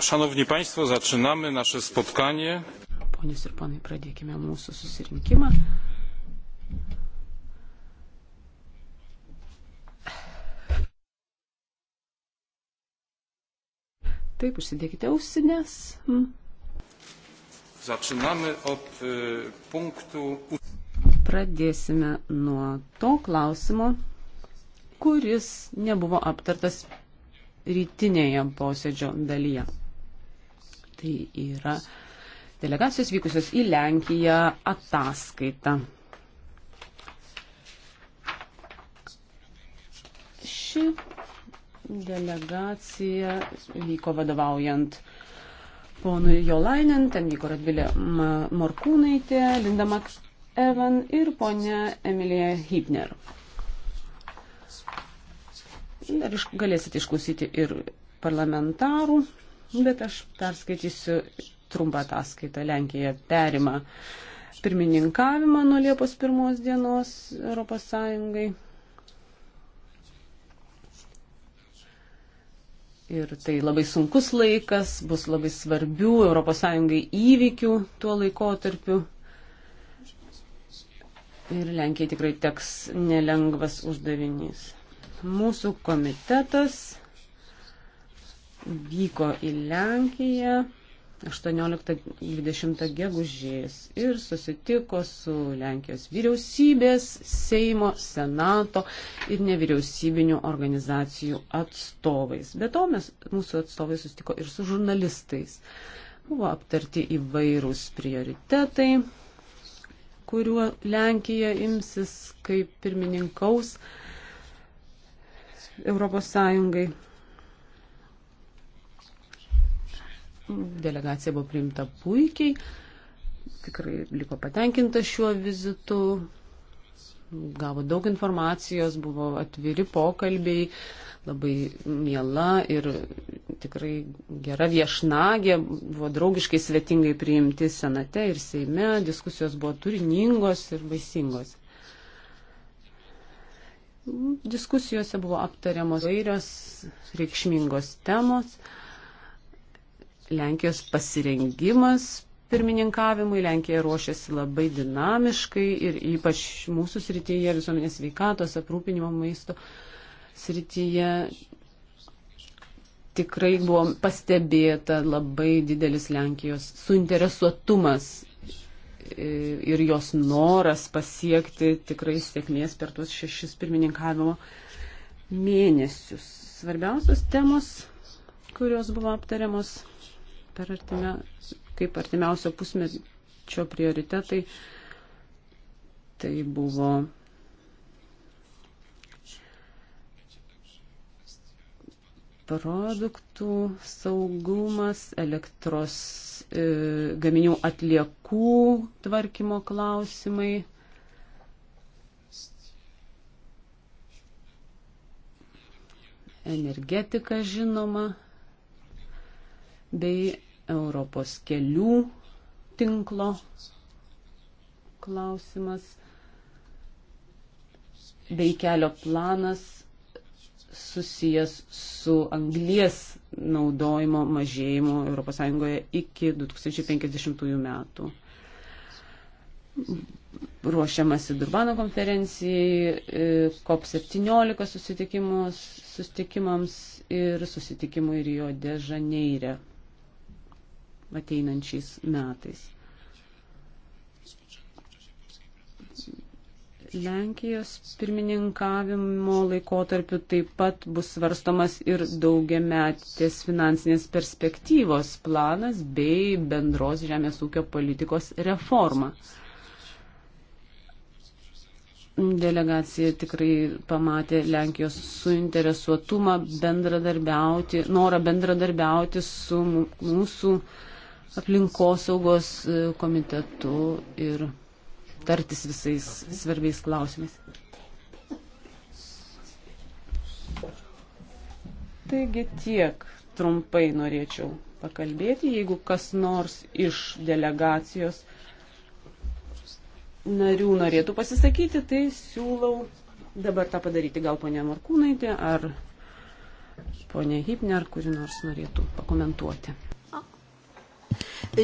Szanowni Państwo, zaczynamy nasze spotkanie. Ponies ir panai, pradėkime mūsų susirinkimą. Taip, užsidėkite ausinės. Hmm. Zaczynamy od y, punktu. Pradėsime nuo to klausimo, kuris nebuvo aptartas rytinėje posėdžio dalyje. Tai yra delegacijos vykusios į Lenkiją ataskaita. Ši delegacija vyko vadovaujant ponui Jolainen, ten vyko Radvilė Morkūnaitė, Linda Mak Evan ir ponia Emilija Hipner. Dar iš, galėsite išklausyti ir parlamentarų, bet aš perskaitysiu trumpą ataskaitą. Lenkija perima pirmininkavimą nuo Liepos pirmos dienos Europos Sąjungai. Ir tai labai sunkus laikas, bus labai svarbių ES įvykių tuo laikotarpiu. Ir Lenkijai tikrai teks nelengvas uždavinys mūsų komitetas vyko į Lenkiją 18-20 gegužės ir susitiko su Lenkijos vyriausybės, Seimo, Senato ir nevyriausybinių organizacijų atstovais. Be to mes, mūsų atstovai susitiko ir su žurnalistais. Buvo aptarti įvairūs prioritetai, kuriuo Lenkija imsis kaip pirmininkaus Europos Sąjungai. Delegacija buvo priimta puikiai, tikrai liko patenkinta šiuo vizitu, gavo daug informacijos, buvo atviri pokalbiai, labai miela ir tikrai gera viešnagė, buvo draugiškai svetingai priimti senate ir seime, diskusijos buvo turiningos ir vaisingos. Diskusijose buvo aptariamos vairios reikšmingos temos. Lenkijos pasirengimas pirmininkavimui. Lenkija ruošiasi labai dinamiškai ir ypač mūsų srityje visuomenės veikatos, aprūpinimo maisto srityje tikrai buvo pastebėta labai didelis Lenkijos suinteresuotumas ir jos noras pasiekti tikrai sėkmės per tuos šešis pirmininkavimo mėnesius. Svarbiausios temos, kurios buvo aptariamos per artimia, kaip artimiausio pusmečio prioritetai, tai buvo produktų saugumas, elektros e, gaminių atliekų tvarkymo klausimai. energetika žinoma, bei Europos kelių tinklo klausimas, bei kelio planas susijęs su anglies naudojimo mažėjimu ES iki 2050 metų. Ruošiamasi Durbano konferencijai, e, COP17 susitikimams ir susitikimui Rio de Žaneire ateinančiais metais. Lenkijos pirmininkavimo laikotarpiu taip pat bus svarstomas ir daugiametės finansinės perspektyvos planas bei bendros žemės ūkio politikos reforma. Delegacija tikrai pamatė Lenkijos suinteresuotumą bendradarbiauti, norą bendradarbiauti su mūsų aplinkosaugos e, komitetu ir tartis visais svarbiais klausimais. Taigi tiek trumpai norėčiau pakalbėti, jeigu kas nors iš delegacijos narių norėtų pasisakyti, tai siūlau dabar tą padaryti. Gal ponia Markūnaitė ar ponia Hipner, kuri nors norėtų pakomentuoti.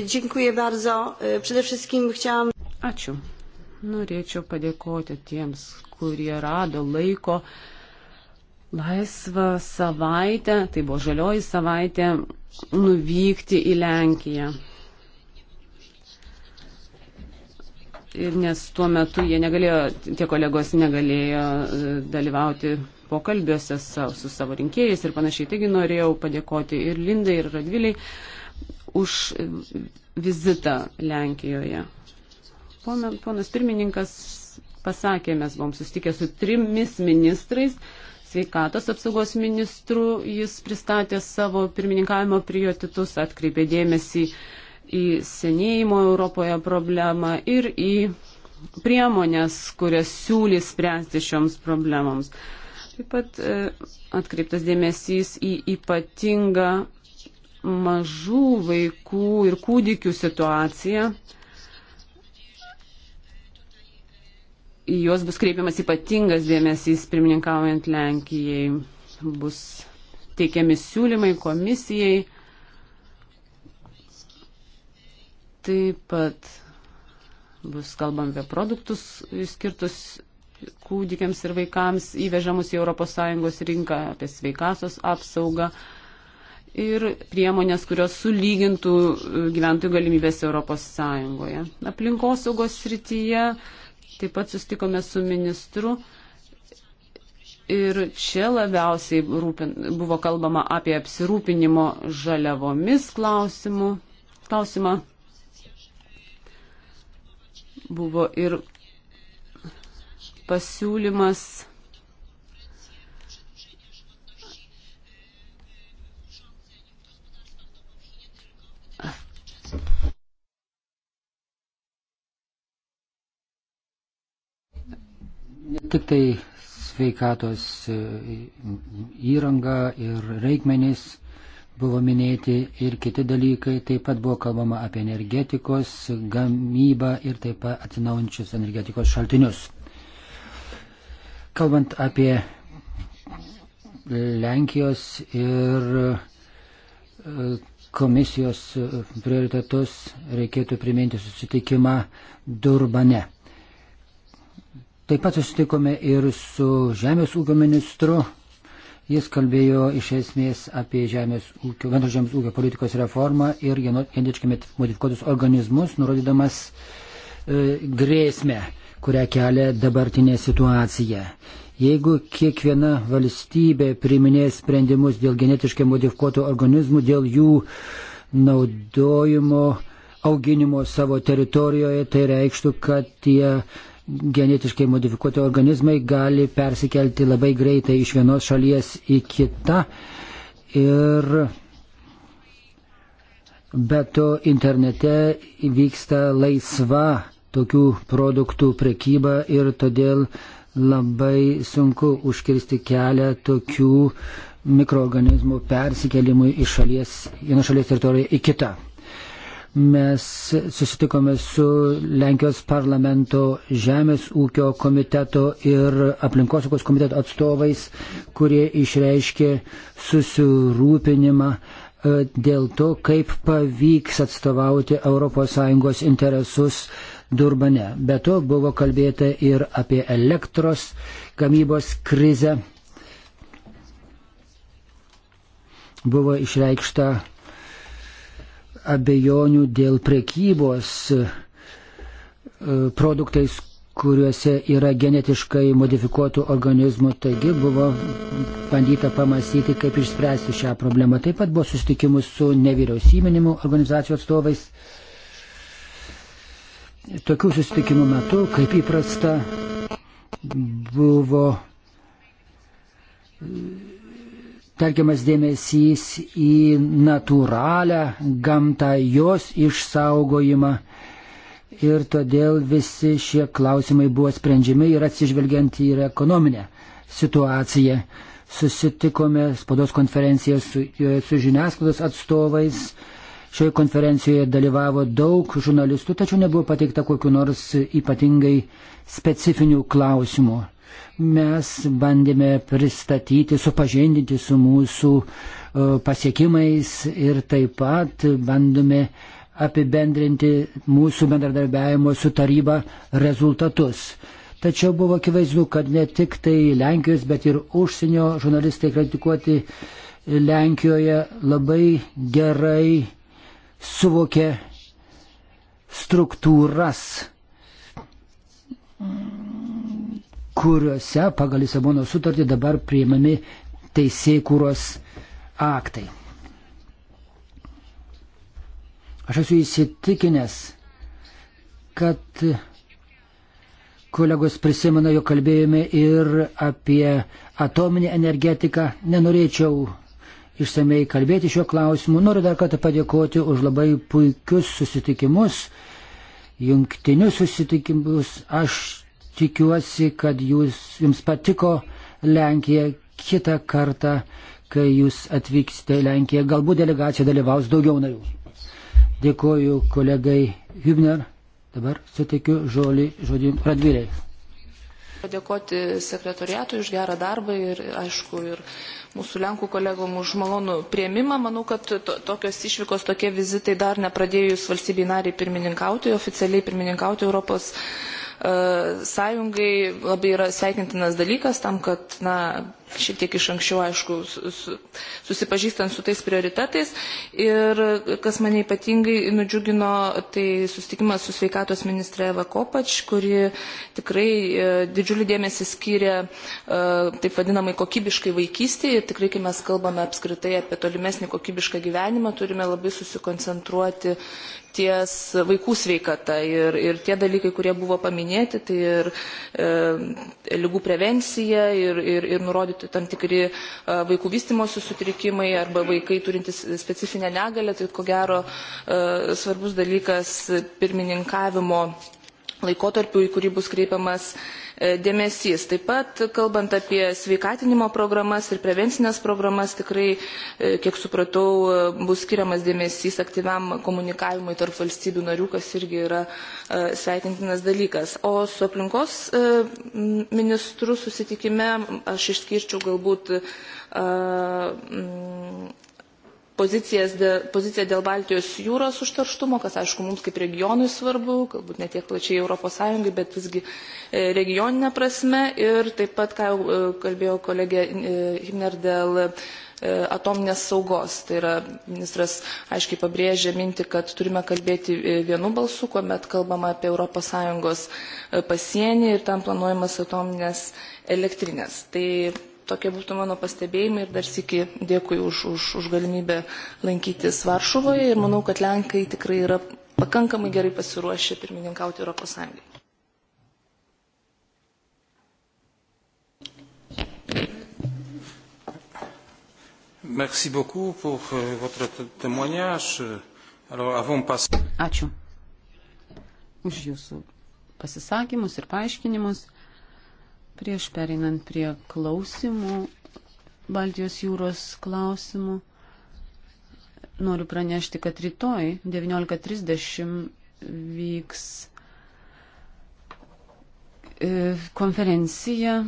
Dziękuję bardzo. Przede wszystkim chciałam. Ačiū. Norėčiau padėkoti tiems, kurie rado laiko laisvą savaitę, tai buvo žalioji savaitė, nuvykti į Lenkiją. Ir nes tuo metu jie negalėjo, tie kolegos negalėjo e, dalyvauti pokalbiuose su savo rinkėjais ir panašiai. Taigi norėjau padėkoti ir Lindai, ir Radviliai už e, vizitą Lenkijoje. Ponas pirmininkas pasakė, mes buvom sustikę su trimis ministrais. Sveikatos apsaugos ministru jis pristatė savo pirmininkavimo prioritetus, atkreipė dėmesį į senėjimo Europoje problemą ir į priemonės, kurias siūlys spręsti šioms problemams. Taip pat e, atkreiptas dėmesys į ypatingą mažų vaikų ir kūdikių situaciją, į juos bus kreipiamas ypatingas dėmesys pirmininkaujant Lenkijai. Bus teikiami siūlymai komisijai. Taip pat bus kalbam apie produktus skirtus kūdikiams ir vaikams įvežamus į ES rinką, apie sveikatos apsaugą ir priemonės, kurios sulygintų gyventojų galimybės ES. Aplinkosaugos srityje Taip pat sustikome su ministru ir čia labiausiai rūpin, buvo kalbama apie apsirūpinimo žaliavomis klausimų, klausimą. Buvo ir pasiūlymas ne tik tai sveikatos e, įranga ir reikmenys buvo minėti ir kiti dalykai, taip pat buvo kalbama apie energetikos gamybą ir taip pat atsinaujančius energetikos šaltinius. Kalbant apie Lenkijos ir e, komisijos prioritetus, reikėtų priminti susitikimą Durbane. Taip pat susitikome ir su žemės ūkio ministru. Jis kalbėjo iš esmės apie žemės ūkio, bendro žemės ūkio politikos reformą ir genetiškai modifikuotus organizmus, nurodydamas e, grėsmę, kurią kelia dabartinė situacija. Jeigu kiekviena valstybė priminės sprendimus dėl genetiškai modifikuotų organizmų, dėl jų naudojimo, auginimo savo teritorijoje, tai reikštų, kad tie genetiškai modifikuoti organizmai gali persikelti labai greitai iš vienos šalies į kitą. Ir be to internete vyksta laisva tokių produktų prekyba ir todėl labai sunku užkirsti kelią tokių mikroorganizmų persikelimui iš šalies, vienos šalies teritorijoje į kitą mes susitikome su Lenkijos parlamento Žemės ūkio komiteto ir aplinkosaugos komiteto atstovais, kurie išreiškė susirūpinimą e, dėl to, kaip pavyks atstovauti ES interesus Durbane. Be to buvo kalbėta ir apie elektros gamybos krizę. Buvo išreikšta abejonių dėl prekybos e, produktais, kuriuose yra genetiškai modifikuotų organizmų. Taigi buvo bandyta pamastyti, kaip išspręsti šią problemą. Taip pat buvo susitikimus su nevyriausybinimu organizacijų atstovais. Tokių susitikimų metu, kaip įprasta, buvo telkiamas dėmesys į natūralią gamtą, jos išsaugojimą. Ir todėl visi šie klausimai buvo sprendžiami ir atsižvelgiant į ekonominę situaciją. Susitikome spados konferenciją su, e, su žiniasklaidos atstovais. Šioje konferencijoje dalyvavo daug žurnalistų, tačiau nebuvo pateikta kokiu nors ypatingai specifinių klausimų mes bandėme pristatyti, supažindinti su mūsų e, pasiekimais ir taip pat bandome apibendrinti mūsų bendradarbiavimo su taryba rezultatus. Tačiau buvo akivaizdu, kad ne tik tai Lenkijos, bet ir užsienio žurnalistai kritikuoti Lenkijoje labai gerai suvokė struktūras kuriuose pagal Lisabono sutartį dabar priimami teisėkūros aktai. Aš esu įsitikinęs, kad kolegos prisimena, jog kalbėjome ir apie atominę energetiką. Nenorėčiau išsamei kalbėti šiuo klausimu. Noriu dar kartą padėkoti už labai puikius susitikimus, jungtinius susitikimus. Aš tikiuosi, kad jūs, jums patiko Lenkija kitą kartą, kai jūs atvyksite į Lenkiją. Galbūt delegacija dalyvaus daugiau narių. Dėkoju kolegai Hübner. Dabar suteikiu žodį, žodį Radviliai. Padėkoti sekretoriatui už gerą darbą ir, aišku, ir mūsų Lenkų kolegom už malonų prieimimą. Manau, kad to, tokios išvykos, tokie vizitai dar nepradėjus valstybei nariai pirmininkauti, oficialiai pirmininkauti Europos sąjungai labai yra sveikintinas dalykas tam, kad, na, šiek tiek iš anksčiau, aišku, susipažįstant su tais prioritetais. Ir kas mane ypatingai nudžiugino, tai susitikimas su sveikatos ministre Eva Kopač, kuri tikrai e, didžiulį dėmesį skyrė e, taip vadinamai kokybiškai vaikystėje. Ir tikrai, kai mes kalbame apskritai apie tolimesnį kokybišką gyvenimą, turime labai susikoncentruoti ties vaikų sveikata ir, ir tie dalykai, kurie buvo paminėti, tai ir e, lygų prevencija ir, ir, ir nurodyti tam tikri e, vaikų vystimosi sutrikimai arba vaikai turintys specifinę negalę, tai ko gero e, svarbus dalykas pirmininkavimo laikotarpiu, į kurį bus kreipiamas E, dėmesys. Taip pat, kalbant apie sveikatinimo programas ir prevencinės programas, tikrai, e, kiek supratau, e, bus skiriamas dėmesys aktyviam komunikavimui tarp valstybių narių, kas irgi yra sveikintinas dalykas. O su aplinkos ministru susitikime aš išskirčiau galbūt dėl, poziciją dėl Baltijos jūros užtarštumo, kas aišku mums kaip regionui svarbu, galbūt ne tiek plačiai ES, bet visgi e, regioninė prasme. Ir taip pat, ką jau e, kalbėjo kolegė e, Himner dėl atominės saugos. Tai yra, ministras aiškiai pabrėžė mintį, kad turime kalbėti vienu balsu, kuomet kalbama apie ES pasienį ir tam planuojamas atominės elektrinės. Tai tokie būtų mano pastebėjimai ir dar sėki dėkui už, už, už galimybę lankytis Varšuvoje ir manau, kad Lenkai tikrai yra pakankamai gerai pasiruošę pirmininkauti Europos Sąjungai. Merci beaucoup pour euh, votre témoignage. Alors, avant passer... Ačiū už jūsų pasisakymus ir paaiškinimus. Prieš pereinant prie klausimų, Baltijos jūros klausimų, noriu pranešti, kad rytoj 19.30 vyks e, konferencija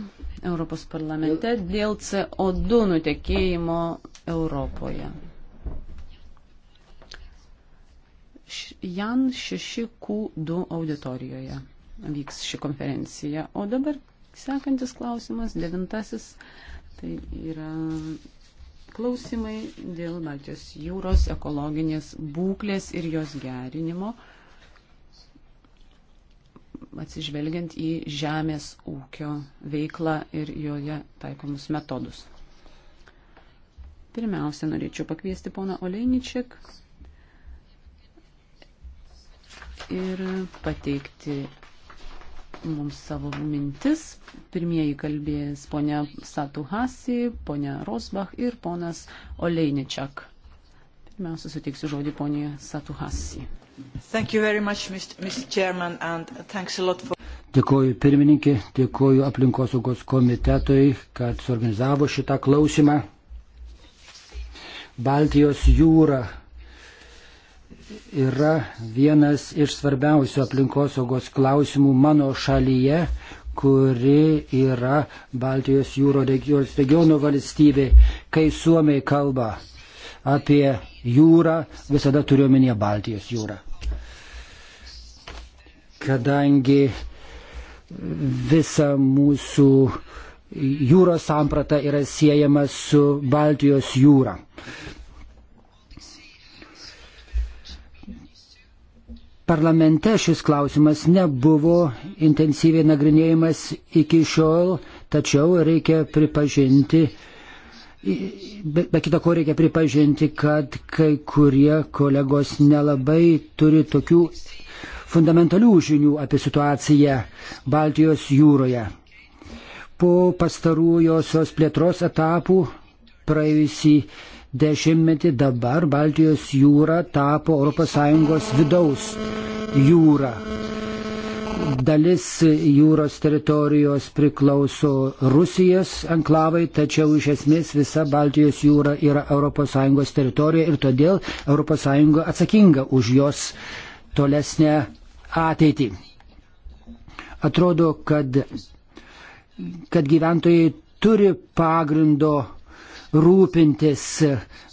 Europos parlamente dėl CO2 nutekėjimo Europoje. Jan 6Q2 auditorijoje vyks ši konferencija. O dabar Sekantis klausimas, devintasis, tai yra klausimai dėl Baltijos jūros ekologinės būklės ir jos gerinimo, atsižvelgiant į žemės ūkio veiklą ir joje taikomus metodus. Pirmiausia, norėčiau pakviesti poną Oleiničiak ir pateikti mums savo mintis. Pirmieji kalbės ponia Satuhasi, ponia Rosbach ir ponas Oleiničiak. Pirmiausia, suteiksiu žodį ponia Satuhasi. For... Dėkuoju pirmininkė, dėkuoju aplinkosaugos komitetui, kad suorganizavo šitą klausimą. Baltijos jūra yra vienas iš svarbiausių aplinkosaugos klausimų mano šalyje, kuri yra Baltijos jūro regiono valstybė. Kai suomiai kalba apie jūrą, visada turiu omenyje Baltijos jūrą. Kadangi visa mūsų jūros samprata yra siejama su Baltijos jūra. parlamente šis klausimas nebuvo intensyviai nagrinėjimas iki šiol, tačiau reikia pripažinti, Be, be kita ko reikia pripažinti, kad kai kurie kolegos nelabai turi tokių fundamentalių žinių apie situaciją Baltijos jūroje. Po pastarųjosios plėtros etapų praėjusį dešimtmetį dabar Baltijos jūra tapo ES vidaus jūra. Dalis jūros teritorijos priklauso Rusijos enklavai, tačiau iš esmės visa Baltijos jūra yra ES teritorija ir todėl ES atsakinga už jos tolesnę ateitį. Atrodo, kad, kad gyventojai turi pagrindo rūpintis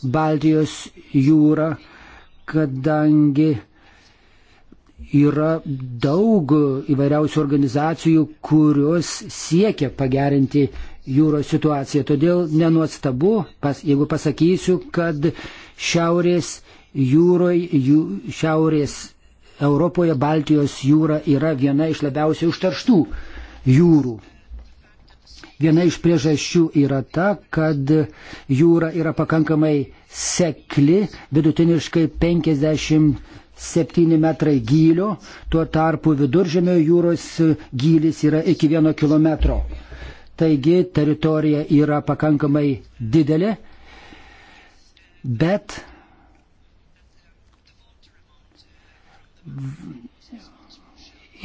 Baltijos jūrą, kadangi yra daug įvairiausių organizacijų, kurios siekia pagerinti jūros situaciją. Todėl nenuostabu, pas, jeigu pasakysiu, kad šiaurės jūroje, jū, šiaurės Europoje Baltijos jūra yra viena iš labiausiai užterštų jūrų. Viena iš priežasčių yra ta, kad jūra yra pakankamai sekli, vidutiniškai 57 metrai gylio, tuo tarpu viduržėmio jūros gylis yra iki vieno kilometro. Taigi teritorija yra pakankamai didelė, bet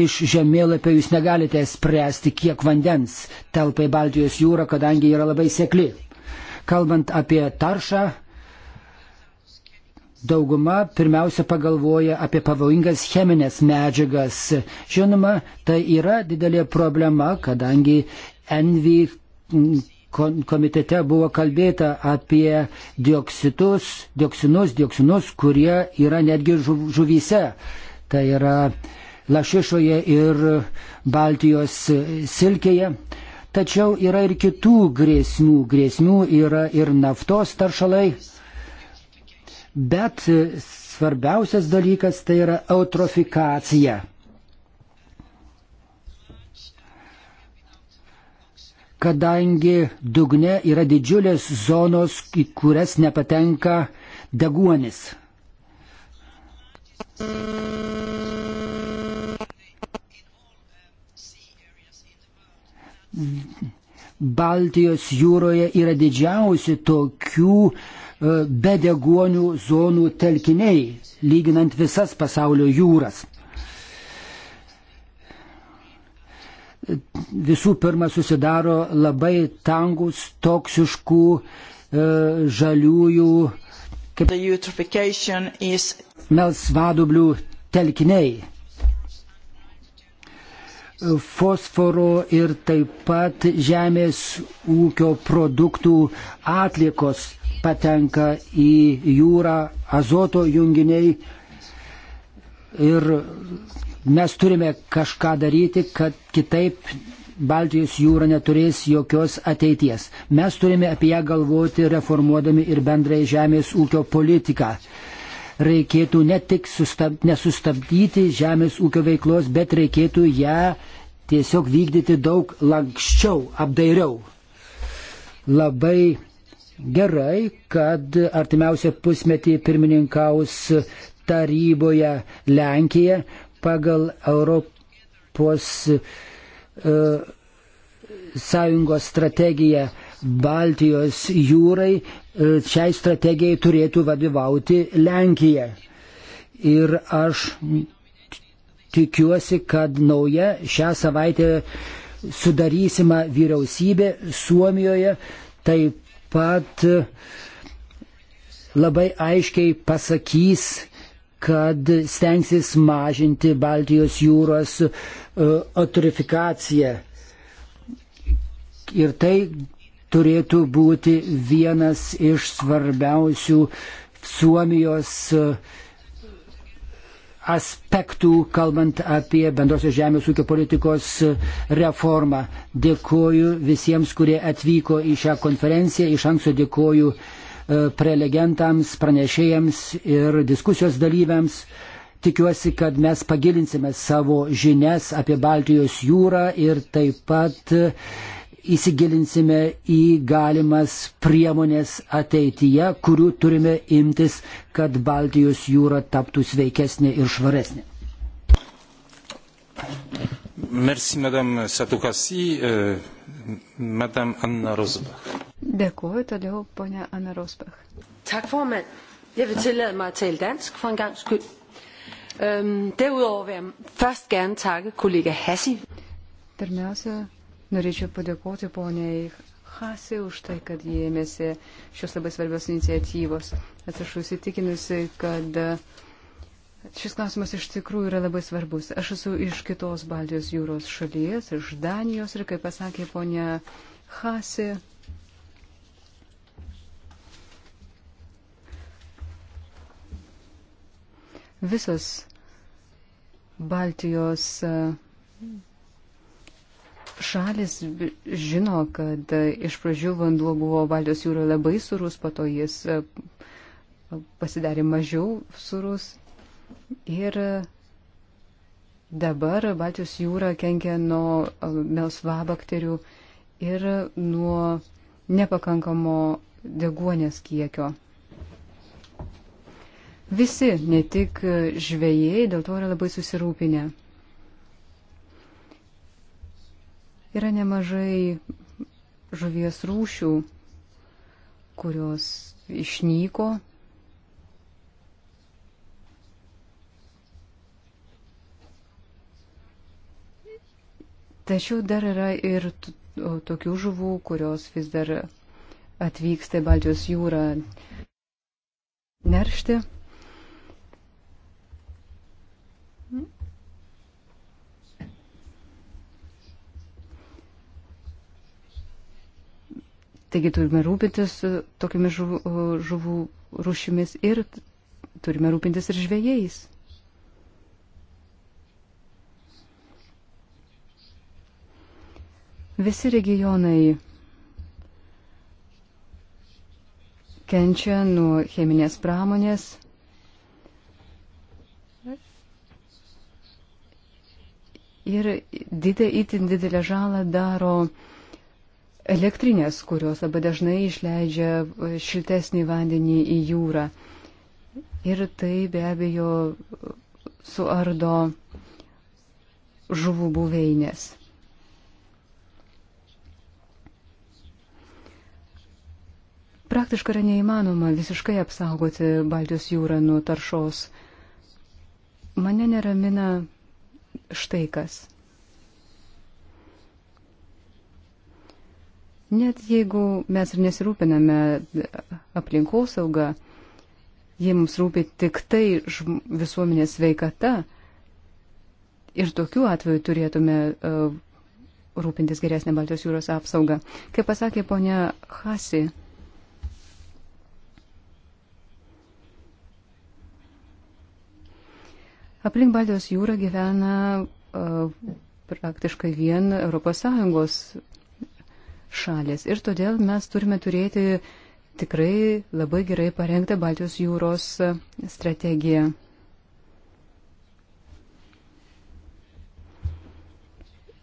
iš žemėlapio jūs negalite spręsti, kiek vandens telpa į Baltijos jūrą, kadangi yra labai sekli. Kalbant apie taršą, dauguma pirmiausia pagalvoja apie pavojingas cheminės medžiagas. Žinoma, tai yra didelė problema, kadangi Envy komitete buvo kalbėta apie dioksitus, dioksinus, dioksinus, kurie yra netgi žuv, žuvyse. Tai yra uh, lašišoje ir Baltijos silkėje. Tačiau yra ir kitų grėsmių. Grėsmių yra ir naftos taršalai. Bet svarbiausias dalykas tai yra eutrofikacija. Kadangi dugne yra didžiulės zonos, į kurias nepatenka deguonis. Thank you. Baltijos jūroje yra didžiausi tokių e, bedegonių zonų telkiniai, lyginant visas pasaulio jūras. Visų pirma, susidaro labai tangus, toksiškų, e, žaliųjų, kaip melsvadublių telkiniai fosforo ir taip pat žemės ūkio produktų atliekos patenka į jūrą, azoto junginiai. Ir mes turime kažką daryti, kad kitaip Baltijos jūra neturės jokios ateities. Mes turime apie ją galvoti reformuodami ir bendrai žemės ūkio politiką reikėtų ne tik sustab, nesustabdyti žemės ūkio veiklos, bet reikėtų ją tiesiog vykdyti daug lankščiau, apdairiau. Labai gerai, kad artimiausią pusmetį pirmininkaus taryboje Lenkija pagal Europos uh, Sąjungos strategiją Baltijos jūrai e, šiai strategijai turėtų vadovauti Lenkija. Ir aš tikiuosi, kad nauja šią savaitę sudarysima vyriausybė Suomijoje taip pat e, labai aiškiai pasakys, kad stengsis mažinti Baltijos jūros autorifikaciją. E, Ir tai turėtų būti vienas iš svarbiausių Suomijos e, aspektų, kalbant apie bendrosios žemės ūkio politikos e, reformą. Dėkoju visiems, kurie atvyko į šią konferenciją. Iš anksto dėkoju e, prelegentams, pranešėjams ir diskusijos dalyviams. Tikiuosi, kad mes pagilinsime savo žinias apie Baltijos jūrą ir taip pat įsigilinsime į galimas priemonės ateityje, kurių turime imtis, kad Baltijos jūra taptų sveikesnė ir švaresnė. Merci, madame Satukasi, euh, madame Anna Rosbach. Dėkuoju, todėl ponia Anna Rosbach. Tak, formand. Jeg vil tillade mig at tale dansk for en gang skyld. Øhm, derudover vil jeg først gerne takke kollega Hassi. Pirmiausia, Norėčiau padėkoti poniai Hasi už tai, kad jie ėmėsi šios labai svarbios iniciatyvos. Atsiprašau, įsitikinusi, kad šis klausimas iš tikrųjų yra labai svarbus. Aš esu iš kitos Baltijos jūros šalies, iš Danijos ir, kaip pasakė ponia Hasi, visos Baltijos šalis žino, kad e, iš pradžių vanduo buvo Baltijos jūroje labai surus, po to jis e, pasidarė mažiau surus. Ir e, dabar Baltijos jūra kenkia nuo melsvabakterių ir nuo nepakankamo deguonės kiekio. Visi, ne tik žvėjai, dėl to yra labai susirūpinę. Yra nemažai žuvies rūšių, kurios išnyko. Tačiau dar yra ir tokių žuvų, kurios vis dar atvyksta į Baltijos jūrą neršti. Taigi turime rūpintis e, tokiamis žuvų, e, žuvų rušimis ir turime rūpintis ir žvėjais. Visi regionai kenčia nuo cheminės pramonės. Ir didė, itin didelę žalą daro uh, elektrinės, kurios labai dažnai išleidžia e, šiltesnį vandenį į jūrą. Ir tai be abejo suardo žuvų buveinės. Praktiškai yra neįmanoma visiškai apsaugoti Baltijos jūrą nuo taršos. Mane neramina štai kas. Net jeigu mes ir nesirūpiname aplinkosaugą, jei mums rūpi tik tai visuomenės veikata, ir tokiu atveju turėtume uh, rūpintis geresnė Baltijos jūros apsauga. Kaip pasakė ponia Hasi, aplink Baltijos jūrą gyvena uh, praktiškai vien ES šalis. Ir todėl mes turime turėti tikrai labai gerai parengtą Baltijos jūros e, strategiją.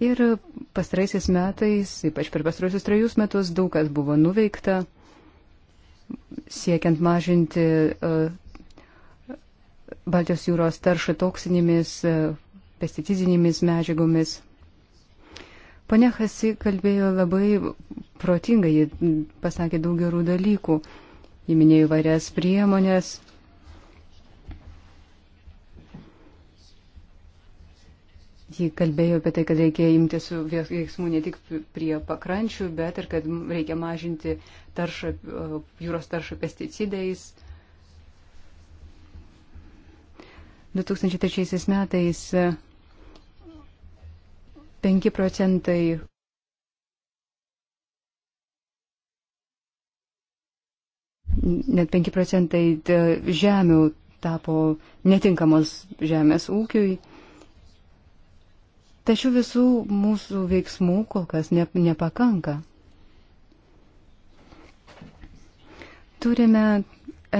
Ir pastaraisiais metais, ypač per pastaraisius trejus metus, daug kas buvo nuveikta, siekiant mažinti uh, Baltijos jūros taršą toksinėmis, uh, pesticidinėmis medžiagomis. Pane Hasi kalbėjo labai protingai, ji pasakė daug gerų dalykų, ji minėjo įvairias priemonės. Ji kalbėjo apie tai, kad reikia imtis veiksmų ne tik prie pakrančių, bet ir kad reikia mažinti taršą, jūros taršą pesticidais. 2003 metais 5 procentai net 5 procentai e, žemių tapo netinkamos žemės ūkiui. Tačiau visų mūsų veiksmų kol kas ne, nepakanka. Turime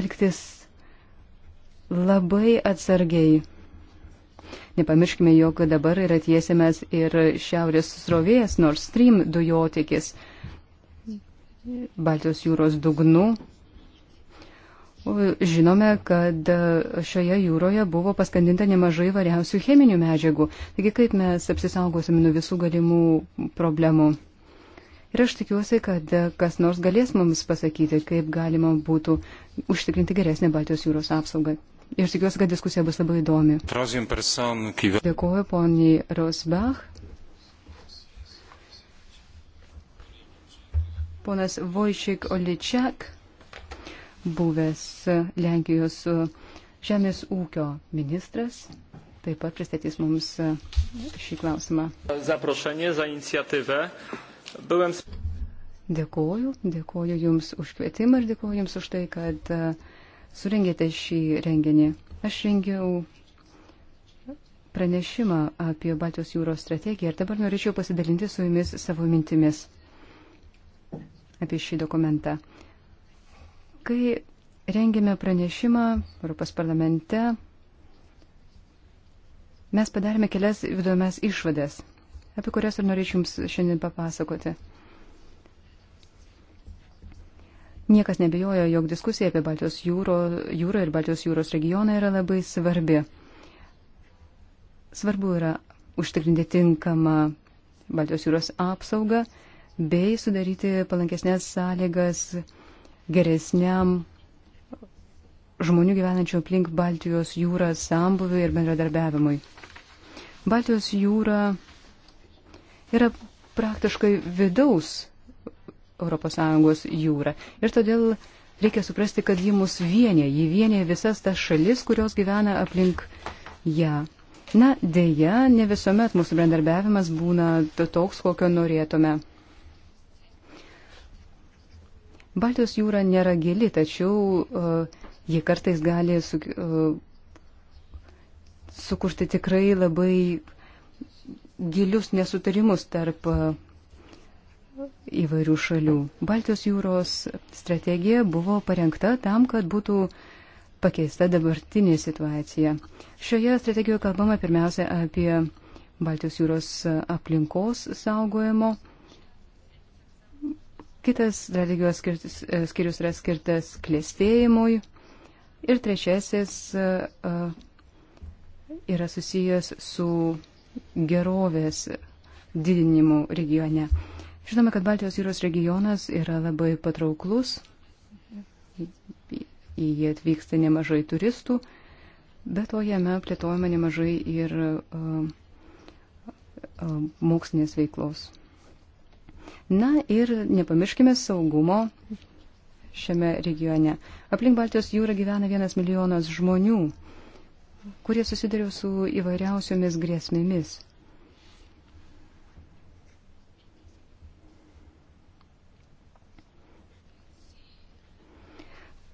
elgtis labai atsargiai. Nepamirškime, jog dabar yra tiesiamas ir šiaurės srovės Nord Stream dujotikis Baltijos jūros dugnu. O žinome, kad šioje jūroje buvo paskandinta nemažai variausių cheminių medžiagų. Taigi kaip mes apsisaugosime nuo visų galimų problemų? Ir aš tikiuosi, kad kas nors galės mums pasakyti, kaip galima būtų užtikrinti geresnę Baltijos jūros apsaugą ir tikiuosi, kad diskusija bus labai įdomi. Dėkuoju poniai Rosbach. Ponas Vojšik Oličiak, buvęs Lenkijos žemės ūkio ministras, taip pat pristatys mums šį klausimą. Zaprošenie za iniciatyvę. Byłem... Dėkuoju, dėkuoju Jums už kvietimą ir dėkuoju Jums už tai, kad uh, surengėte šį renginį. Aš rengiau pranešimą apie Baltijos jūros strategiją ir dabar norėčiau pasidalinti su jumis savo mintimis apie šį dokumentą. Kai rengėme pranešimą Europos parlamente, mes padarėme kelias įdomias išvadas, apie kurias ir norėčiau jums šiandien papasakoti. Niekas nebejoja, jog diskusija apie Baltijos jūro, jūrą ir Baltijos jūros regioną yra labai svarbi. Svarbu yra užtikrinti tinkamą Baltijos jūros apsaugą bei sudaryti palankesnės sąlygas geresniam žmonių gyvenančių aplink Baltijos jūrą sambuviui ir bendradarbiavimui. Baltijos jūra yra praktiškai vidaus ES jūrą. Ir todėl reikia suprasti, kad ji mus vienė, ji vienė visas tas šalis, kurios gyvena aplink ją. Na, dėja, ne visuomet mūsų bendarbiavimas būna toks, kokio norėtume. Baltijos jūra nėra gili, tačiau uh, ji kartais gali su, uh, sukurti tikrai labai gilius nesutarimus tarp uh, įvairių šalių. Baltijos jūros strategija buvo parengta tam, kad būtų pakeista dabartinė situacija. Šioje strategijoje kalbama pirmiausia apie Baltijos jūros aplinkos saugojimo. Kitas strategijos skirtis, skirius yra skirtas klėstėjimui. Ir trečiasis yra susijęs su gerovės didinimu regione. Žinome, kad Baltijos jūros regionas yra labai patrauklus, į jį atvyksta nemažai turistų, bet o jame plėtojama nemažai ir e, e, mokslinės veiklos. Na ir nepamirškime saugumo šiame regione. Aplink Baltijos jūrą gyvena vienas milijonas žmonių, kurie susiduria su įvairiausiomis grėsmėmis.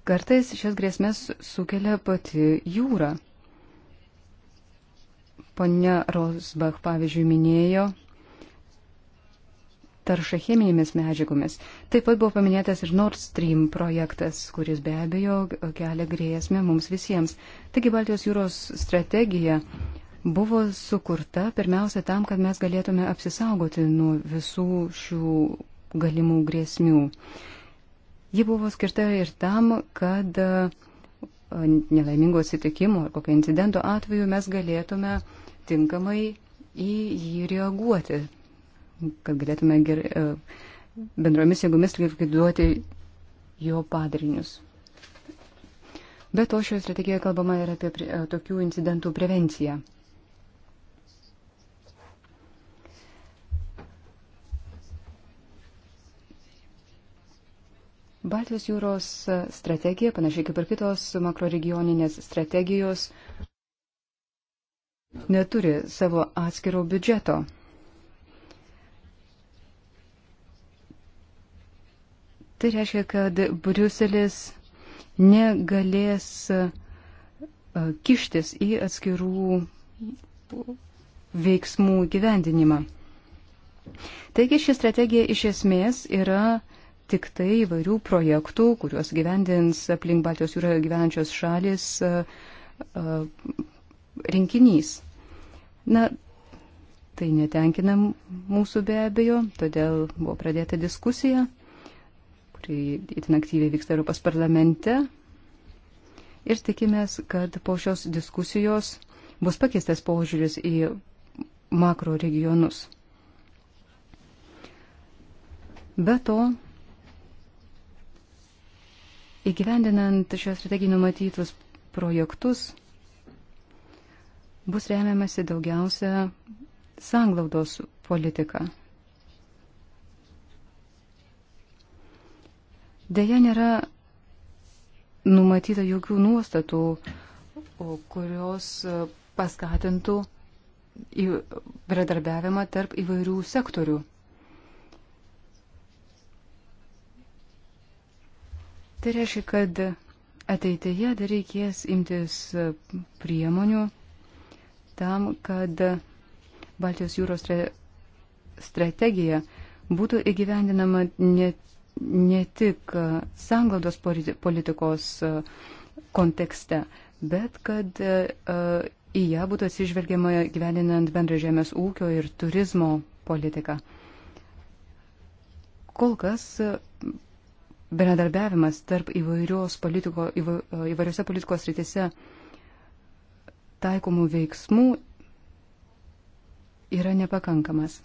Kartais šias grėsmės sukelia pati jūra. Pone Rosbach, pavyzdžiui, minėjo taršą cheminėmis medžiagomis. Taip pat buvo paminėtas ir Nord Stream projektas, kuris be abejo kelia grėsmę mums visiems. Taigi Baltijos jūros strategija buvo sukurta pirmiausia tam, kad mes galėtume apsisaugoti nuo visų šių galimų grėsmių. Ji buvo skirta ir tam, kad e, nelaimingo atsitikimo ar kokio incidento atveju mes galėtume tinkamai į jį reaguoti, kad galėtume ger, e, bendromis jėgomis likviduoti jo padarinius. Be to, šioje strategijoje kalbama ir apie e, tokių incidentų prevenciją. Baltijos jūros strategija, panašiai kaip ir kitos makroregioninės strategijos, neturi savo atskiro biudžeto. Tai reiškia, kad Briuselis negalės e, kištis į atskirų veiksmų gyvendinimą. Taigi ši strategija iš esmės yra tik tai įvairių projektų, kuriuos gyvendins aplink Baltijos jūrą gyvenančios šalis rinkinys. Na, tai netenkina mūsų be abejo, todėl buvo pradėta diskusija, kuri itin aktyviai vyksta Europos parlamente. Ir tikimės, kad po šios diskusijos bus pakeistas požiūris į makro regionus. Be to, Įgyvendinant šios strategijų numatytus projektus, bus remiamasi daugiausia sanglaudos politika. Deja, nėra numatyta jokių nuostatų, kurios e, paskatintų bendradarbiavimą tarp įvairių sektorių. Tai reiškia, kad ateityje dar reikės imtis priemonių tam, kad Baltijos jūros strategija būtų įgyvendinama ne, ne tik sanglaudos politikos kontekste, bet kad į ją būtų atsižvelgiama gyveninant bendrą žemės ūkio ir turizmo politiką. Kol kas bendradarbiavimas tarp įvairios politiko, įvairiose politikos rytise taikomų veiksmų yra nepakankamas.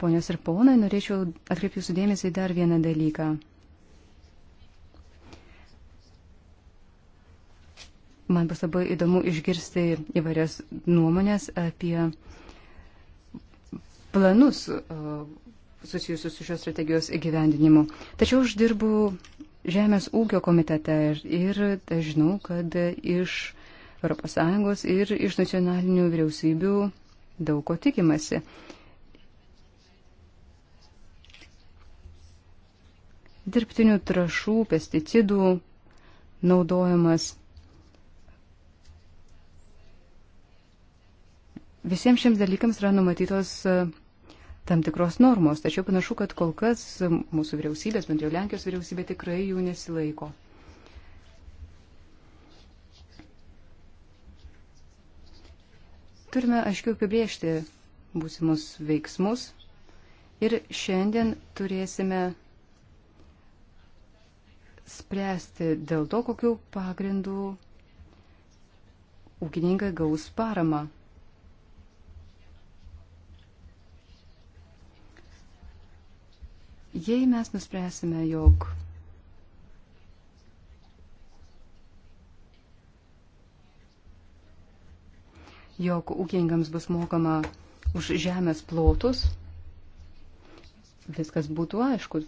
Ponios ir ponai, norėčiau atkreipti jūsų dėmesį į dar vieną dalyką. Man bus labai įdomu išgirsti įvairias nuomonės apie planus, susijusius su šios strategijos įgyvendinimu. Tačiau aš dirbu Žemės ūkio komitete ir, ir tai žinau, kad iš ES ir iš nacionalinių vyriausybių daug ko tikimasi. Dirbtinių trašų, pesticidų naudojimas Visiems šiems dalykams yra numatytos e, tam tikros normos, tačiau panašu, kad kol kas mūsų vyriausybės, bent jau Lenkijos vyriausybė tikrai jų nesilaiko. Turime aiškiau apibriežti būsimus veiksmus ir šiandien turėsime spręsti dėl to, kokiu pagrindu ūkininkai gaus paramą. Jei mes nuspręsime, jog jog ūkininkams bus mokama už žemės plotus, viskas būtų aišku.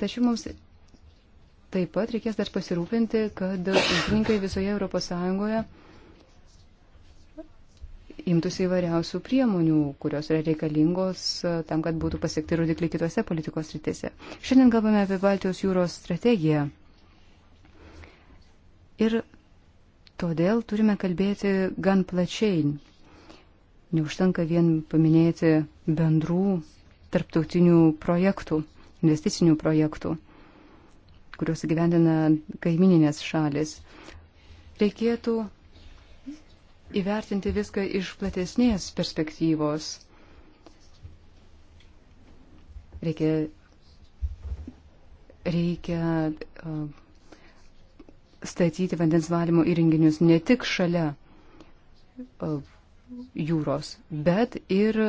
Tačiau mums taip pat reikės dar pasirūpinti, kad ūkininkai visoje ES imtųsi įvairiausių priemonių, kurios yra reikalingos e, tam, kad būtų pasiekti rodikliai kitose politikos rytise. Šiandien kalbame apie Baltijos jūros strategiją. Ir todėl turime kalbėti gan plačiai. Neužtenka vien paminėti bendrų tarptautinių projektų, investicinių projektų, kuriuos gyvendina kaimininės šalis. Reikėtų įvertinti viską iš platesnės perspektyvos. Reikia, reikia uh, statyti vandens valymo įrenginius ne tik šalia uh, jūros, bet ir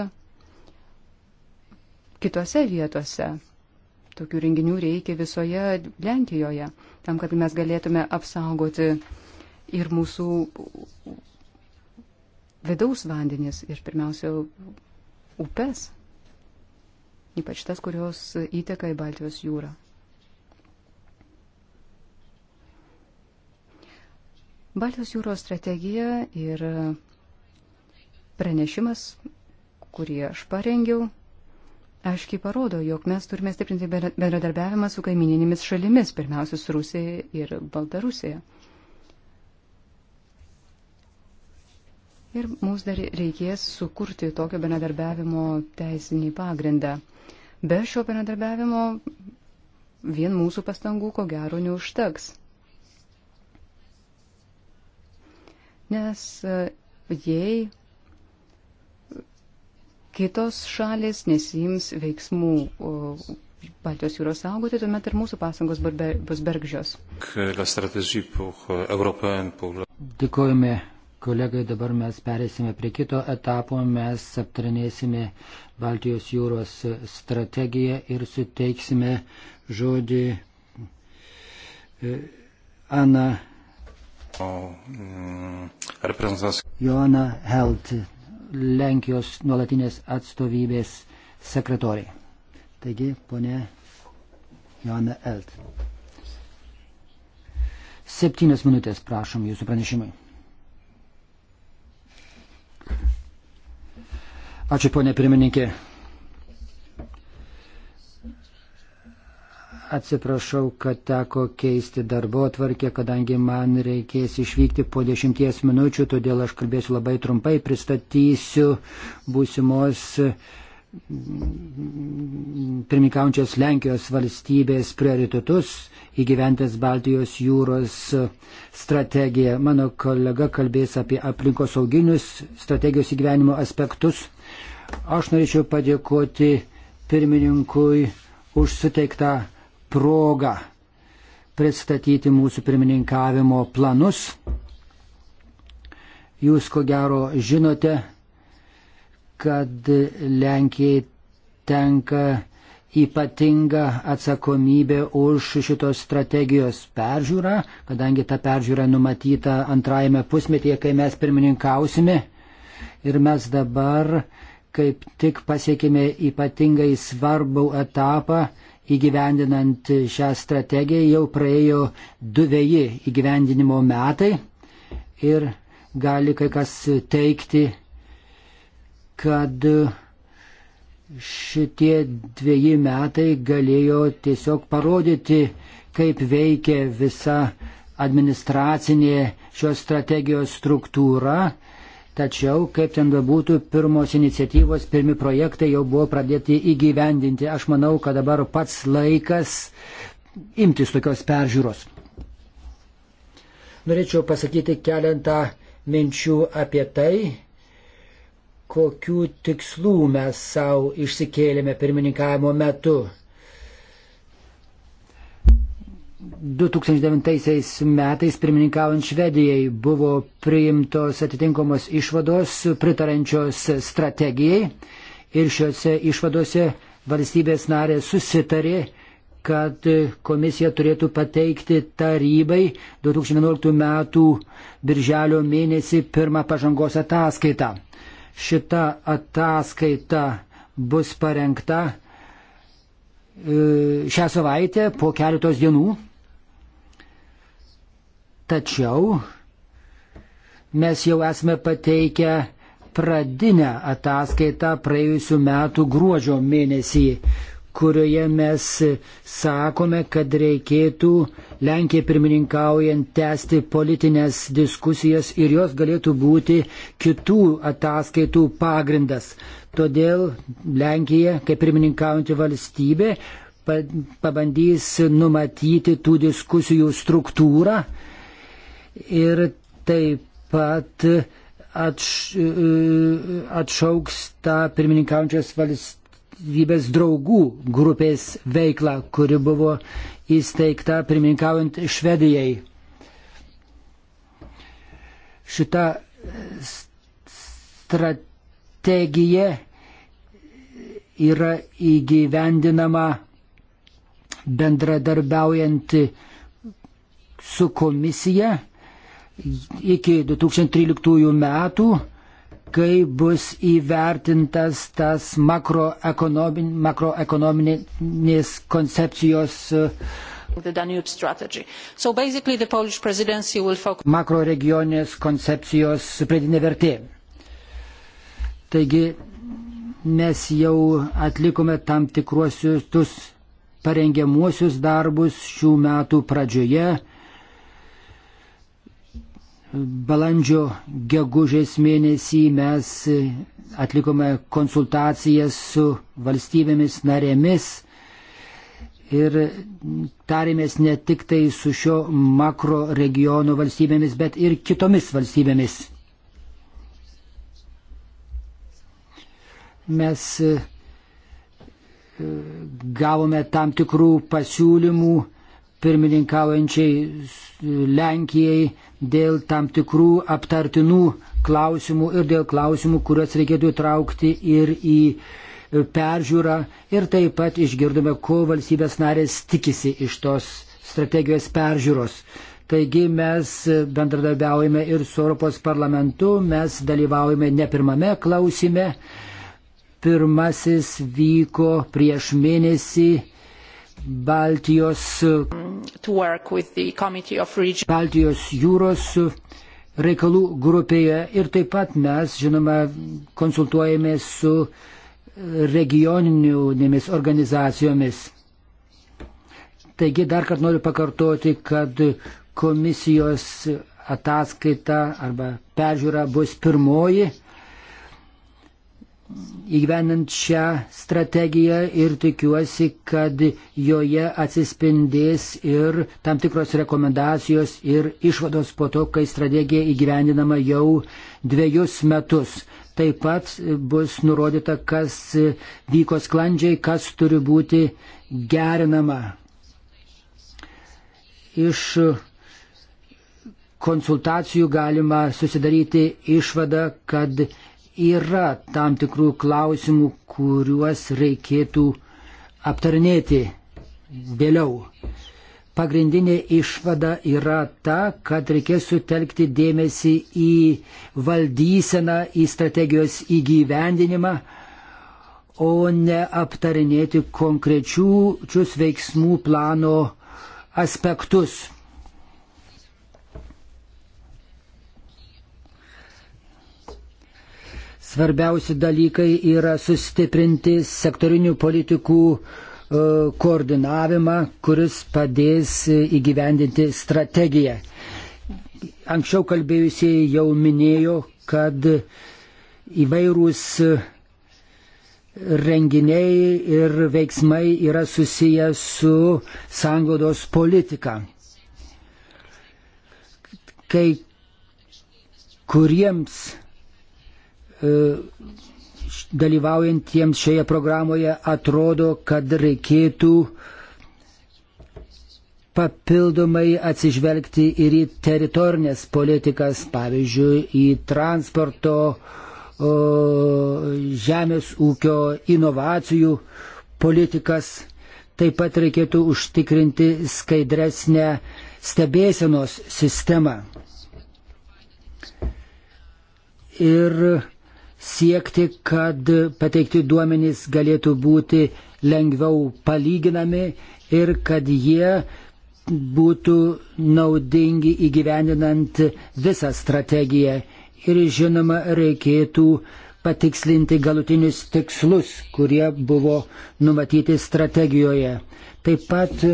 kitose vietose. Tokių renginių reikia visoje Lenkijoje, tam, kad mes galėtume apsaugoti ir mūsų vidaus vandenis ir pirmiausia upes, ypač tas, kurios įteka į Baltijos jūrą. Baltijos jūros strategija ir pranešimas, kurį aš parengiau, aiškiai parodo, jog mes turime stiprinti bendradarbiavimą su kaimininėmis šalimis, pirmiausia, su Rusija ir Baltarusija. Ir mums dar reikės sukurti tokio bendradarbiavimo teisinį pagrindą. Be šio bendradarbiavimo vien mūsų pastangų ko gero neužteks. Nes e, jei kitos šalis nesims veiksmų Baltijos jūros saugoti, tuomet ir mūsų pasangos bus bergžios. Dėkojame Kolegai, dabar mes perėsime prie kito etapo, mes aptarinėsime Baltijos jūros strategiją ir suteiksime žodį e, Ana. Mm, Joana Helt, Lenkijos nuolatinės atstovybės sekretoriai. Taigi, ponė Joana Helt. Septynios minutės, prašom, jūsų pranešimai. Ačiū, ponė pirmininkė. Atsiprašau, kad teko keisti darbo atvarkę, kadangi man reikės išvykti po dešimties minučių, todėl aš kalbėsiu labai trumpai, pristatysiu būsimos pirmikaujančios Lenkijos valstybės prioritetus įgyventęs Baltijos jūros strategiją. Mano kolega kalbės apie aplinkosauginius strategijos įgyvenimo aspektus. Aš norėčiau padėkoti pirmininkui už suteiktą progą pristatyti mūsų pirmininkavimo planus. Jūs ko gero žinote, kad Lenkijai tenka ypatinga atsakomybė už šitos strategijos peržiūrą, kadangi ta peržiūra numatyta antrajame pusmetyje, kai mes pirmininkausime. Ir mes dabar kaip tik pasiekime ypatingai svarbų etapą įgyvendinant šią strategiją. Jau praėjo du veji įgyvendinimo metai ir gali kai kas teikti, kad šitie dviejai metai galėjo tiesiog parodyti, kaip veikia visa administracinė šios strategijos struktūra Tačiau, kaip ten bebūtų, pirmos iniciatyvos, pirmi projektai jau buvo pradėti įgyvendinti. Aš manau, kad dabar pats laikas imtis tokios peržiūros. Norėčiau pasakyti keletą minčių apie tai, kokių tikslų mes savo išsikėlėme pirmininkavimo metu. 2009 metais pirmininkaujant Švedijai buvo priimtos atitinkamos išvados pritarančios strategijai ir šiuose išvadose valstybės narė susitarė, kad komisija turėtų pateikti tarybai 2011 metų birželio mėnesį pirmą pažangos ataskaitą. Šita ataskaita bus parengta e, šią savaitę po keletos dienų Tačiau mes jau esame pateikę pradinę ataskaitą praėjusiu metu gruodžio mėnesį, kurioje mes sakome, kad reikėtų Lenkijai pirmininkaujant tęsti politinės diskusijas ir jos galėtų būti kitų ataskaitų pagrindas. Todėl Lenkija, kaip pirmininkaujanti valstybė, pabandys numatyti tų diskusijų struktūrą ir taip pat atš, atšauks tą pirmininkaujančios valstybės draugų grupės veiklą, kuri buvo įsteigta pirmininkaujant Švedijai. Šita strategija yra įgyvendinama bendradarbiaujant su komisija iki 2013 metų, kai bus įvertintas tas makroekonomin, makroekonominės koncepcijos e, so focus... makroregionės koncepcijos pridinė vertė. Taigi mes jau atlikome tam tikruosius parengiamuosius darbus šių metų pradžioje balandžio gegužės mėnesį mes atlikome konsultacijas su valstybėmis narėmis ir tarėmės ne tik tai su šio makro regiono valstybėmis, bet ir kitomis valstybėmis. Mes e, gavome tam tikrų pasiūlymų pirmininkaujančiai Lenkijai, dėl tam tikrų aptartinų klausimų ir dėl klausimų, kuriuos reikėtų įtraukti ir į e, peržiūrą. Ir taip pat išgirdome, ko valstybės narės tikisi iš tos strategijos peržiūros. Taigi mes e, bendradarbiaujame ir su Europos parlamentu, mes dalyvaujame ne pirmame klausime. Pirmasis vyko prieš mėnesį Baltijos, Baltijos jūros reikalų grupėje ir taip pat mes, žinoma, konsultuojame su regioninėmis organizacijomis. Taigi dar kartą noriu pakartoti, kad komisijos ataskaita arba peržiūra bus pirmoji įgyvenant šią strategiją ir tikiuosi, kad joje atsispindės ir tam tikros rekomendacijos ir išvados po to, kai strategija įgyvendinama jau dviejus metus. Taip pat bus nurodyta, kas vyko sklandžiai, kas turi būti gerinama. Iš konsultacijų galima susidaryti išvadą, kad yra tam tikrų klausimų, kuriuos reikėtų aptarinėti vėliau. Pagrindinė išvada yra ta, kad reikės sutelkti dėmesį į valdyseną, į strategijos įgyvendinimą, o ne aptarinėti konkrečius veiksmų plano aspektus. Svarbiausi dalykai yra sustiprinti sektorinių politikų e, koordinavimą, kuris padės įgyvendinti strategiją. Anksčiau kalbėjusiai jau minėjo, kad įvairūs renginiai ir veiksmai yra susiję su sangodos politika. Kai kuriems E, dalyvaujantiems šioje programoje atrodo, kad reikėtų papildomai atsižvelgti ir į teritorinės politikas, pavyzdžiui, į transporto, o, žemės ūkio inovacijų politikas. Taip pat reikėtų užtikrinti skaidresnę stebėsenos sistemą. Ir siekti, kad pateikti duomenys galėtų būti lengviau palyginami ir kad jie būtų naudingi įgyvendinant visą strategiją. Ir žinoma, reikėtų patikslinti galutinius tikslus, kurie buvo numatyti strategijoje. Taip pat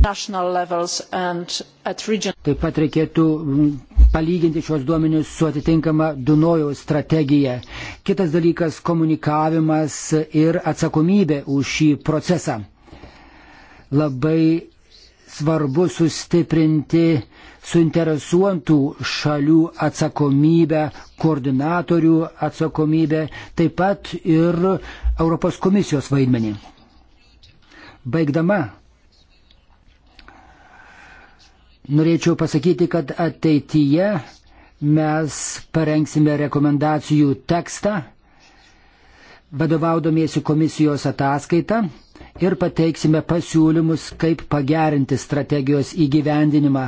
Taip pat reikėtų mm, palyginti šios duomenys su atitinkama Dunojaus strategija. Kitas dalykas - komunikavimas ir atsakomybė už šį procesą. Labai svarbu sustiprinti suinteresuotų šalių atsakomybę, koordinatorių atsakomybę, taip pat ir Europos komisijos vaidmenį. Baigdama norėčiau pasakyti, kad ateityje mes parengsime rekomendacijų tekstą, vadovaudomėsi komisijos ataskaitą ir pateiksime pasiūlymus, kaip pagerinti strategijos įgyvendinimą.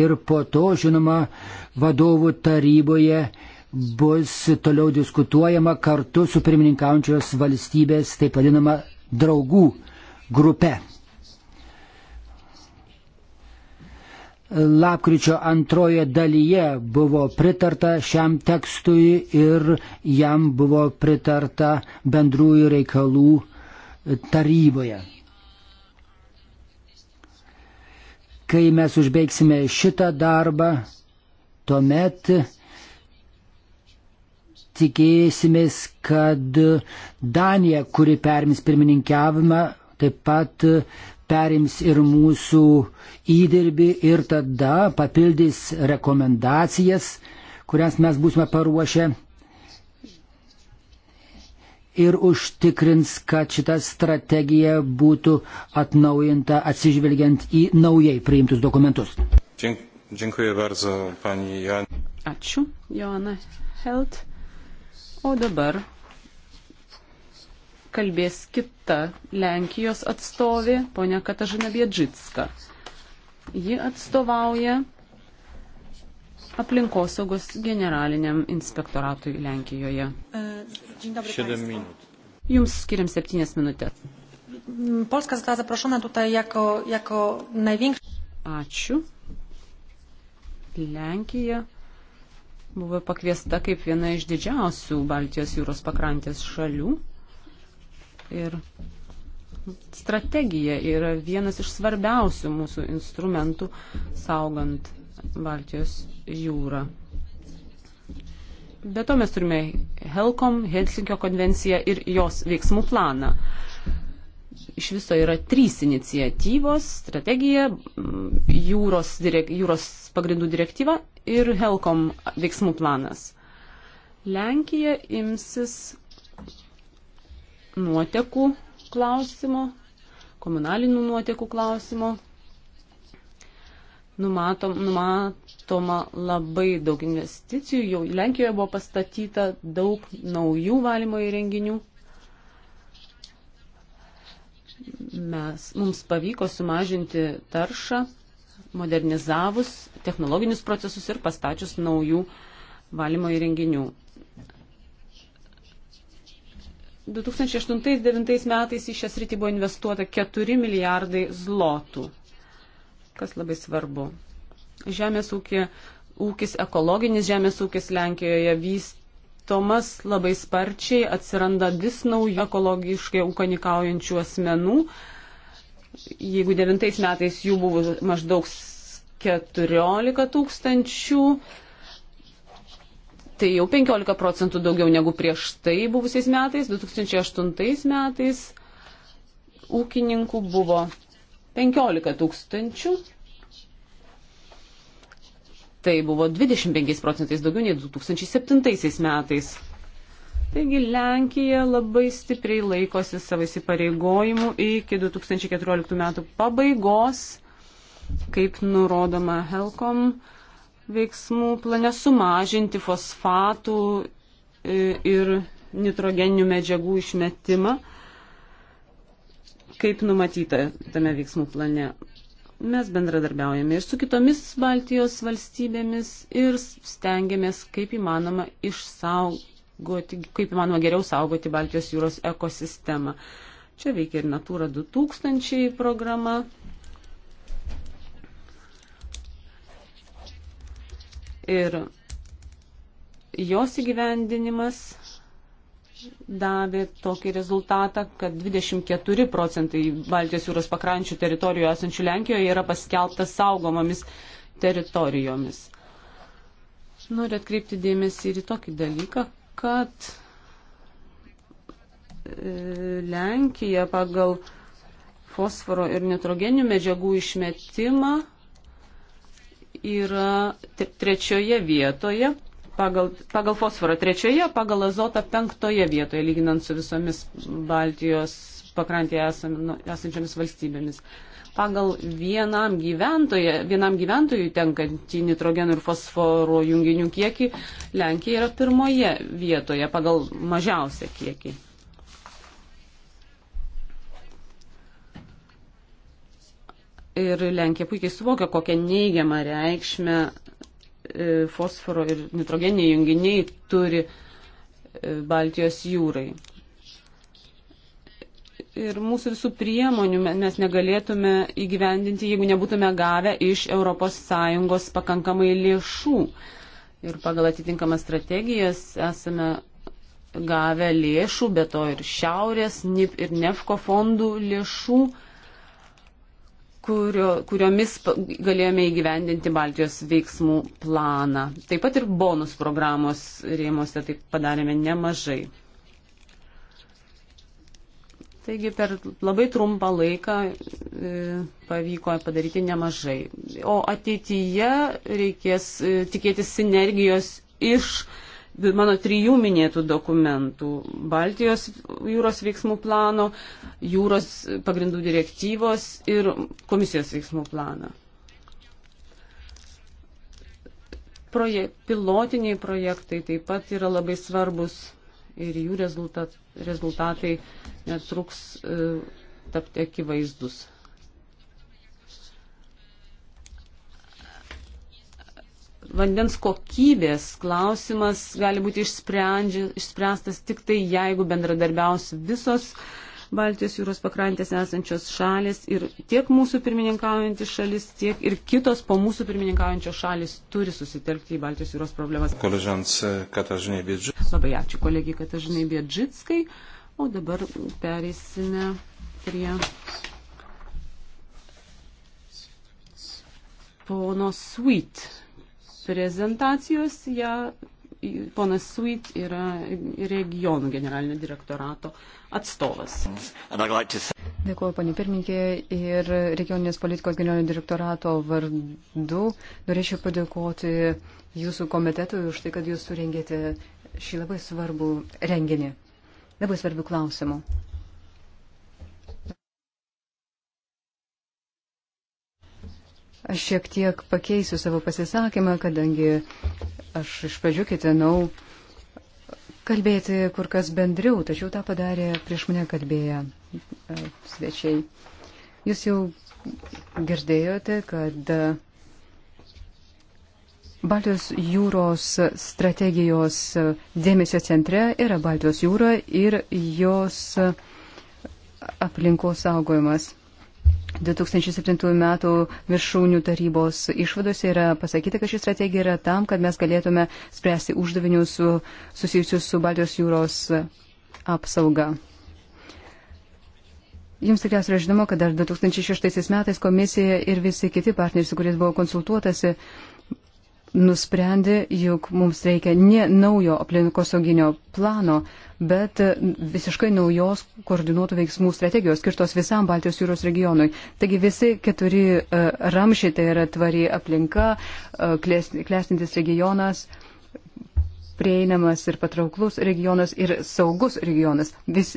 Ir po to, žinoma, vadovų taryboje bus toliau diskutuojama kartu su pirmininkaujančios valstybės, taip vadinama, draugų grupe. lapkričio antroje dalyje buvo pritarta šiam tekstui ir jam buvo pritarta bendrųjų reikalų taryboje. Kai mes užbaigsime šitą darbą, tuomet tikėsimės, kad Danija, kuri perims pirmininkiavimą, taip pat perims ir mūsų įdirbį ir tada papildys rekomendacijas, kurias mes būsime paruošę ir užtikrins, kad šita strategija būtų atnaujinta atsižvelgiant į naujai priimtus dokumentus. Dziękuję bardzo, pani Jan. Ačiū, Joana Helt. O dabar kalbės kita Lenkijos atstovė, ponia Katažina Biedžitska. Ji atstovauja aplinkosaugos generaliniam inspektoratui Lenkijoje. E, Jums skiriam septynės minutės. Polska została zaproszona tutaj jako, jako największa. Ačiū. Lenkija buvo pakviesta kaip viena iš didžiausių Baltijos jūros pakrantės šalių Ir strategija yra vienas iš svarbiausių mūsų instrumentų saugant Baltijos jūrą. Be to mes turime Helkom, Helsinkio konvenciją ir jos veiksmų planą. Iš viso yra trys inicijatyvos - strategija, jūros, direk, jūros pagrindų direktyva ir Helkom veiksmų planas. Lenkija imsis nuotekų klausimo, komunalinių nuotekų klausimo. Numatom, numatoma labai daug investicijų, jau Lenkijoje buvo pastatyta daug naujų valymo įrenginių. Mes, mums pavyko sumažinti taršą, modernizavus technologinius procesus ir pastačius naujų valymo įrenginių. 2008-2009 metais į šią sritį buvo investuota 4 milijardai zlotų, kas labai svarbu. Žemės ūkė, ūkis, ekologinis žemės ūkis Lenkijoje vystomas labai sparčiai, atsiranda vis naujų ekologiškai ūkanikaujančių asmenų. Jeigu 9 metais jų buvo maždaug 14 tūkstančių, tai jau 15 procentų daugiau negu prieš tai buvusiais metais, 2008 metais ūkininkų buvo 15 tūkstančių. Tai buvo 25 procentais daugiau nei 2007 metais. Taigi Lenkija labai stipriai laikosi savo įsipareigojimų iki 2014 metų pabaigos, kaip nurodoma Helkom veiksmų plane sumažinti fosfatų e, ir nitrogeninių medžiagų išmetimą, kaip numatyta tame veiksmų plane. Mes bendradarbiaujame ir su kitomis Baltijos valstybėmis ir stengiamės kaip įmanoma išsaugoti, kaip įmanoma geriau saugoti Baltijos jūros ekosistemą. Čia veikia ir Natūra 2000 programa, Ir jos įgyvendinimas davė tokį rezultatą, kad 24 procentai Baltijos jūros pakrančių teritorijų esančių Lenkijoje yra paskelbtas saugomomis teritorijomis. Noriu atkreipti dėmesį ir į tokį dalyką, kad e, Lenkija pagal fosforo ir nitrogenių medžiagų išmetimą yra trečioje vietoje, pagal, pagal fosforą trečioje, pagal azotą penktoje vietoje, lyginant su visomis Baltijos pakrantėje nu, esančiomis valstybėmis. Pagal vienam, vienam gyventojui tenkantį nitrogenų ir fosforo junginių kiekį Lenkija yra pirmoje vietoje pagal mažiausią kiekį. Ir Lenkija puikiai suvokia, kokią neigiamą reikšmę e, fosforo ir nitrogeniniai junginiai turi e, Baltijos jūrai. Ir mūsų visų priemonių mes negalėtume įgyvendinti, jeigu nebūtume gavę iš ES pakankamai lėšų. Ir pagal atitinkamas strategijas esame gavę lėšų, be to ir Šiaurės, NIP ir NEFKO fondų lėšų kurio, kuriomis galėjome įgyvendinti Baltijos veiksmų planą. Taip pat ir bonus programos rėmose taip padarėme nemažai. Taigi per labai trumpą laiką e, pavyko padaryti nemažai. O ateityje reikės e, tikėtis sinergijos iš mano trijų minėtų dokumentų - Baltijos jūros veiksmų plano, jūros pagrindų direktyvos ir komisijos veiksmų planą. Proje, pilotiniai projektai taip pat yra labai svarbus ir jų rezultat, rezultatai netruks e, tapti akivaizdus. vandens kokybės klausimas gali būti išspręstas tik tai, jeigu bendradarbiaus visos Baltijos jūros pakrantės esančios šalis ir tiek mūsų pirmininkaujantis šalis, tiek ir kitos po mūsų pirmininkaujančios šalis turi susitelkti į Baltijos jūros problemas. Kolegžans Katažinai Biedžitskai. Labai ačiū kolegijai Katažinai Biedžitskai. O dabar pereisime prie pono Sweet prezentacijos. Ja, ponas Sweet yra regionų generalinio direktorato atstovas. Dėkuoju, panė pirmininkė, ir regioninės politikos generalinio direktorato vardu norėčiau padėkoti jūsų komitetui už tai, kad jūs surengėte šį labai svarbų renginį. Labai svarbių klausimų. Aš šiek tiek pakeisiu savo pasisakymą, kadangi aš iš pradžių ketinau kalbėti kur kas bendriau, tačiau tą padarė prieš mane kalbėję e, svečiai. Jūs jau girdėjote, kad e, Baltijos jūros strategijos e, dėmesio centre yra Baltijos jūra ir jos aplinkos saugojimas. 2007 metų viršūnių tarybos išvadose yra pasakyta, kad ši strategija yra tam, kad mes galėtume spręsti uždavinius su, susijusius su Baltijos jūros apsauga. Jums tikriausiai yra žinoma, kad dar 2006 metais komisija ir visi kiti partneriai, su kuriais buvo konsultuotasi, uh, nusprendė, jog mums reikia ne naujo aplinkosauginio plano, bet visiškai naujos koordinuotų veiksmų strategijos skirtos visam Baltijos jūros regionui. Taigi visi keturi uh, ramšiai tai yra tvari aplinka, uh, klestintis regionas prieinamas ir patrauklus regionas ir saugus regionas. Vis,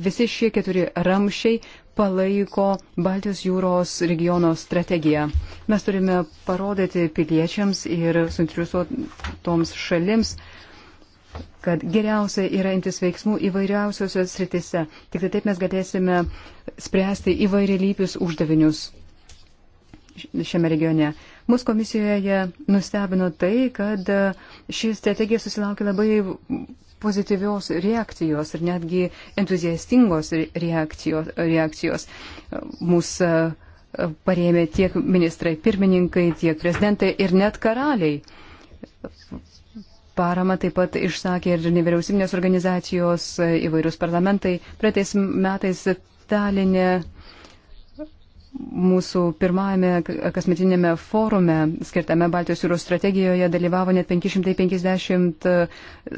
visi šie keturi ramšiai palaiko Baltijos jūros regiono strategiją. Mes turime parodyti piliečiams ir suinteresuotoms šalims, kad geriausia yra imtis veiksmų įvairiausiose sritise. Tik tai taip mes galėsime spręsti įvairialypius uždavinius šiame regione. Mūsų komisijoje nustebino tai, kad ši strategija susilaukė labai pozityvios reakcijos ir netgi entuziastingos reakcijos. reakcijos. Mūsų e, parėmė tiek ministrai pirmininkai, tiek prezidentai ir net karaliai. Parama taip pat išsakė ir nevyriausybinės organizacijos, e, įvairius parlamentai. Praeitais metais Talinė Mūsų pirmajame kasmetinėme forume skirtame Baltijos jūros strategijoje dalyvavo net 550 e,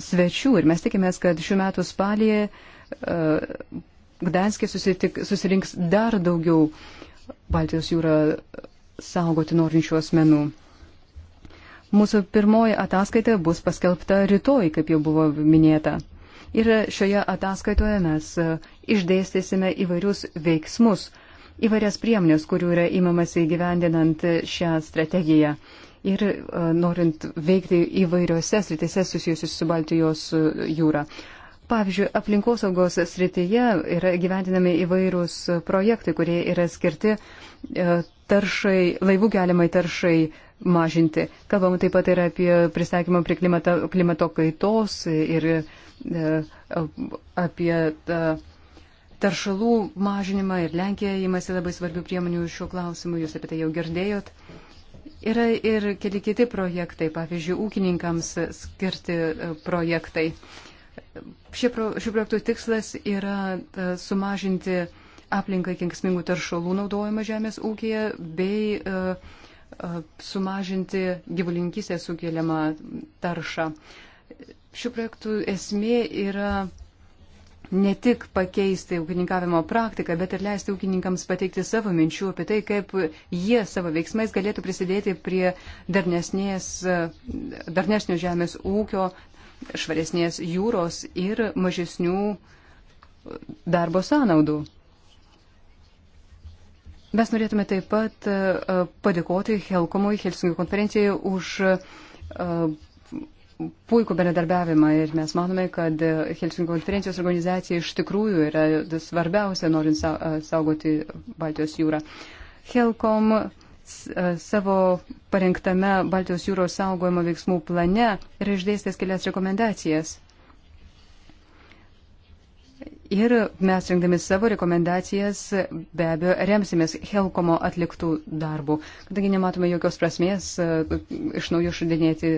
svečių ir mes tikimės, kad šiuo metu spalį e, Gdanskė susitik, susirinks dar daugiau Baltijos jūrą saugoti norinčių asmenų. Mūsų pirmoji ataskaita bus paskelbta rytoj, kaip jau buvo minėta. Ir šioje ataskaitoje mes e, išdėstysime įvairius veiksmus, įvairias priemonės, kurių yra įmamasi įgyvendinant šią strategiją. Ir e, norint veikti įvairiose sritise susijusius su Baltijos e, jūra. Pavyzdžiui, aplinkosaugos srityje yra gyventinami įvairūs projektai, kurie yra skirti e, taršai, laivų galimai taršai mažinti. Kalbam taip pat ir apie pristatymą prie klimato, klimato kaitos ir apie taršalų mažinimą ir Lenkija įmasi labai svarbių priemonių šiuo klausimu, jūs apie tai jau girdėjot. Yra ir keli kiti projektai, pavyzdžiui, ūkininkams skirti e, projektai. Šių pro, projektų tikslas yra e, sumažinti aplinkai kenksmingų taršalų naudojimą žemės ūkėje bei e, sumažinti gyvulinkysės sukeliamą taršą. Šių projektų esmė yra ne tik pakeisti ūkininkavimo praktiką, bet ir leisti ūkininkams pateikti savo minčių apie tai, kaip jie savo veiksmais galėtų prisidėti prie darnesnio žemės ūkio, švaresnės jūros ir mažesnių darbo sąnaudų. Mes norėtume taip pat e, padėkoti Helkomui Helsinkio konferencijai už e, puikų bendradarbiavimą ir mes manome, kad Helsinkų konferencijos organizacija iš tikrųjų yra svarbiausia, norint saugoti Baltijos jūrą. Helkom savo parengtame Baltijos jūros saugojimo veiksmų plane yra išdėstęs kelias rekomendacijas. Ir mes rinkdami savo rekomendacijas be abejo remsimės Helkomo atliktų darbų, kadangi nematome jokios prasmės iš naujo šudinėti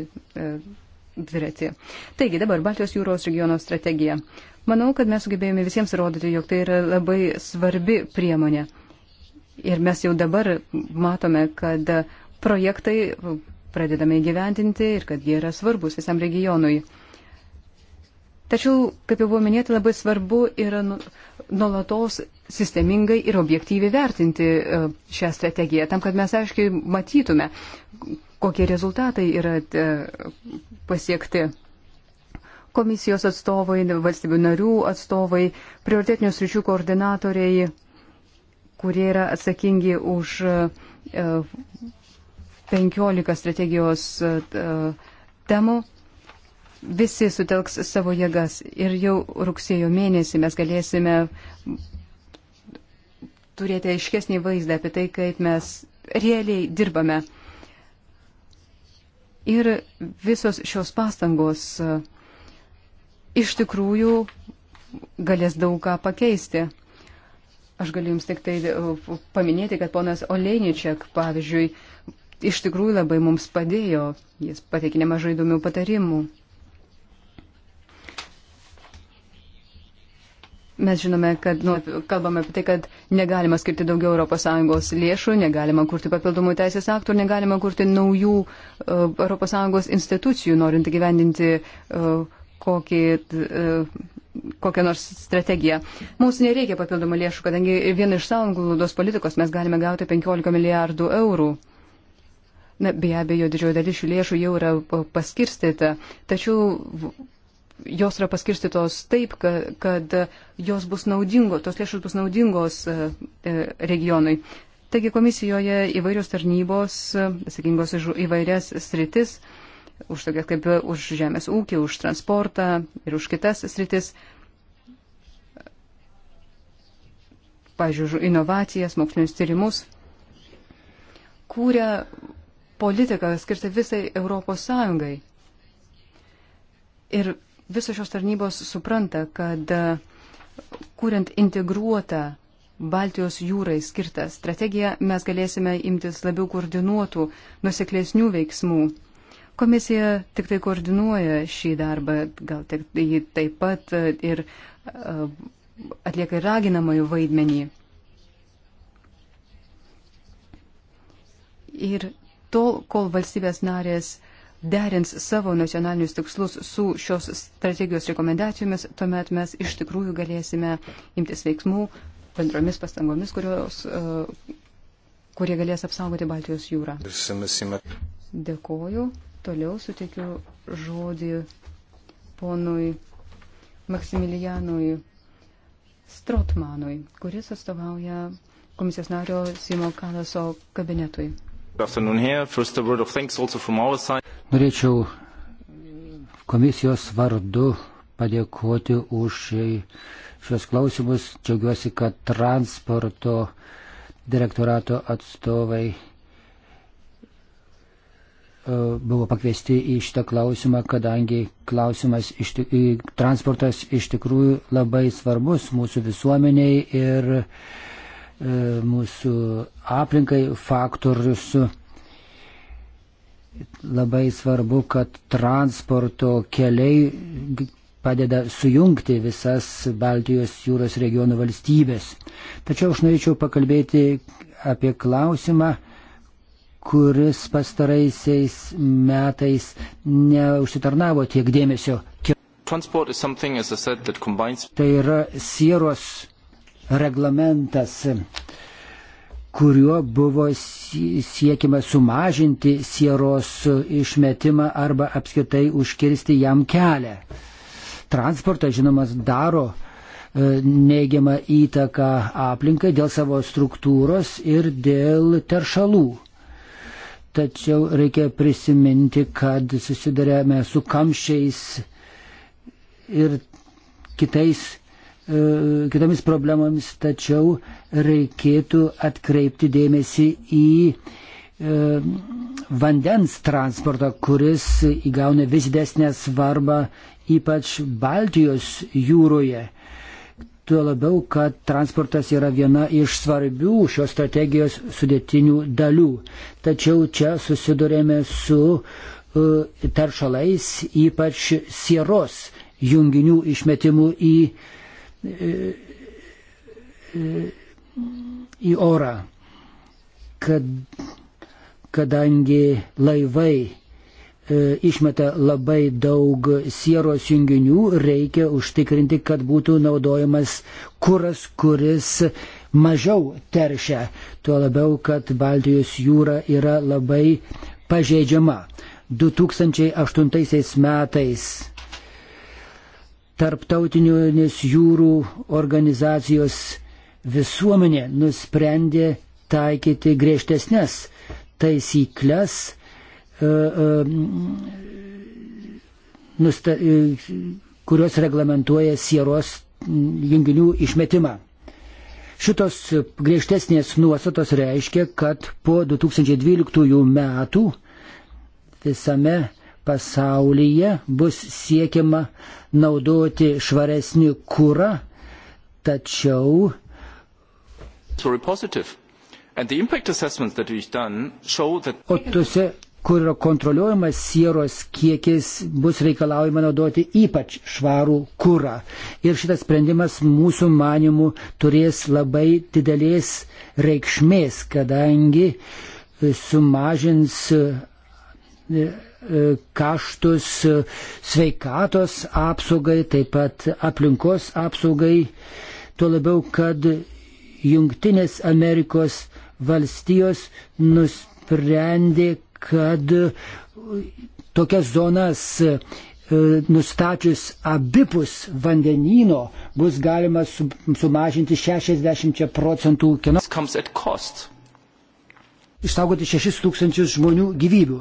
dviratį. Taigi dabar Baltijos jūros regiono strategija. Manau, kad mes sugebėjome visiems rodyti, jog tai yra labai svarbi priemonė. Ir mes jau dabar matome, kad projektai pradedame įgyvendinti ir kad jie yra svarbus visam regionui. Tačiau, kaip jau buvo minėta, labai svarbu yra nu, nuolatos sistemingai ir objektyviai vertinti e, šią strategiją, tam, kad mes aiškiai matytume, kokie rezultatai yra e, pasiekti. Komisijos atstovai, valstybių narių atstovai, prioritetinių sričių koordinatoriai, kurie yra atsakingi už 15 e, strategijos e, temų, visi sutelks savo jėgas ir jau rugsėjo mėnesį mes galėsime turėti aiškesnį vaizdą apie tai, kaip mes realiai dirbame. Ir visos šios pastangos e, iš tikrųjų galės daug ką pakeisti. Aš galiu Jums tik tai e, paminėti, kad ponas Oleničiak, pavyzdžiui, iš tikrųjų labai mums padėjo, jis pateikė nemažai įdomių patarimų. Mes žinome, kad nu, kalbame apie tai, kad negalima skirti daugiau ES lėšų, negalima kurti papildomų teisės aktų, negalima kurti naujų uh, ES institucijų, norint gyvendinti uh, kokį, uh, kokią nors strategiją. Mums nereikia papildomų lėšų, kadangi vien iš sąjungos politikos mes galime gauti 15 milijardų eurų. Na, be abejo, didžioji dalis šių lėšų jau yra uh, paskirstyta, tačiau jos yra paskirstytos taip, kad, kad jos bus naudingos, tos lėšos bus naudingos e, e, regionui. Taigi komisijoje įvairios tarnybos, e, sakingos už įvairias sritis, už tokias kaip už žemės ūkį, už transportą ir už kitas sritis, pažiūrėjau, inovacijas, mokslinius tyrimus, kūrė politiką skirtą visai Europos Sąjungai. Ir visos šios tarnybos supranta, kad e, kuriant integruotą Baltijos jūrai skirtą strategiją, mes galėsime imtis labiau koordinuotų, nuseklesnių veiksmų. Komisija tik tai koordinuoja šį darbą, gal tik jį taip pat e, ir e, atlieka ir raginamąjį vaidmenį. Ir tol, kol valstybės narės uh, derins savo nacionalinius tikslus su šios strategijos rekomendacijomis, tuomet mes iš tikrųjų galėsime imtis veiksmų bendromis pastangomis, kurios, e, kurie galės apsaugoti Baltijos jūrą. Dėkoju. Toliau suteikiu žodį ponui Maksimilijanui Strotmanui, kuris atstovauja komisijos nario Simo Kalaso kabinetui. Norėčiau komisijos vardu padėkoti už šios klausimus. Džiaugiuosi, kad transporto direktorato atstovai e, buvo pakviesti į šitą klausimą, kadangi klausimas iš, transportas iš tikrųjų labai svarbus mūsų visuomeniai ir uh, E, mūsų aplinkai faktorius. Labai svarbu, kad transporto keliai padeda sujungti visas Baltijos jūros regionų valstybės. Tačiau aš norėčiau pakalbėti apie klausimą, kuris pastaraisiais metais neužsitarnavo tiek dėmesio. Said, combines... Tai yra sieros reglamentas, kuriuo buvo siekiama sumažinti sieros išmetimą arba apskritai užkirsti jam kelią. Transportas, žinomas, daro e, neigiamą įtaką aplinkai dėl savo struktūros ir dėl teršalų. Tačiau reikia prisiminti, kad susidarėme su kamščiais ir kitais E, kitomis problemomis, tačiau reikėtų atkreipti dėmesį į e, vandens transportą, kuris įgauna vis didesnę svarbą, ypač Baltijos jūroje. Tuo labiau, kad transportas yra viena iš svarbių šios strategijos sudėtinių dalių. Tačiau čia susidurėme su e, teršalais, ypač sieros junginių išmetimu į uh, į orą, kad, kadangi laivai e, išmeta labai daug sieros junginių, reikia užtikrinti, kad būtų naudojamas kuras, kuris mažiau teršia. Tuo labiau, kad Baltijos jūra yra labai pažeidžiama. 2008 metais tarptautinės jūrų organizacijos visuomenė nusprendė taikyti griežtesnės taisyklės, e, e, e, kurios reglamentuoja sieros junginių išmetimą. Šitos griežtesnės nuostatos reiškia, kad po 2012 metų visame pasaulyje bus siekiama naudoti švaresnį kūrą, tačiau. O tuose, kur yra kontroliuojamas sieros kiekis, bus reikalaujama naudoti ypač švarų kūrą. Ir šitas sprendimas mūsų manimų turės labai didelės reikšmės, kadangi sumažins e, kaštus sveikatos apsaugai, taip pat aplinkos apsaugai, tuo labiau, kad Junktinės Amerikos valstijos nusprendė, kad tokias zonas e, nustačius abipus vandenyno bus galima sumažinti 60 procentų kino. Išsaugoti 6 tūkstančius žmonių gyvybių.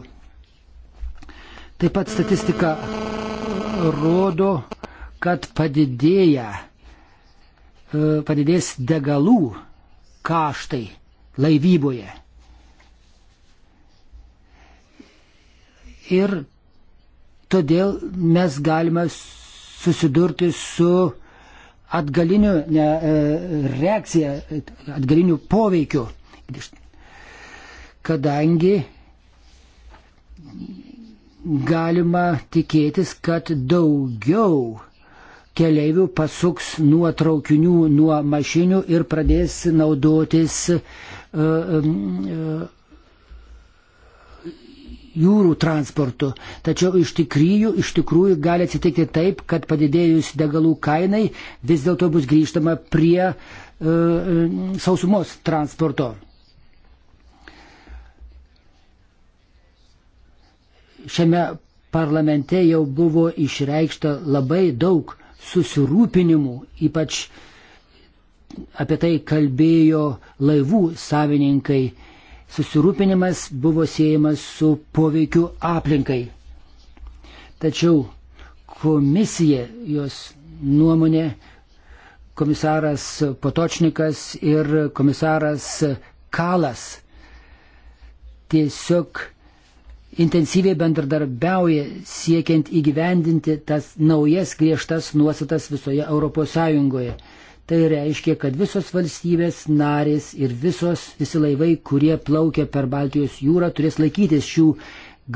Taip pat statistika rodo, kad padidėja, e, padidės degalų kaštai laivyboje. Ir todėl mes galime susidurti su atgaliniu ne, e, reakcija, atgaliniu poveikiu, kadangi galima tikėtis, kad daugiau keleivių pasuks nuo traukinių, nuo mašinių ir pradės naudotis uh, uh, jūrų transportu. Tačiau iš tikrųjų, iš tikrųjų gali atsitikti taip, kad padidėjus degalų kainai vis dėlto bus grįžtama prie uh, sausumos transporto. šiame parlamente jau buvo išreikšta labai daug susirūpinimų, ypač apie tai kalbėjo laivų savininkai. Susirūpinimas buvo siejamas su poveikiu aplinkai. Tačiau komisija, jos nuomonė, komisaras Potočnikas ir komisaras Kalas tiesiog intensyviai bendradarbiauja siekiant įgyvendinti tas naujas griežtas nuostatas visoje ES. Tai reiškia, kad visos valstybės narės ir visos, visi laivai, kurie plaukia per Baltijos jūrą, turės laikytis šių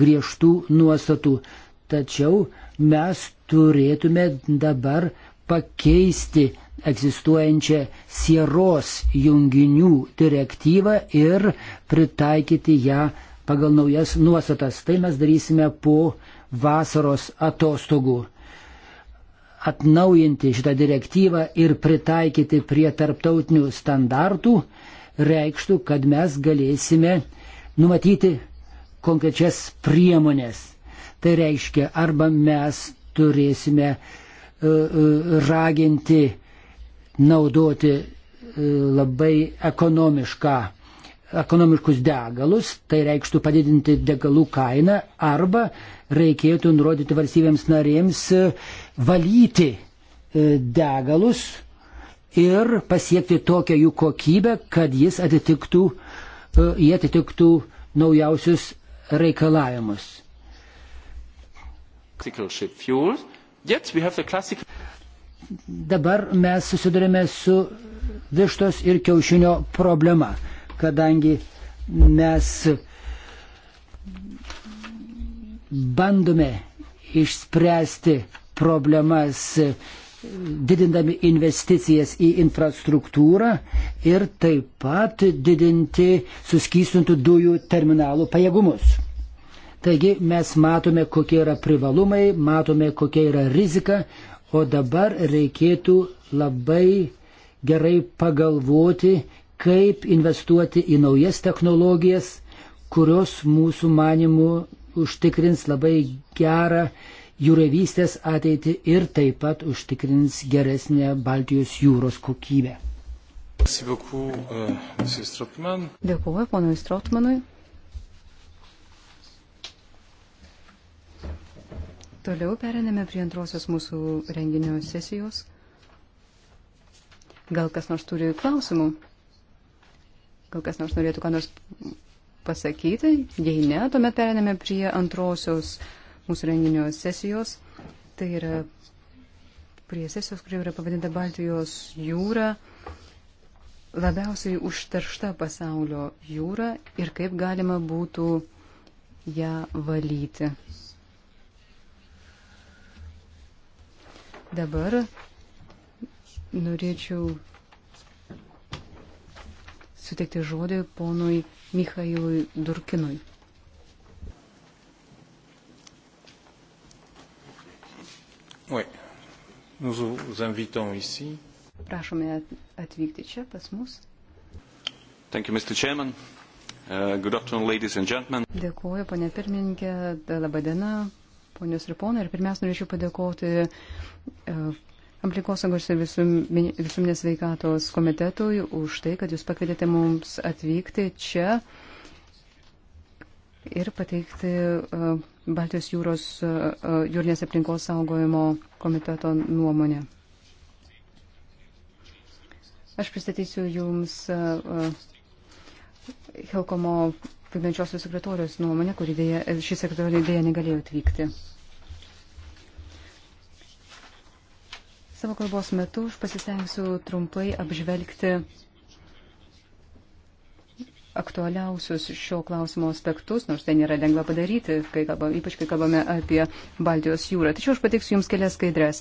griežtų nuostatų. Tačiau mes turėtume dabar pakeisti egzistuojančią sieros junginių direktyvą ir pritaikyti ją pagal naujas nuostatas. Tai mes darysime po vasaros atostogų. Atnaujinti šitą direktyvą ir pritaikyti prie tarptautinių standartų reikštų, kad mes galėsime numatyti konkrečias priemonės. Tai reiškia, arba mes turėsime e, e, raginti naudoti e, labai ekonomišką ekonomiškus degalus, tai reikštų padidinti degalų kainą, arba reikėtų nurodyti valstybėms narėms e, valyti e, degalus ir pasiekti tokią jų kokybę, kad jis atitiktų, e, jie atitiktų naujausius reikalavimus. Dabar mes susidurime su vištos ir kiaušinio problema kadangi mes bandome išspręsti problemas didindami investicijas į infrastruktūrą ir taip pat didinti suskystintų dujų terminalų pajėgumus. Taigi mes matome, kokie yra privalumai, matome, kokia yra rizika, o dabar reikėtų labai gerai pagalvoti, kaip investuoti į naujas technologijas, kurios mūsų manimų užtikrins labai gerą jūravystės ateitį ir taip pat užtikrins geresnę Baltijos jūros kokybę. Euh, Dėkuoju ponui Strotmanui. Toliau periname prie antrosios mūsų renginio sesijos. Gal kas nors turi klausimų? Gal kas nors norėtų ką nors pasakyti? Jei ne, tuomet periname prie antrosios mūsų renginio sesijos. Tai yra prie sesijos, kuri yra pavadinta Baltijos jūra, labiausiai užteršta pasaulio jūra ir kaip galima būtų ją valyti. Dabar norėčiau suteikti žodį ponui Michailui Durkinui. Oui. Nous vous invitons ici. Prašome atvykti čia pas mus. Thank you, Mr. Chairman. Uh, good afternoon, ladies and gentlemen. Dėkuoju, ponė pirmininkė. Labadiena, ponios ir ponai. Ir pirmiausia, norėčiau padėkoti uh, aplinkosaugos ir visuomenės veikatos komitetui už tai, kad jūs pakvietėte mums atvykti čia ir pateikti uh, Baltijos jūros uh, uh, jūrinės aplinkos saugojimo komiteto nuomonę. Aš pristatysiu Jums Helkomo vykdančiosios sekretorijos nuomonę, kuri dėja, ši sekretorija dėja negalėjo atvykti. Savo kalbos metu aš pasistengsiu trumpai apžvelgti aktualiausius šio klausimo aspektus, nors tai nėra lengva padaryti, kai kalbame, ypač kai kalbame apie Baltijos jūrą. Tačiau aš pateiksiu Jums kelias skaidrės.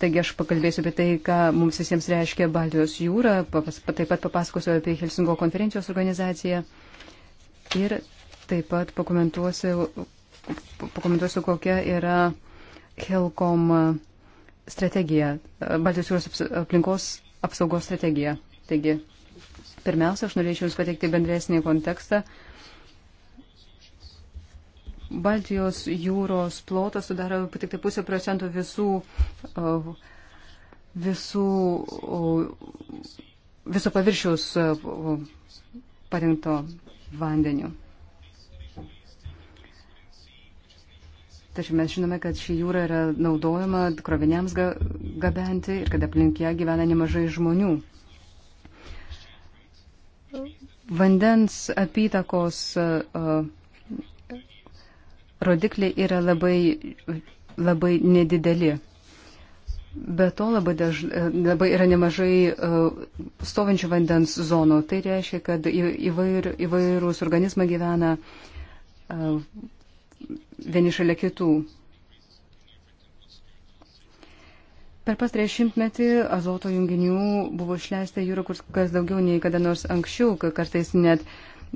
Taigi aš pakalbėsiu apie tai, ką mums visiems reiškia Baltijos jūra, papas, taip pat papasakosiu apie Helsingo konferencijos organizaciją ir taip pat pakomentuosiu, pakomentuosiu kokia yra Helkom strategija, Baltijos jūros aplinkos apsaugos strategija. Taigi, pirmiausia, aš norėčiau Jums pateikti bendresnį kontekstą. Baltijos jūros plotas sudaro tik tai pusę procentų visų, visų, viso paviršiaus padengto vandeniu. Tačiau mes žinome, kad ši jūra yra naudojama kroviniams gabenti ir kad aplink ją gyvena nemažai žmonių. Vandens apytakos rodikliai yra labai, labai nedideli. Be to labai, daž, labai yra nemažai stovinčių vandens zonų. Tai reiškia, kad įvair, įvairūs organizmai gyvena vieni šalia kitų. Per pastarąjį šimtmetį azoto junginių buvo išleista jūra kur kas daugiau nei kada nors anksčiau, kartais net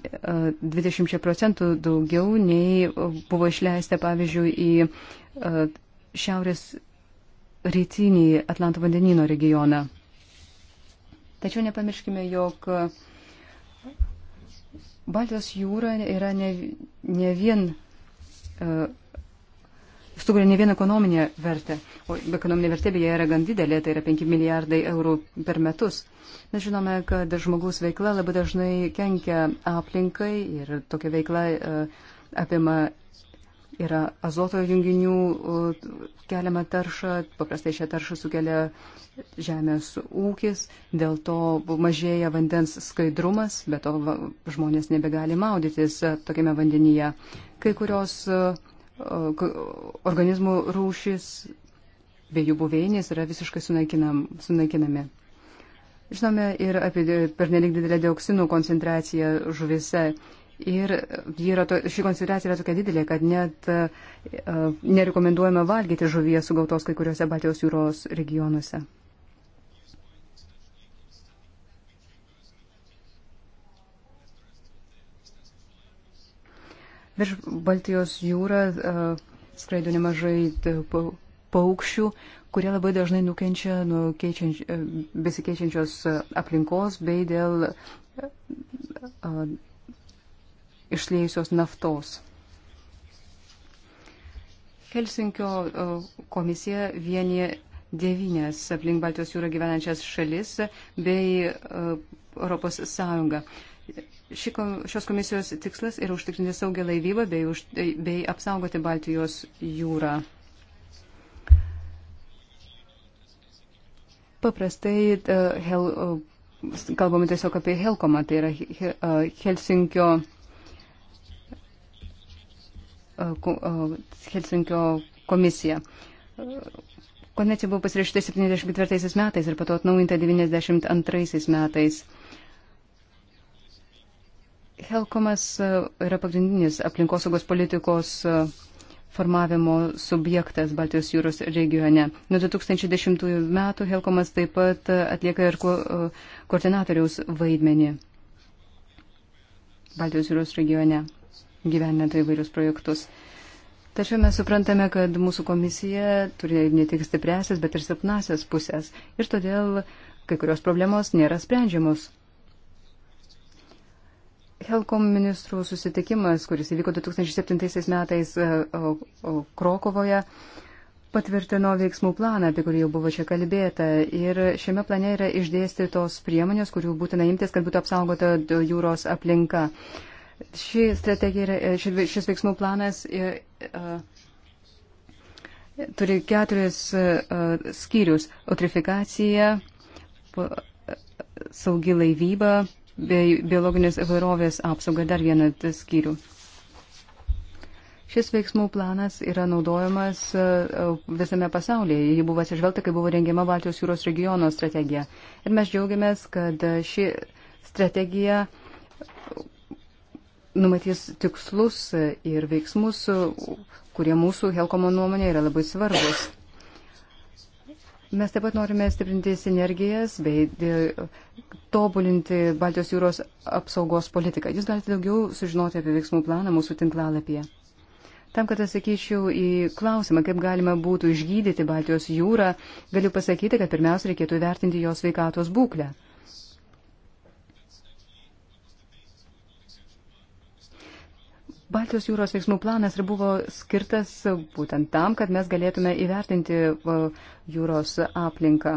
20 e, procentų daugiau nei e, buvo išleista, pavyzdžiui, į e, šiaurės rytinį Atlanto vandenino regioną. Tačiau nepamirškime, jog Baltijos jūra yra ne, ne vien E, sukuria ne vieną ekonominę vertę, o ekonominė vertė beje yra gan didelė, tai yra 5 milijardai eurų per metus. Mes žinome, kad žmogaus veikla labai dažnai kenkia aplinkai ir tokia veikla e, apima yra azoto junginių keliama tarša, paprastai šią taršą sukelia žemės ūkis, dėl to mažėja vandens skaidrumas, bet to žmonės nebegali maudytis e, tokiame vandenyje. Kai kurios e, organizmų rūšis bei jų buveinės yra visiškai sunaikinam, sunaikinami. Žinome ir apie pernelik didelę dioksinų koncentraciją žuvise Ir to, ši koncentracija yra tokia didelė, kad net uh, nerekomenduojama valgyti žuvies sugautos kai kuriuose Baltijos jūros regionuose. Virš Baltijos jūrą uh, e, skraido nemažai paukščių, kurie labai dažnai nukenčia nuo besikeičiančios aplinkos bei dėl uh, išlėjusios naftos. Helsinkio e, komisija vienyje devynės aplink Baltijos jūrą gyvenančias šalis bei e, Europos Sąjungą. Ši, šios komisijos tikslas yra užtikrinti saugią laivybą bei, už, e, bei apsaugoti Baltijos jūrą. Paprastai hel, kalbame tiesiog apie Helkomą, tai yra Helsinkio E, e, Helsinkio komisija. Konvencija buvo pasirašyta 74 metais ir pato atnaujinta 92 metais. Helkomas e, yra pagrindinis aplinkosaugos politikos formavimo subjektas Baltijos jūros regione. Nuo 2010 metų Helkomas taip pat atlieka ir ko, koordinatoriaus vaidmenį Baltijos jūros regione gyvenant įvairius projektus. Tačiau mes suprantame, kad mūsų komisija turi ne tik stipresias, bet ir silpnasias pusės. Ir todėl kai kurios problemos nėra sprendžiamos. Helkom ministrų susitikimas, kuris įvyko 2007 metais e, Krokovoje, patvirtino veiksmų planą, apie kurį jau buvo čia kalbėta. Ir šiame plane yra išdėstytos priemonės, kurių būtina imtis, kad būtų apsaugota jūros aplinka. Uh, Ši strategija, e, šis veiksmų planas e, e, turi keturis skyrius - eutrifikacija, saugi laivyba, bei biologinės įvairovės apsauga dar vieną skyrių. Šis veiksmų planas yra naudojamas visame pasaulyje. Jį buvo atsižvelgta, kai buvo rengiama Baltijos jūros regiono strategija. Ir mes džiaugiamės, kad ši strategija numatys tikslus ir veiksmus, kurie mūsų Helkomo nuomonė yra labai svarbus. Mes taip pat norime stiprinti sinergijas bei e, tobulinti Baltijos jūros apsaugos politiką. Jūs galite daugiau sužinoti apie veiksmų planą mūsų tinklalapyje. Tam, kad atsakyčiau į klausimą, kaip galima būtų išgydyti Baltijos jūrą, galiu pasakyti, kad pirmiausia reikėtų įvertinti jos veikatos būklę. Baltijos jūros veiksmų planas ir buvo skirtas būtent tam, kad mes galėtume įvertinti jūros aplinką.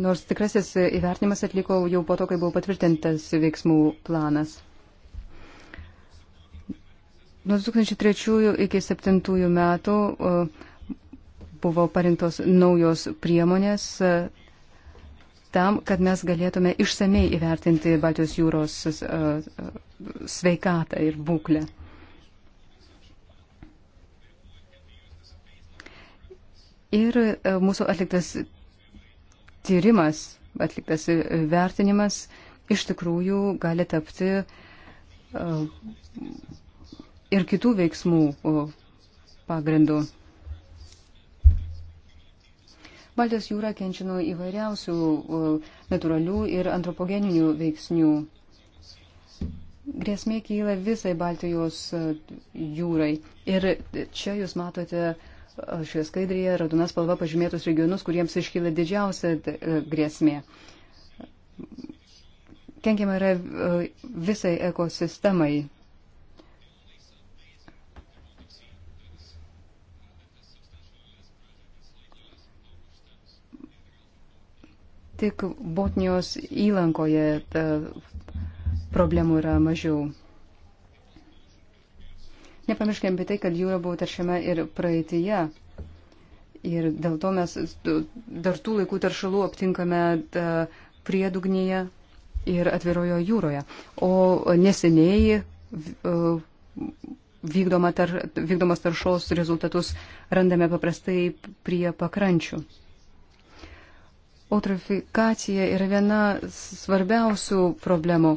Nors tikrasis įvertinimas atliko jau po to, kai buvo patvirtintas veiksmų planas. Nuo 2003 iki 2007 metų buvo parinktos naujos priemonės tam, kad mes galėtume išsamei įvertinti Baltijos jūros sveikatą ir būklę. Ir e, mūsų atliktas tyrimas, atliktas e, vertinimas iš tikrųjų gali tapti e, ir kitų veiksmų pagrindu. Baltijos jūra kenčia nuo įvairiausių natūralių ir antropogeninių veiksnių. Grėsmė kyla visai Baltijos e, jūrai. Ir čia jūs matote e, šioje skaidrėje raudonas spalva pažymėtus regionus, kuriems iškyla didžiausia e, grėsmė. Kenkiama yra visai ekosistemai Tik Botnijos įlankoje problemų yra mažiau. Nepamirškime apie tai, kad jūra buvo taršiama ir praeitįje. Ir dėl to mes dar tų laikų taršalų aptinkame priedugnyje ir atvirojo jūroje. O neseniai vykdoma tar, vykdomas taršos rezultatus randame paprastai prie pakrančių. Eutrofikacija yra viena svarbiausių problemų,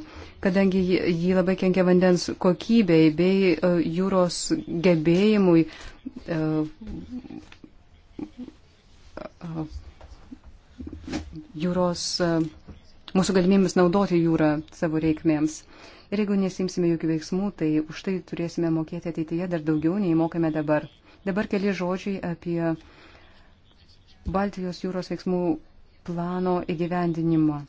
kadangi ji labai kenkia vandens kokybei bei e, jūros gebėjimui e, e, jūros, mūsų galimybėmis naudoti jūrą savo reikmėms. Ir jeigu nesimsime jokių veiksmų, tai už tai turėsime mokėti ateityje dar daugiau, nei mokame dabar. Dabar keli žodžiai apie Baltijos jūros veiksmų plano įgyvendinimo.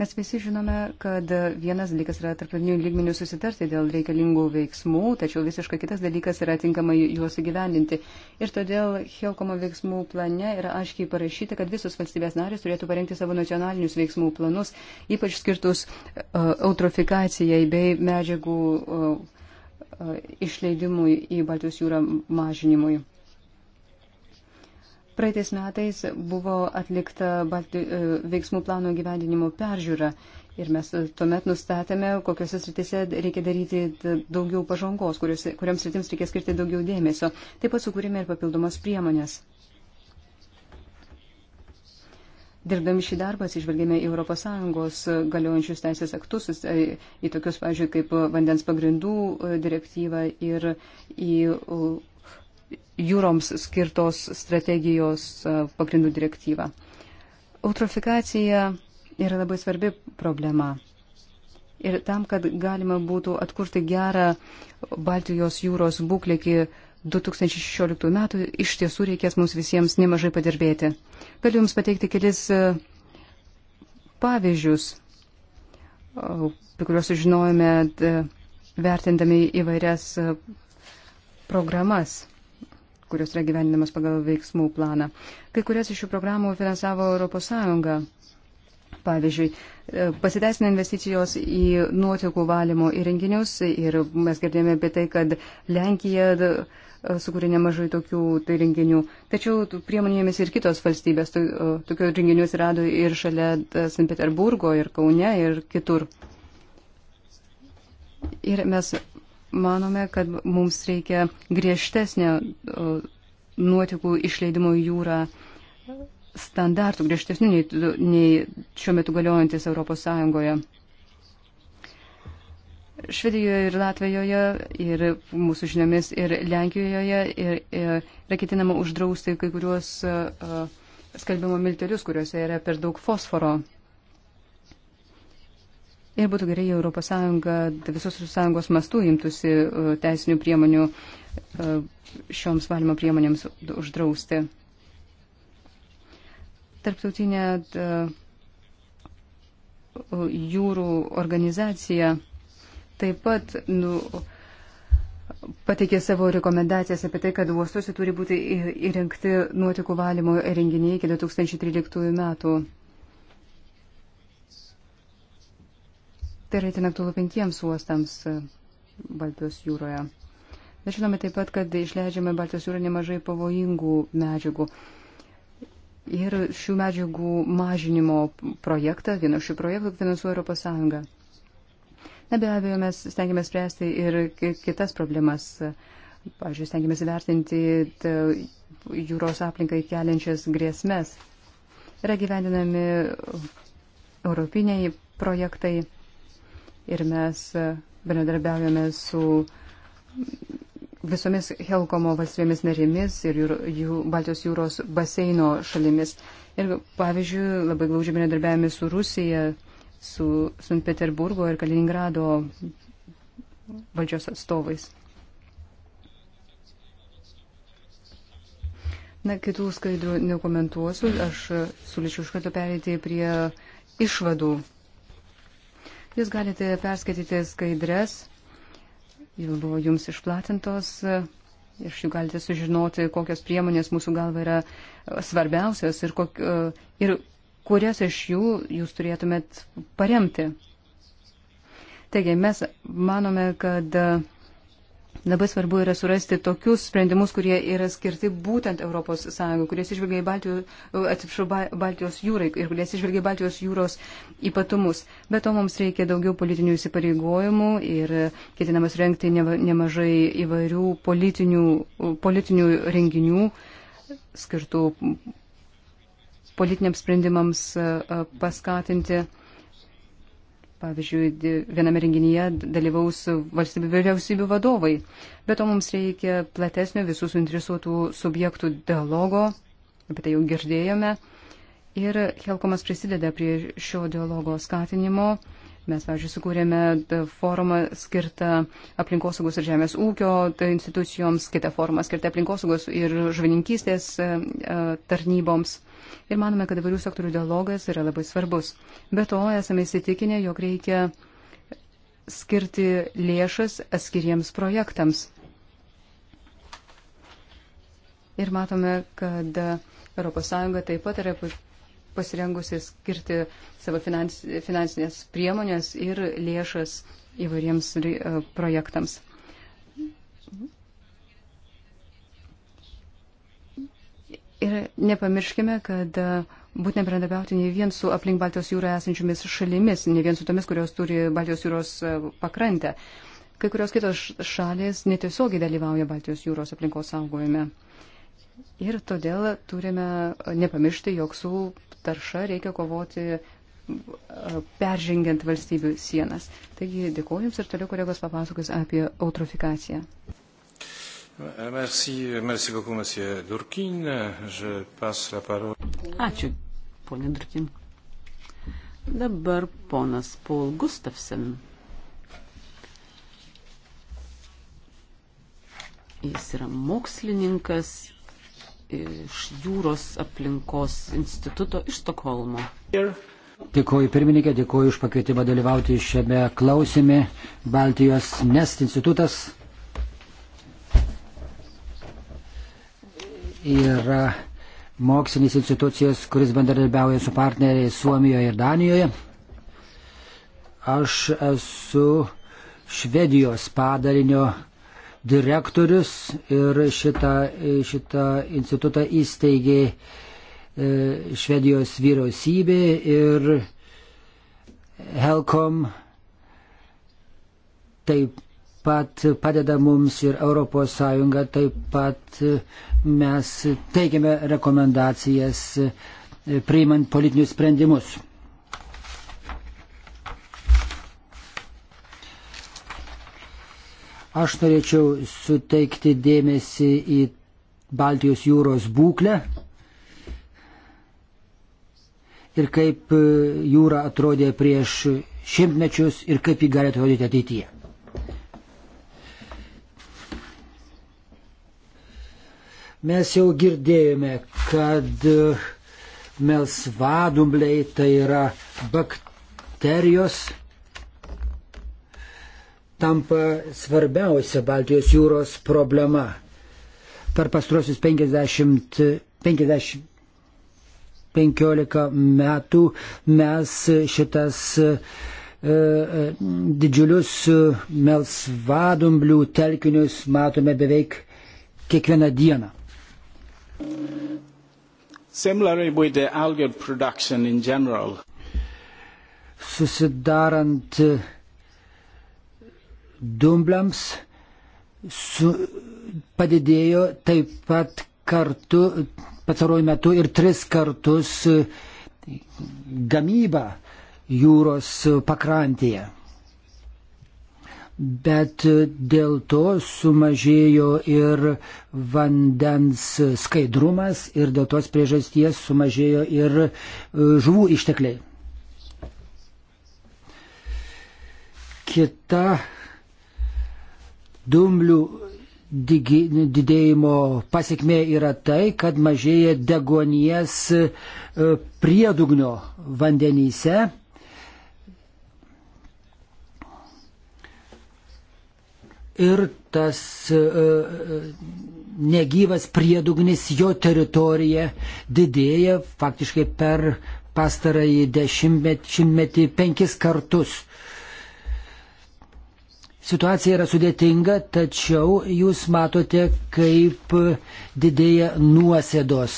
Mes visi žinome, kad vienas dalykas yra tarptautinių lygmenių susitarti dėl reikalingų veiksmų, tačiau visiškai kitas dalykas yra tinkamai juos įgyvendinti. Ir todėl Helkomo veiksmų plane yra aiškiai parašyta, kad visos valstybės narės turėtų parengti savo nacionalinius veiksmų planus, ypač skirtus uh, eutrofikacijai bei medžiagų uh, uh, išleidimui į Baltijos jūrą mažinimui. Praeitais metais buvo atlikta Balti, e, veiksmų plano gyvendinimo peržiūra ir mes e, tuomet nustatėme, kokiuose sritise reikia daryti daugiau pažangos, kuriuose, kuriams sritims reikia skirti daugiau dėmesio. Taip pat sukūrėme ir papildomas priemonės. Dirbdami šį darbą atsižvelgėme į ES galiojančius teisės aktus, e, į tokius, pavyzdžiui, kaip vandens pagrindų direktyvą ir į jūroms skirtos strategijos e, pagrindų direktyvą. Eutrofikacija yra labai svarbi problema. Ir tam, kad galima būtų atkurti gerą Baltijos jūros būklę iki 2016 metų, iš tiesų reikės mums visiems nemažai padirbėti. Galiu Jums pateikti kelis e, pavyzdžius, apie kuriuos sužinojome vertindami įvairias e, programas kurios yra gyvendinamas pagal veiksmų planą. Kai kurias iš šių programų finansavo ES. Pavyzdžiui, e, pasiteisina investicijos į nuotekų valymo įrenginius ir mes girdėjome apie tai, kad Lenkija e, sukūrė nemažai tokių tai renginių. Tačiau priemonėmis ir kitos valstybės to, e, tokių renginių atsirado ir šalia St. Peterburgo, ir Kaune, ir kitur. Ir mes manome, kad mums reikia griežtesnio nuotikų išleidimo į jūrą standartų, griežtesnių nei, nei šiuo metu galiojantis Europos Sąjungoje. Švedijoje ir Latvijoje ir mūsų žiniomis ir Lenkijoje ir, ir e, yra ketinama uždrausti kai kuriuos uh, e, skalbimo miltelius, kuriuose yra per daug fosforo. Uh, ir būtų gerai, jei ES visos ES mastų imtųsi e, teisinių priemonių e, šioms valymo priemonėms uždrausti. Tarptautinė e, jūrų organizacija taip pat nu, pateikė savo rekomendacijas apie tai, kad uostuose turi būti įrengti nuotikų valymo renginiai iki 2013 metų. Tai yra itin aktualu penkiems uostams e, Baltijos jūroje. Bet žinome taip pat, kad išleidžiame Baltijos jūrą nemažai pavojingų medžiagų. Ir šių medžiagų mažinimo projektą, vieną šių projektų finansuoja Europos Sąjunga. Na be abejo, mes stengiamės spręsti ir kitas problemas. Pavyzdžiui, stengiamės įvertinti jūros aplinkai keliančias grėsmes. Yra gyvendinami europiniai projektai ir mes e, bendradarbiaujame su visomis Helkomo valstybėmis narėmis ir jų, jų Baltijos jūros baseino šalimis. Ir pavyzdžiui, labai glaudžiai bendradarbiavame su Rusija, su Sankt Peterburgo ir Kaliningrado valdžios atstovais. Na, kitų skaidrų nekomentuosiu, aš suličiu iš karto pereiti prie išvadų Jūs galite perskaityti skaidres, jau buvo jums išplatintos, iš jų galite sužinoti, kokios priemonės mūsų galva yra svarbiausios ir, kok, ir kurias iš jų jūs turėtumėt paremti. Taigi, mes manome, kad Labai svarbu yra surasti tokius sprendimus, kurie yra skirti būtent ES, kurie išvelgia į Baltijos, atsipšau, Baltijos jūrai ir kurie išvelgia į Baltijos jūros ypatumus. Be to mums reikia daugiau politinių įsipareigojimų ir ketinamas renkti nemažai įvairių politinių, politinių renginių skirtų politiniams sprendimams paskatinti. Pavyzdžiui, viename renginyje dalyvaus valstybių vyriausybių vadovai. Be to mums reikia platesnio visų suinteresuotų subjektų dialogo, apie tai jau girdėjome. Ir Helkomas prisideda prie šio dialogo skatinimo. Mes, pavyzdžiui, sukūrėme forumą skirtą aplinkosaugos ir žemės ūkio institucijoms, kitą formą skirtą aplinkosaugos ir žvininkystės e, e, tarnyboms ir manome, kad įvairių sektorių dialogas yra labai svarbus. Be to, esame įsitikinę, jog reikia skirti lėšas atskiriems projektams. Ir matome, kad ES taip pat yra pasirengusi skirti savo finans, finansinės priemonės ir lėšas įvairiems e, projektams. Ir nepamirškime, kad e, būtent bendradarbiauti ne vien su aplink Baltijos jūrą esančiomis šalimis, ne vien su tomis, kurios turi Baltijos jūros e, pakrantę. Kai kurios kitos šalės netiesiogiai dalyvauja Baltijos jūros aplinkos saugojime. Ir todėl turime e, nepamiršti, jog su tarša reikia kovoti peržengiant valstybių sienas. Taigi dėkuoju Jums ir toliau kolegos papasakos apie eutrofikaciją. Euh, merci, merci beaucoup, monsieur Durkin. Je passe la parole. Ačiū, ponė Durkin. Dabar ponas Paul Gustafsen. Jis yra mokslininkas iš jūros aplinkos instituto iš Stokholmo. Dėkuoju pirmininkė, dėkuoju už pakvietimą dalyvauti šiame klausime. Baltijos Nest institutas yra mokslinis institucijas, kuris bendradarbiauja su partneriais Suomijoje ir Danijoje. Aš esu Švedijos padalinio direktorius ir šitą, šitą institutą įsteigė e, Švedijos vyriausybė ir Helkom taip pat padeda mums ir ES taip pat mes teikiame rekomendacijas e, priimant politinius sprendimus. Aš norėčiau suteikti dėmesį į Baltijos jūros būklę ir kaip e, jūra atrodė prieš šimtmečius ir kaip ji gali atrodyti ateityje. Mes jau girdėjome, kad eh, melsvadumbliai tai yra bakterijos tampa svarbiausia Baltijos jūros problema. Per pastrosius 50, 50, 15 metų mes šitas e, e, didžiulius melsvadumblių telkinius matome beveik kiekvieną dieną. Similarly with the algae production in general. Susidarant uh, dumbliams su, padidėjo taip pat kartu, pastaruoju metu ir tris kartus gamyba jūros pakrantėje bet dėl to sumažėjo ir vandens skaidrumas ir dėl tos priežasties sumažėjo ir e, žuvų ištekliai. Kita dumblių didėjimo pasiekmė yra tai, kad mažėja degonies e, priedugno vandenyse ir tas e, e, negyvas priedugnis jo teritorija didėja faktiškai per pastarąjį dešimtmetį penkis kartus. Situacija yra sudėtinga, tačiau jūs matote, kaip didėja nuosėdos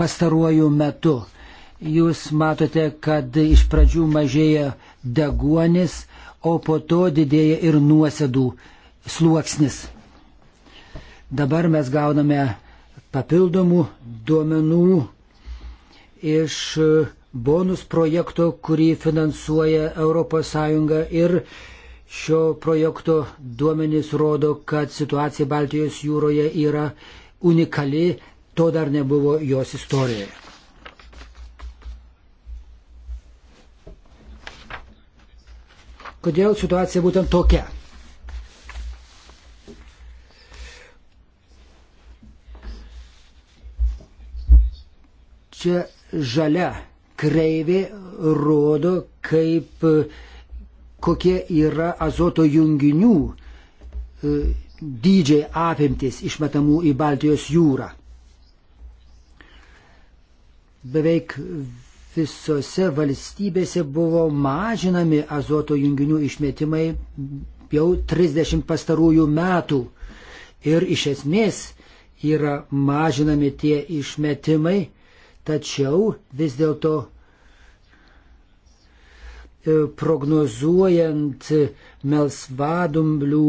pastaruoju metu. Jūs matote, kad iš pradžių mažėja deguonis, o po to didėja ir nuosėdų sluoksnis. Dabar mes gauname papildomų duomenų iš bonus projekto, kurį finansuoja ES ir šio projekto duomenys rodo, kad situacija Baltijos jūroje yra unikali, to dar nebuvo jos istorijoje. Kodėl situacija būtent tokia? čia žalia kreivė rodo, kaip kokie yra azoto junginių e, dydžiai apimtis išmetamų į Baltijos jūrą. Beveik visose valstybėse buvo mažinami azoto junginių išmetimai jau 30 pastarųjų metų ir iš esmės yra mažinami tie išmetimai Tačiau vis dėlto e, prognozuojant melsvadumblių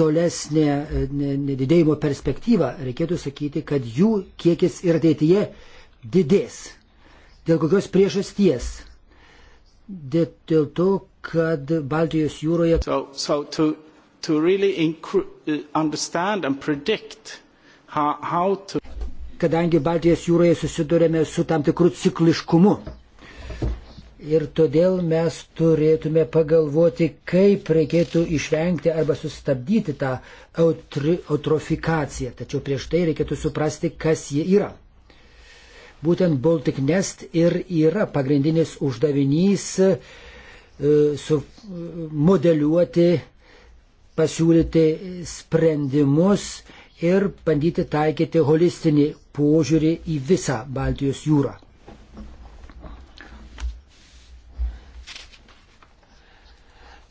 tolesnę e, nedidėjimo perspektyvą, reikėtų sakyti, kad jų kiekis ir ateityje didės. Dėl kokios priežasties? Dėl to, kad Baltijos jūroje. So, so to, to really predict how, how to kadangi Baltijos jūroje susidurėme su tam tikru cikliškumu. Ir todėl mes turėtume pagalvoti, kaip reikėtų išvengti arba sustabdyti tą autri, eutrofikaciją. Tačiau prieš tai reikėtų suprasti, kas ji yra. Būtent Baltic Nest ir yra pagrindinis uždavinys e, su modeliuoti, pasiūlyti sprendimus ir bandyti taikyti holistinį požiūrį į visą Baltijos jūrą.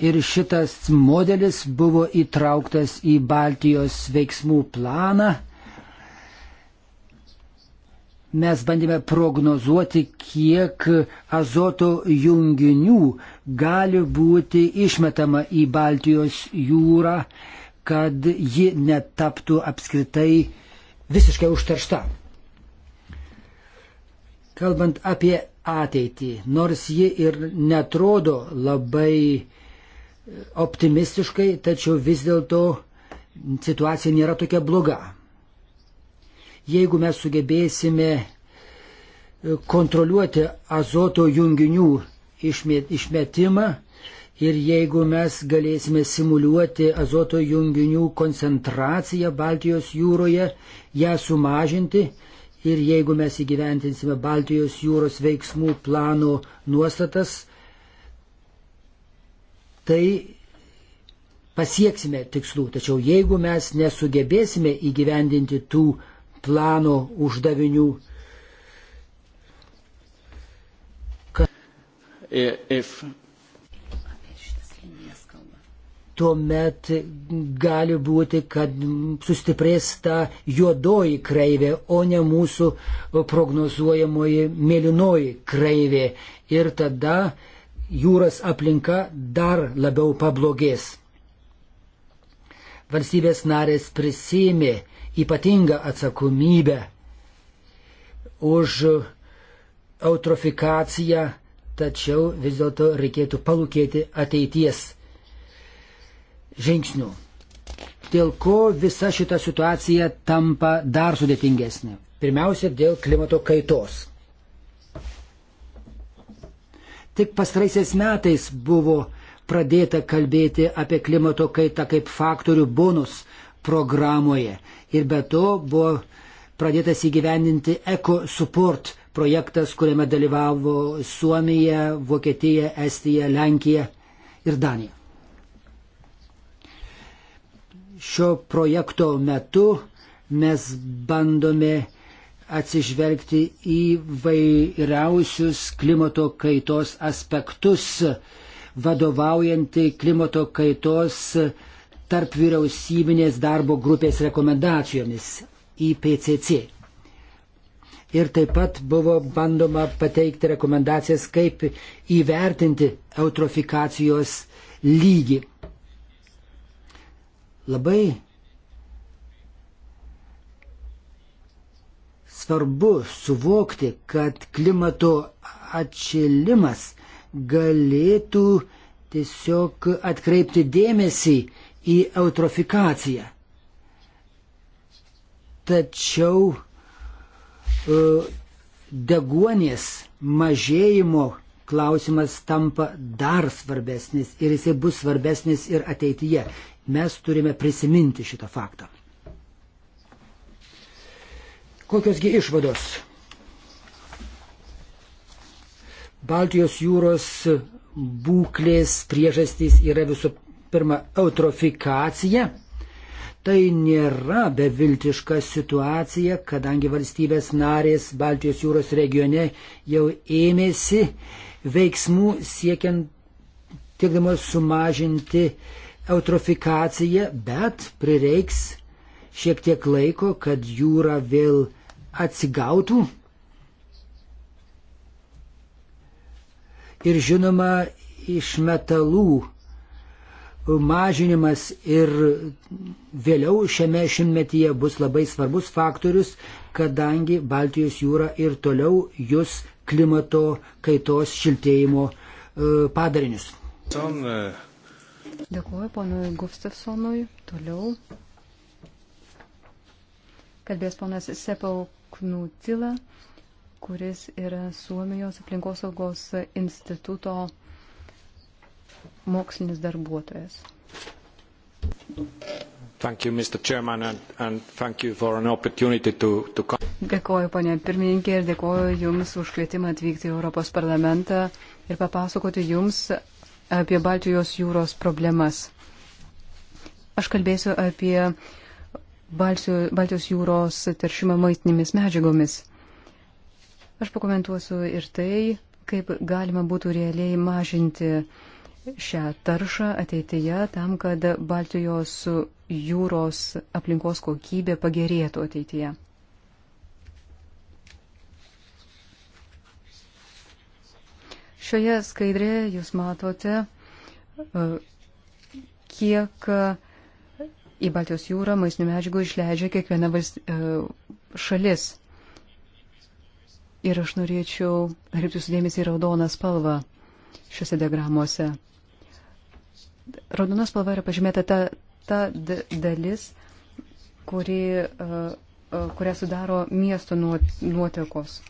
Ir šitas modelis buvo įtrauktas į Baltijos veiksmų planą. Mes bandėme prognozuoti, kiek azoto junginių gali būti išmetama į Baltijos jūrą kad ji netaptų apskritai visiškai užteršta. Kalbant apie ateitį, nors ji ir netrodo labai optimistiškai, tačiau vis dėlto situacija nėra tokia bloga. Jeigu mes sugebėsime kontroliuoti azoto junginių išmetimą, Ir jeigu mes galėsime simuliuoti azoto junginių koncentraciją Baltijos jūroje, ją sumažinti, ir jeigu mes įgyventinsime Baltijos jūros veiksmų plano nuostatas, tai pasieksime tikslų. Tačiau jeigu mes nesugebėsime įgyvendinti tų plano uždavinių, kad... If tuomet gali būti, kad sustiprės ta juodoji kreivė, o ne mūsų prognozuojamoji mėlynoji kreivė. Ir tada jūros aplinka dar labiau pablogės. Valstybės narės prisėmė ypatingą atsakomybę už eutrofikaciją, tačiau vis dėlto reikėtų palūkėti ateities žingsnių. Dėl ko visa šita situacija tampa dar sudėtingesnė? Pirmiausia, dėl klimato kaitos. Tik pastaraisiais metais buvo pradėta kalbėti apie klimato kaitą kaip faktorių bonus programoje. Ir be to buvo pradėtas įgyvendinti EcoSupport projektas, kuriame dalyvavo Suomija, Vokietija, Estija, Lenkija ir Danija šio projekto metu mes bandome atsižvelgti į vairiausius klimato kaitos aspektus, vadovaujantį klimato kaitos tarp vyriausybinės darbo grupės rekomendacijomis IPCC. Ir taip pat buvo bandoma pateikti rekomendacijas, kaip įvertinti eutrofikacijos lygį. Labai svarbu suvokti, kad klimato atšilimas galėtų tiesiog atkreipti dėmesį į eutrofikaciją. Tačiau e, deguonies mažėjimo klausimas tampa dar svarbesnis ir jisai bus svarbesnis ir ateityje. Mes turime prisiminti šitą faktą. Kokiosgi išvados? Baltijos jūros būklės priežastys yra visų pirma eutrofikacija. Tai nėra beviltiška situacija, kadangi valstybės narės Baltijos jūros regione jau ėmėsi veiksmų siekiant, tiekdamas sumažinti uh, eutrofikacija, bet prireiks šiek tiek laiko, kad jūra vėl atsigautų. Ir žinoma, iš metalų mažinimas ir vėliau šiame šimtmetyje bus labai svarbus faktorius, kadangi Baltijos jūra ir toliau jūs klimato kaitos šiltėjimo e, padarinius. Son, uh... E, Dėkuoju ponui Gustafsonui. Toliau kalbės ponas Sepau Knutila, kuris yra Suomijos aplinkosaugos instituto mokslinis darbuotojas. Thank you, Mr. Chairman, and, and thank you for an opportunity to, to come. Dėkoju, ponė pirmininkė, ir dėkoju Jums už kvietimą atvykti į Europos parlamentą ir papasakoti Jums apie Baltijos jūros problemas. Aš kalbėsiu apie Baltijos jūros teršimą maistinėmis medžiagomis. Aš pakomentuosiu ir tai, kaip galima būtų realiai mažinti šią taršą ateityje tam, kad Baltijos jūros aplinkos kokybė pagerėtų ateityje. Šioje skaidrėje jūs matote, e, kiek į Baltijos jūrą maisnių medžiagų išleidžia kiekviena valst... E, šalis. Ir aš norėčiau atkreipti sudėmesį į raudoną spalvą šiuose diagramuose. Raudona spalva yra pažymėta ta, ta dalis, kuri, uh, uh, kurią sudaro miesto nuotekos. Nuot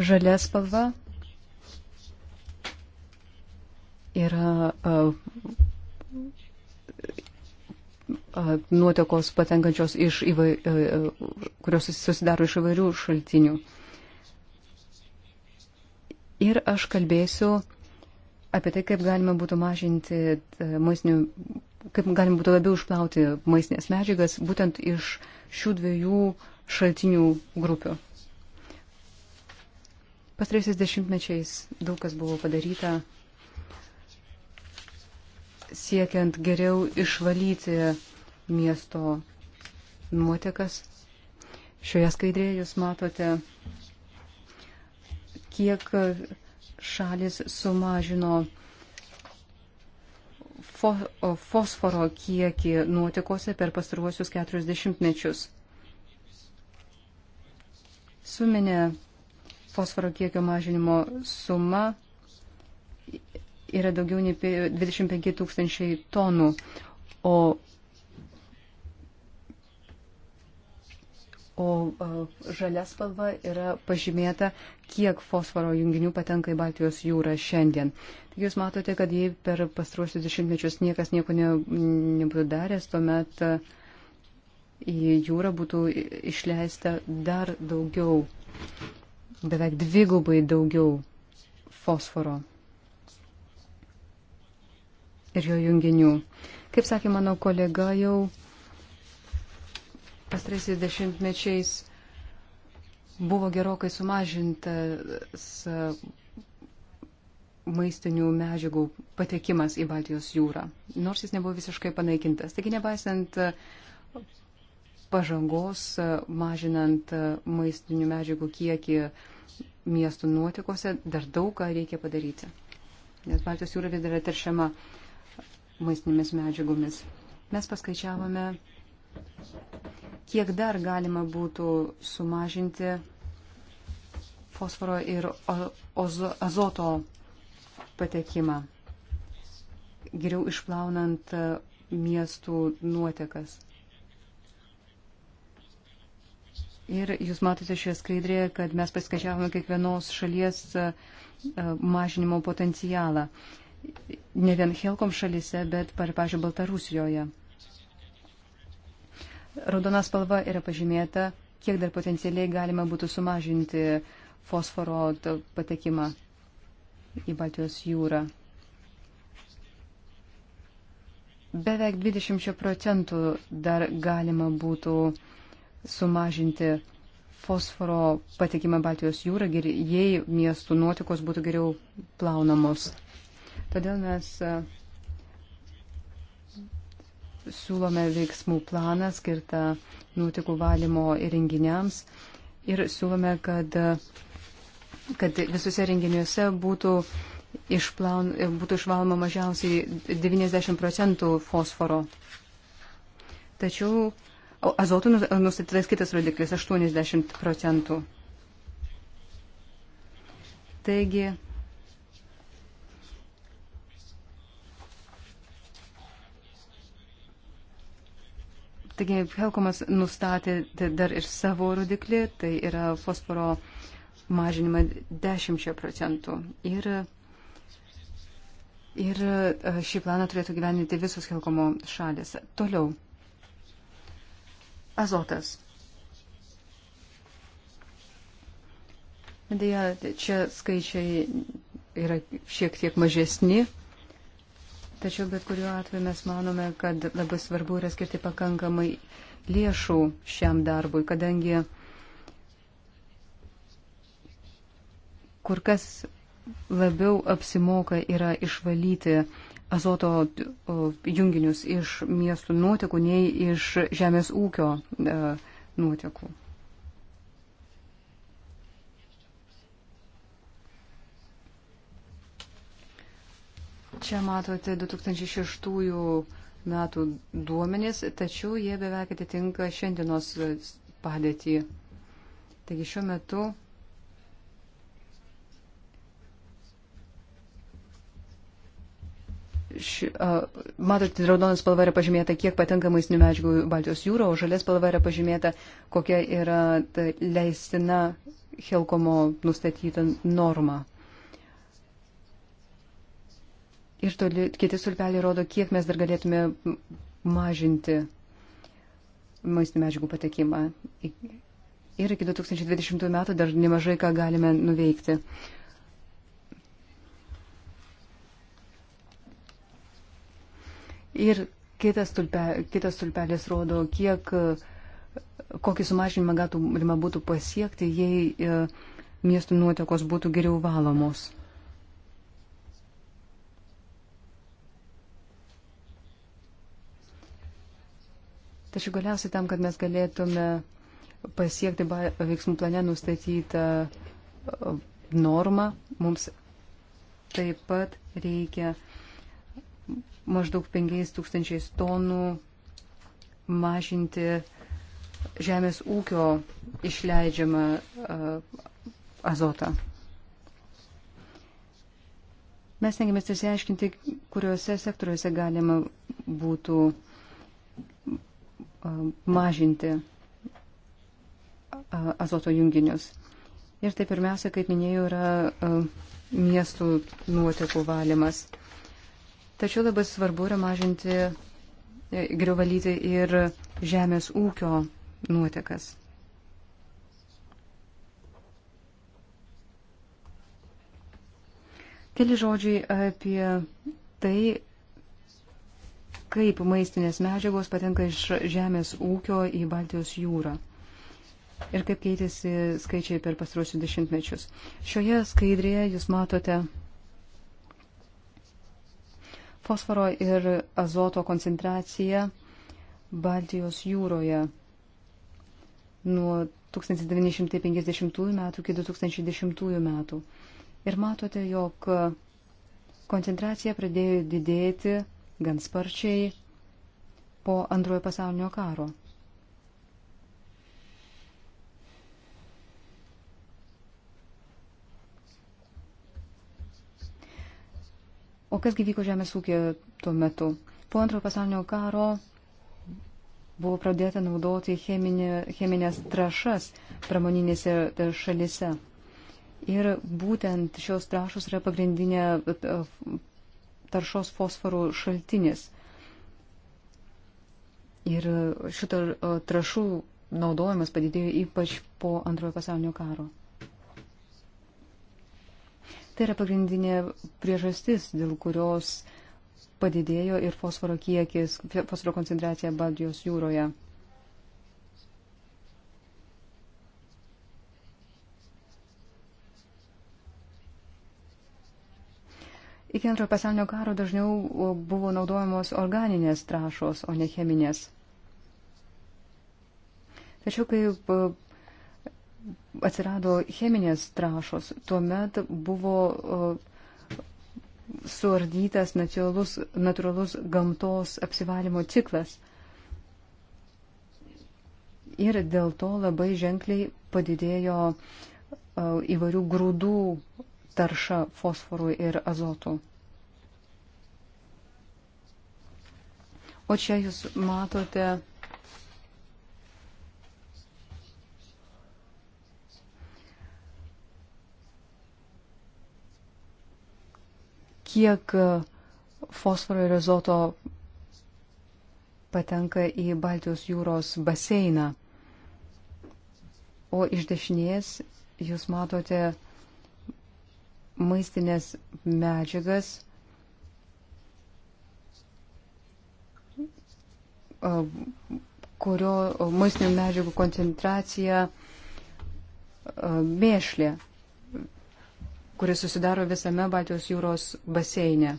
žalia spalva yra nuotekos patenkančios iš, įvai, kurios susidaro iš įvairių šaltinių. Ir aš kalbėsiu apie tai, kaip galima būtų mažinti maistinių, kaip galima būtų labiau išplauti maistinės medžiagas būtent iš šių dviejų šaltinių grupių. Pastraisiais dešimtmečiais daug kas buvo padaryta siekiant geriau išvalyti miesto nuotekas. Šioje skaidrėje jūs matote, kiek šalis sumažino fosforo kiekį nuotikose per pastaruosius 40 mečius. Suminė fosforo kiekio mažinimo suma yra daugiau nei 25 tūkstančiai tonų, o, o žalia spalva yra pažymėta, kiek fosforo junginių patenka į Baltijos jūrą šiandien. Taigi jūs matote, kad jei per pastruosius dešimtmečius niekas nieko ne, nebūtų daręs, tuomet į jūrą būtų išleista dar daugiau beveik dvigubai daugiau fosforo ir jo junginių. Kaip sakė mano kolega, jau pastraisiais dešimtmečiais buvo gerokai sumažintas e, maistinių medžiagų patekimas į Baltijos jūrą, nors jis nebuvo visiškai panaikintas. Taigi, nepaisant e, pažangos, e, mažinant maistinių medžiagų kiekį miestų nuotikose dar daug ką reikia padaryti. Nes Baltijos jūra vis dar yra teršiama maistinėmis medžiagomis. Mes paskaičiavome, kiek dar galima būtų sumažinti fosforo ir ozo, azoto patekimą, geriau išplaunant miestų nuotekas. Ir jūs matote šioje skaidrėje, kad mes paskaičiavome kiekvienos šalies e, e, mažinimo potencialą. Ne vien Helkom šalise, bet, pavyzdžiui, Baltarusijoje. Raudona spalva yra pažymėta, kiek dar potencialiai galima būtų sumažinti fosforo patekimą į Baltijos jūrą. Beveik 20 procentų dar galima būtų uh, sumažinti fosforo patekimą Baltijos jūrą, jei miestų nuotikos būtų geriau plaunamos. Todėl mes e, siūlome veiksmų planą skirtą nuotikų valymo įrenginiams ir siūlome, kad, e, kad visose renginiuose būtų, išplaun, e, būtų išvaloma mažiausiai 90 procentų fosforo. Tačiau o azotui nustatytas kitas rodiklis - 80 procentų. Taigi, Taigi Helkomas nustatė dar ir savo rodiklį, tai yra fosforo mažinimą 10 procentų. Ir, ir e, šį planą turėtų gyveninti visos Helkomo šalis. Toliau azotas. Deja, čia skaičiai yra šiek tiek mažesni, tačiau bet kuriuo atveju mes manome, kad labai svarbu yra skirti pakankamai lėšų šiam darbui, kadangi kur kas labiau apsimoka yra išvalyti uh, azoto junginius iš miestų nuotekų nei iš žemės ūkio e, nuotekų. Čia matote 2006 metų duomenys, tačiau jie beveik atitinka šiandienos padėtį. Taigi šiuo metu Ši, a, matot, raudonas spalva yra pažymėta, kiek patenka maistinių medžiagų Baltijos jūro, o žalia spalva yra pažymėta, kokia yra leistina Helkomo nustatyta norma. Ir toli, kiti sulpeliai rodo, kiek mes dar galėtume mažinti maistinių medžiagų patekimą. Ir iki 2020 metų dar nemažai ką galime nuveikti. Ir kitas, tulpe, kitas tulpelis rodo, kiek, kokį sumažinimą galima būtų pasiekti, jei e, miestų nuotekos būtų geriau valomos. Tačiau galiausiai tam, kad mes galėtume pasiekti veiksmų plane nustatytą e, normą, mums taip pat reikia maždaug 5000 tonų mažinti žemės ūkio išleidžiamą e, azotą. Mes tengiamės įsiaiškinti, kuriuose sektoriuose galima būtų e, mažinti e, azoto junginius. Ir tai pirmiausia, kaip minėjau, yra miestų nuotekų valymas. Tačiau labai svarbu yra mažinti, e, geriau valyti ir žemės ūkio nuotekas. Keli žodžiai apie tai, kaip maistinės medžiagos patenka iš žemės ūkio į Baltijos jūrą ir kaip keitėsi skaičiai per pastaruosius dešimtmečius. Šioje skaidrėje jūs matote fosforo ir azoto koncentracija Baltijos jūroje nuo 1950 metų iki 2010 metų. Ir matote, jog koncentracija pradėjo didėti gan sparčiai po antrojo pasaulinio karo. O kas gyvyko žemės ūkė tuo metu? Po antrojo pasaulinio karo buvo pradėta naudoti cheminė, cheminės trašas pramoninėse šalise. Ir būtent šios trašos yra pagrindinė e, e, taršos fosforų šaltinis. Ir šito e, trašų naudojimas padidėjo ypač po antrojo pasaulinio karo. Tai yra pagrindinė priežastis, dėl kurios padidėjo ir fosforo kiekis, fosforo koncentracija Baltijos jūroje. Iki antrojo pasaulinio karo dažniau buvo naudojamos organinės trašos, o ne cheminės. Tačiau, kai atsirado cheminės trašos, tuomet buvo e, suardytas natūralus, natūralus gamtos apsivalymo ciklas. Ir dėl to labai ženkliai padidėjo e, įvairių grūdų tarša fosforų ir azotų. O čia jūs matote kiek e, fosforo ir azoto patenka į Baltijos jūros baseiną. O iš dešinės jūs matote maistinės medžiagas, e, kurio maistinių medžiagų koncentracija e, mėšlė kuris susidaro visame Baltijos jūros baseine.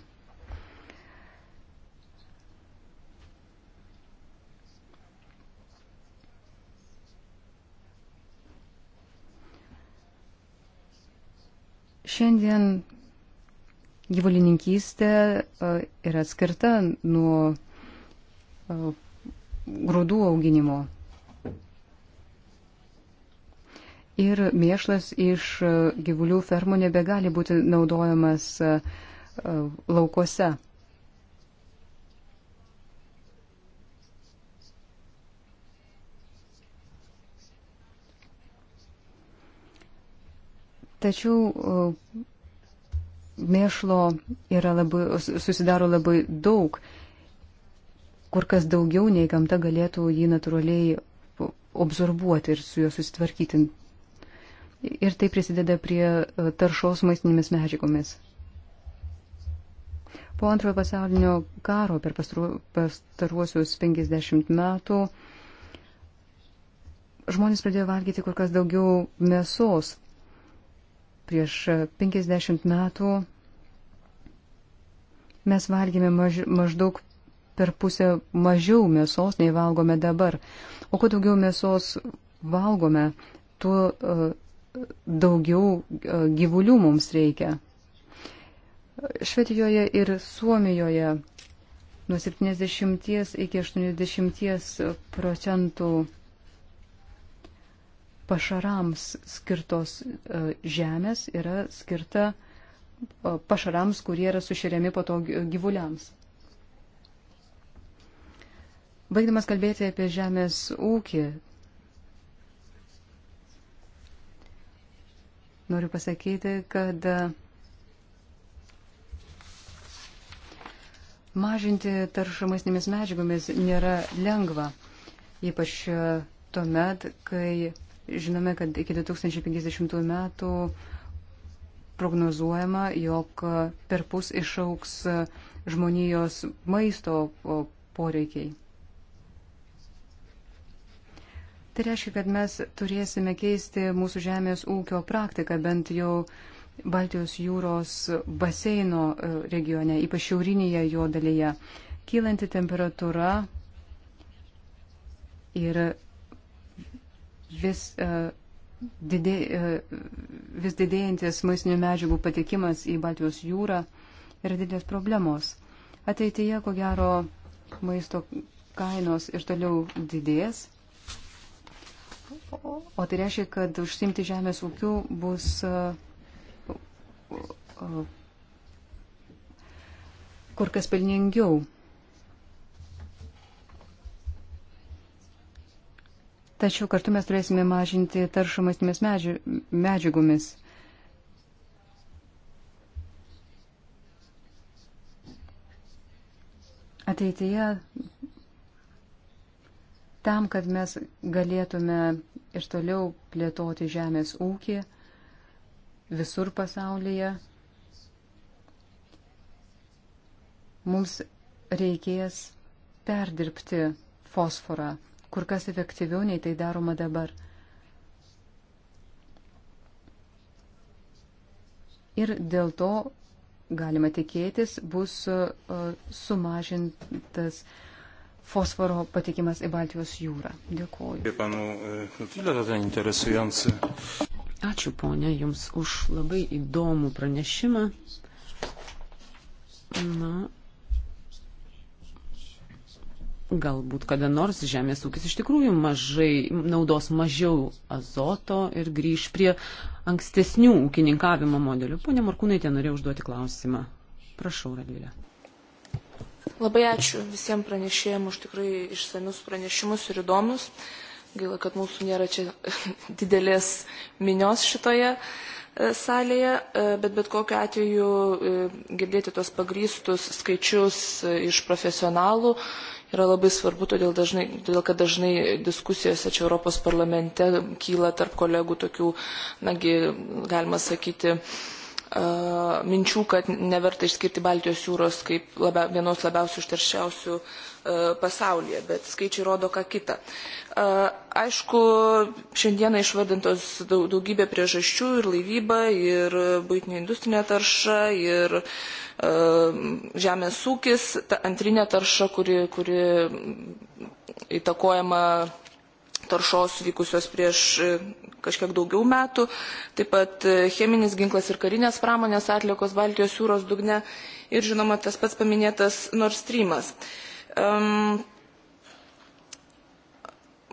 Šiandien gyvulininkystė e, yra atskirta nuo e, grūdų auginimo. ir mėšlas iš e, gyvulių fermų nebegali būti naudojamas e, e, laukuose. Tačiau mėšlo labai, susidaro labai daug, kur kas daugiau nei gamta galėtų jį natūraliai absorbuoti ir su juo susitvarkyti ir tai prisideda prie e, taršos maistinėmis medžiagomis. Po antrojo pasaulinio karo per pastaruosius 50 metų žmonės pradėjo valgyti kur kas daugiau mėsos. Prieš 50 metų mes valgėme maž, maždaug per pusę mažiau mėsos, nei valgome dabar. O kuo daugiau mėsos valgome, tuo uh, daugiau e, gyvulių mums reikia. Švedijoje ir Suomijoje nuo 70 iki 80 procentų pašarams skirtos e, žemės yra skirta e, pašarams, kurie yra sušeriami po to gyvuliams. Baigdamas kalbėti apie žemės ūkį, Noriu pasakyti, kad e, mažinti taršą maistinėmis medžiagomis nėra lengva, ypač e, tuomet, kai žinome, kad iki 2050 metų prognozuojama, jog e, per pus išauks žmonijos maisto poreikiai. Tai reiškia, kad mes turėsime keisti mūsų žemės ūkio praktiką, bent jau Baltijos jūros baseino e, regione, ypač šiaurinėje jo dalyje. Kylanti temperatūra ir vis, uh, didė, uh, vis didėjantis maistinių medžiagų patekimas į Baltijos jūrą yra didelės problemos. Ateityje, ko gero, maisto kainos ir toliau didės. O tai reiškia, kad užsimti žemės ūkiu bus e, e, kur kas pelningiau. Tačiau kartu mes turėsime mažinti taršą maistinėmis medžiagomis. Ateityje tam, kad mes galėtume ir toliau plėtoti žemės ūkį visur pasaulyje. Mums reikės perdirbti fosforą kur kas efektyviau nei tai daroma dabar. Ir dėl to galima tikėtis bus uh, sumažintas uh, fosforo patikimas į Baltijos jūrą. Dėkuoju. E, Ačiū ponė Jums už labai įdomų pranešimą. Na, galbūt kada nors žemės ūkis iš tikrųjų mažai, naudos mažiau azoto ir grįž prie ankstesnių ūkininkavimo modelių. Pone Markūnai, ten norėjau užduoti klausimą. Prašau, Radvilė. Labai ačiū visiems pranešėjams už tikrai išsamius pranešimus ir įdomus. Gaila, kad mūsų nėra čia didelės minios šitoje e, salėje, e, bet bet kokiu atveju e, girdėti tos pagrystus skaičius iš profesionalų yra labai svarbu, todėl, dažnai, todėl kad dažnai diskusijose čia Europos parlamente kyla tarp kolegų tokių, nagi, galima sakyti, minčių, kad neverta išskirti Baltijos jūros kaip labia, vienos labiausiai užterščiausių pasaulyje, bet skaičiai rodo ką kitą. Aišku, šiandieną išvardintos daugybė priežasčių ir laivyba, ir būtinė industrinė tarša, ir žemės ūkis, ta antrinė tarša, kuri, kuri įtakojama taršos vykusios prieš kažkiek daugiau metų, taip pat e, cheminis ginklas ir karinės pramonės atliekos Baltijos jūros dugne ir žinoma tas pats paminėtas Nord Streamas. Um,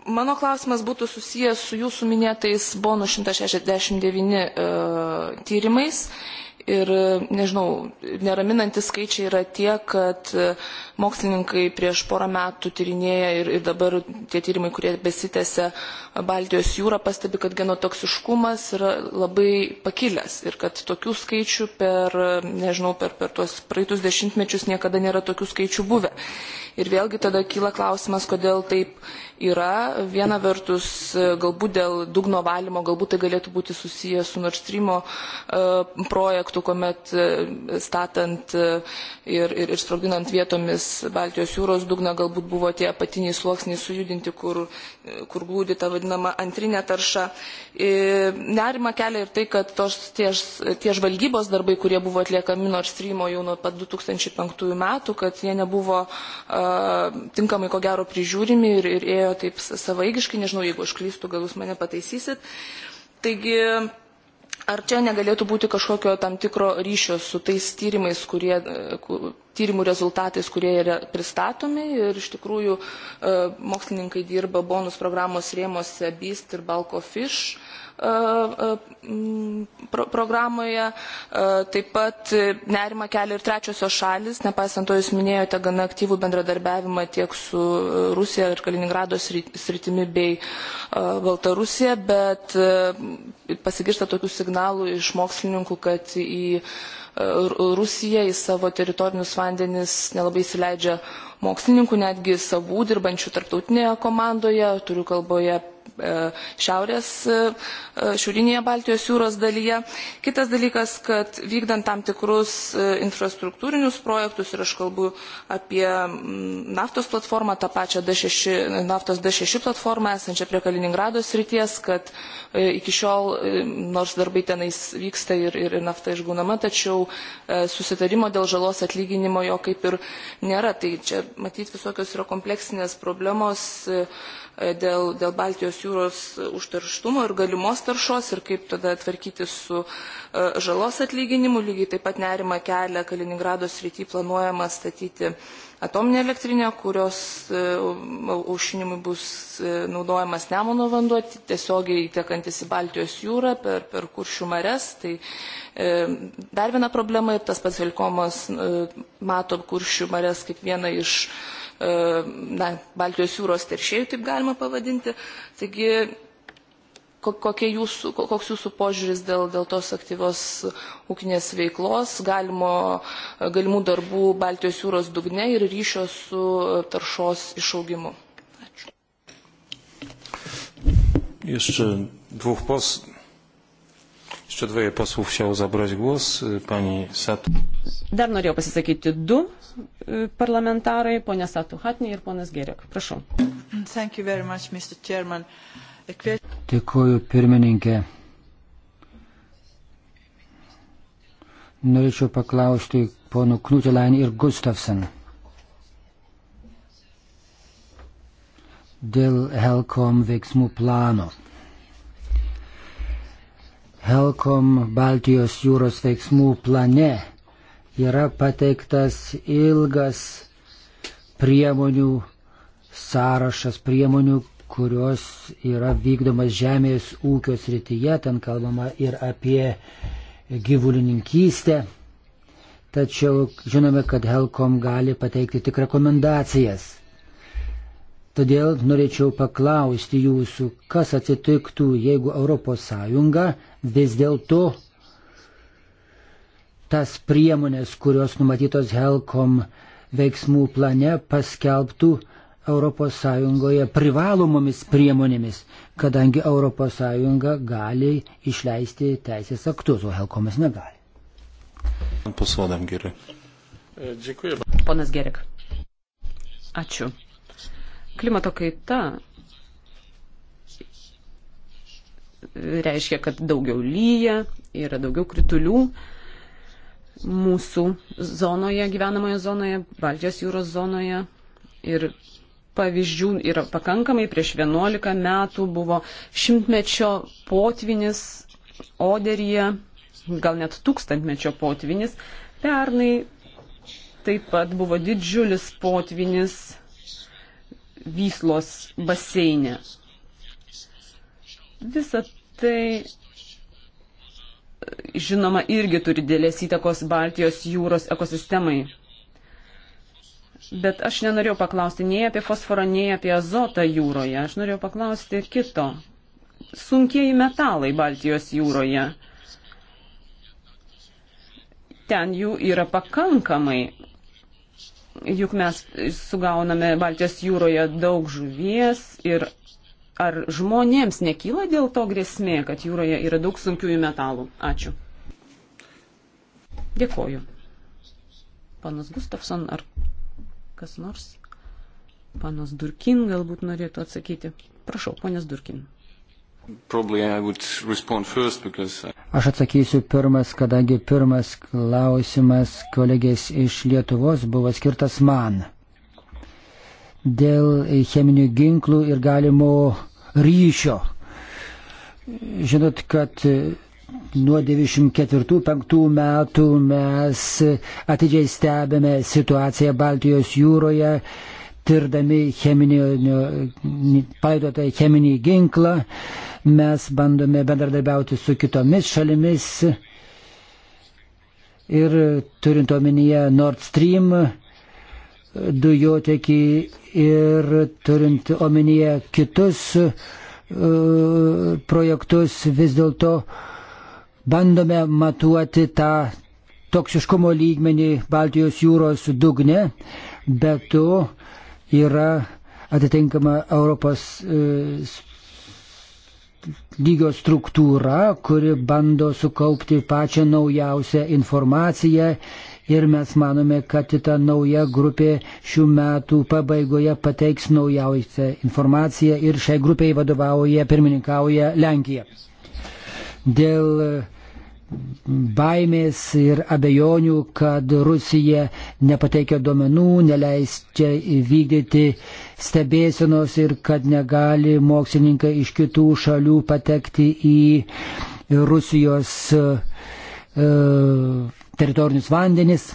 mano klausimas būtų susijęs su jūsų minėtais bonų 169 uh, tyrimais ir, nežinau, neraminantis skaičiai yra tie, kad mokslininkai prieš porą metų tyrinėja ir, ir dabar tie tyrimai, kurie besitėse Baltijos jūrą, pastebi, kad genotoksiškumas yra labai pakilęs ir kad tokių skaičių per, nežinau, per, per tuos praeitus dešimtmečius niekada nėra tokių skaičių buvę. Ir vėlgi tada kyla klausimas, kodėl taip yra viena vertus e, galbūt dėl dugno valymo galbūt tai galėtų būti susiję su nord streamo e, projektu kuomet e, statant ir, ir, ir sprogdinant vietomis baltijos jūros dugną galbūt buvo tie apatiniai sluoksniai sujudinti kur, kur glūdi ta vadinama antrinė tarša. Nerima kelia ir tai, kad tos, tie, tie žvalgybos darbai, kurie buvo atliekami nord streamo jau nuo pat 2005 metų, kad jie nebuvo uh, tinkamai ko gero prižiūrimi ir, ir ėjo kalbėjo taip savaigiškai, nežinau, jeigu aš klystu, gal jūs mane pataisysit. Taigi, ar čia negalėtų būti kažkokio tam tikro ryšio su tais tyrimais, kurie, e, tyrimų rezultatais, kurie yra pristatomi ir iš tikrųjų e, mokslininkai dirba bonus programos rėmose BIST ir Balko Fish E, e, programoje. E, taip pat nerima kelia ir trečiosios šalis, nepaisant to jūs minėjote gana aktyvų bendradarbiavimą tiek su Rusija ir Kaliningrado sritimi bei Baltarusija, bet pasigirsta tokių signalų iš mokslininkų, kad į Rusija į savo teritorinius vandenis nelabai įsileidžia mokslininkų, netgi savų dirbančių tarptautinėje komandoje, turiu kalboje E, šiaurės e, e, šiaurinėje Baltijos jūros dalyje. Kitas dalykas, kad vykdant tam tikrus infrastruktūrinius projektus ir aš kalbu apie naftos platformą, tą pačią D6, naftos D6 platformą esančią prie Kaliningrado srities, kad iki šiol nors darbai tenais vyksta ir, ir nafta išgaunama, tačiau susitarimo dėl žalos atlyginimo jo kaip ir nėra. Tai čia matyti visokios yra kompleksinės problemos E, dėl, dėl Baltijos jūros e, užterštumo ir galimos taršos ir kaip tada tvarkyti su e, žalos atlyginimu. Lygiai taip pat nerima kelia Kaliningrado srity planuojama statyti atominę elektrinę, kurios aušinimui bus naudojamas nemono vanduo, tiesiogiai tekantis į Baltijos jūrą per, per kuršių mares. Tai dar viena problema ir tas pats Vilkomas mato kuršių mares kaip vieną iš E, na, Baltijos jūros teršėjų, taip galima pavadinti. Taigi, jūsų, koks jūsų požiūris dėl, dėl tos aktyvios ūkinės veiklos, galimo, e, galimų darbų Baltijos jūros dugne ir ryšio su e, taršos išaugimu? Ačiū. Jeszcze dwóch posłów jeszcze dwoje posłów chciało zabrać głos. Pani Satu. Dar norėjau pasisakyti du parlamentarai, ponia Satu Hatni ir ponas Gerek. Prašau. Much, Dėkuoju pirmininkė. Norėčiau paklausti ponų Knutelain ir Gustafsen. Dėl Helkom veiksmų plano. Helkom Baltijos jūros veiksmų plane yra pateiktas ilgas priemonių sąrašas priemonių, kurios yra vykdomas žemės ūkio srityje, ten kalbama ir apie gyvulininkystę. Tačiau žinome, kad Helkom gali pateikti tik rekomendacijas. Todėl norėčiau paklausti jūsų, kas atsitiktų, jeigu ES vis dėlto tas priemonės, kurios numatytos Helkom veiksmų plane, paskelbtų ES privalomomis priemonėmis, kadangi ES gali išleisti teisės aktus, o Helkomas negali. Ponas Gerek. Ačiū. Klimato kaita reiškia, kad daugiau lyja, yra daugiau kritulių mūsų zonoje, gyvenamoje zonoje, Baltijos jūros zonoje. Ir pavyzdžių yra pakankamai. Prieš 11 metų buvo šimtmečio potvinis Oderyje, gal net tūkstantmečio potvinis. Pernai taip pat buvo didžiulis potvinis Vyslos baseinė. Visa tai, žinoma, irgi turi dėlės įtakos Baltijos jūros ekosistemai. Bet aš nenorėjau paklausti nei apie fosforą, nei apie azotą jūroje. Aš norėjau paklausti kito. Sunkieji metalai Baltijos jūroje. Ten jų yra pakankamai juk mes sugauname Baltijos jūroje daug žuvies ir ar žmonėms nekyla dėl to grėsmė, kad jūroje yra daug sunkiųjų metalų? Ačiū. Dėkoju. Panas Gustafson ar kas nors? Panas Durkin galbūt norėtų atsakyti. Prašau, ponas Durkin. First, because... Aš atsakysiu pirmas, kadangi pirmas klausimas kolegės iš Lietuvos buvo skirtas man. Dėl cheminių ginklų ir galimo ryšio. Žinot, kad nuo 94-5 metų mes atidžiai stebėme situaciją Baltijos jūroje, tirdami palaidotą cheminį ginklą Mes bandome bendradarbiauti su kitomis šalimis ir turint omenyje Nord Stream dujotekį ir turint omenyje kitus e, projektus vis dėlto bandome matuoti tą toksiškumo lygmenį Baltijos jūros dugne, bet to yra atitinkama Europos e, lygio struktūra, kuri bando sukaupti pačią naujausią informaciją ir mes manome, kad ta nauja grupė šių metų pabaigoje pateiks naujausią informaciją ir šiai grupiai vadovauja, pirmininkauja Lenkija. Dėl baimės ir abejonių, kad Rusija nepateikia duomenų, neleisčia vykdyti stebėsinos ir kad negali mokslininkai iš kitų šalių patekti į Rusijos e, teritorinius vandenis.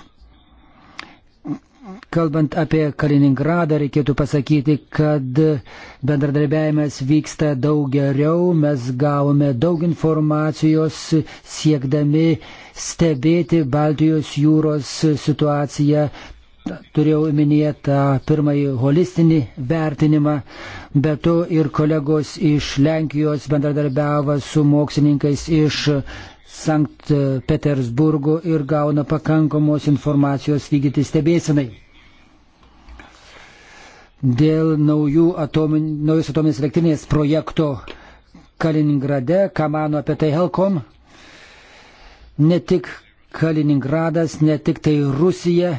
Kalbant apie Kaliningradą, reikėtų pasakyti, kad bendradarbiavimas vyksta daug geriau, mes gavome daug informacijos siekdami stebėti Baltijos jūros situaciją. Turėjau minėję tą pirmąjį holistinį vertinimą, bet to ir kolegos iš Lenkijos bendradarbiavo su mokslininkais iš Sankt e, Petersburgo ir gauna pakankamos informacijos vykdyti stebėsinai. Dėl atominių, naujus atominės elektrinės projekto Kaliningrade, ką mano apie tai Helkom, ne tik Kaliningradas, ne tik tai Rusija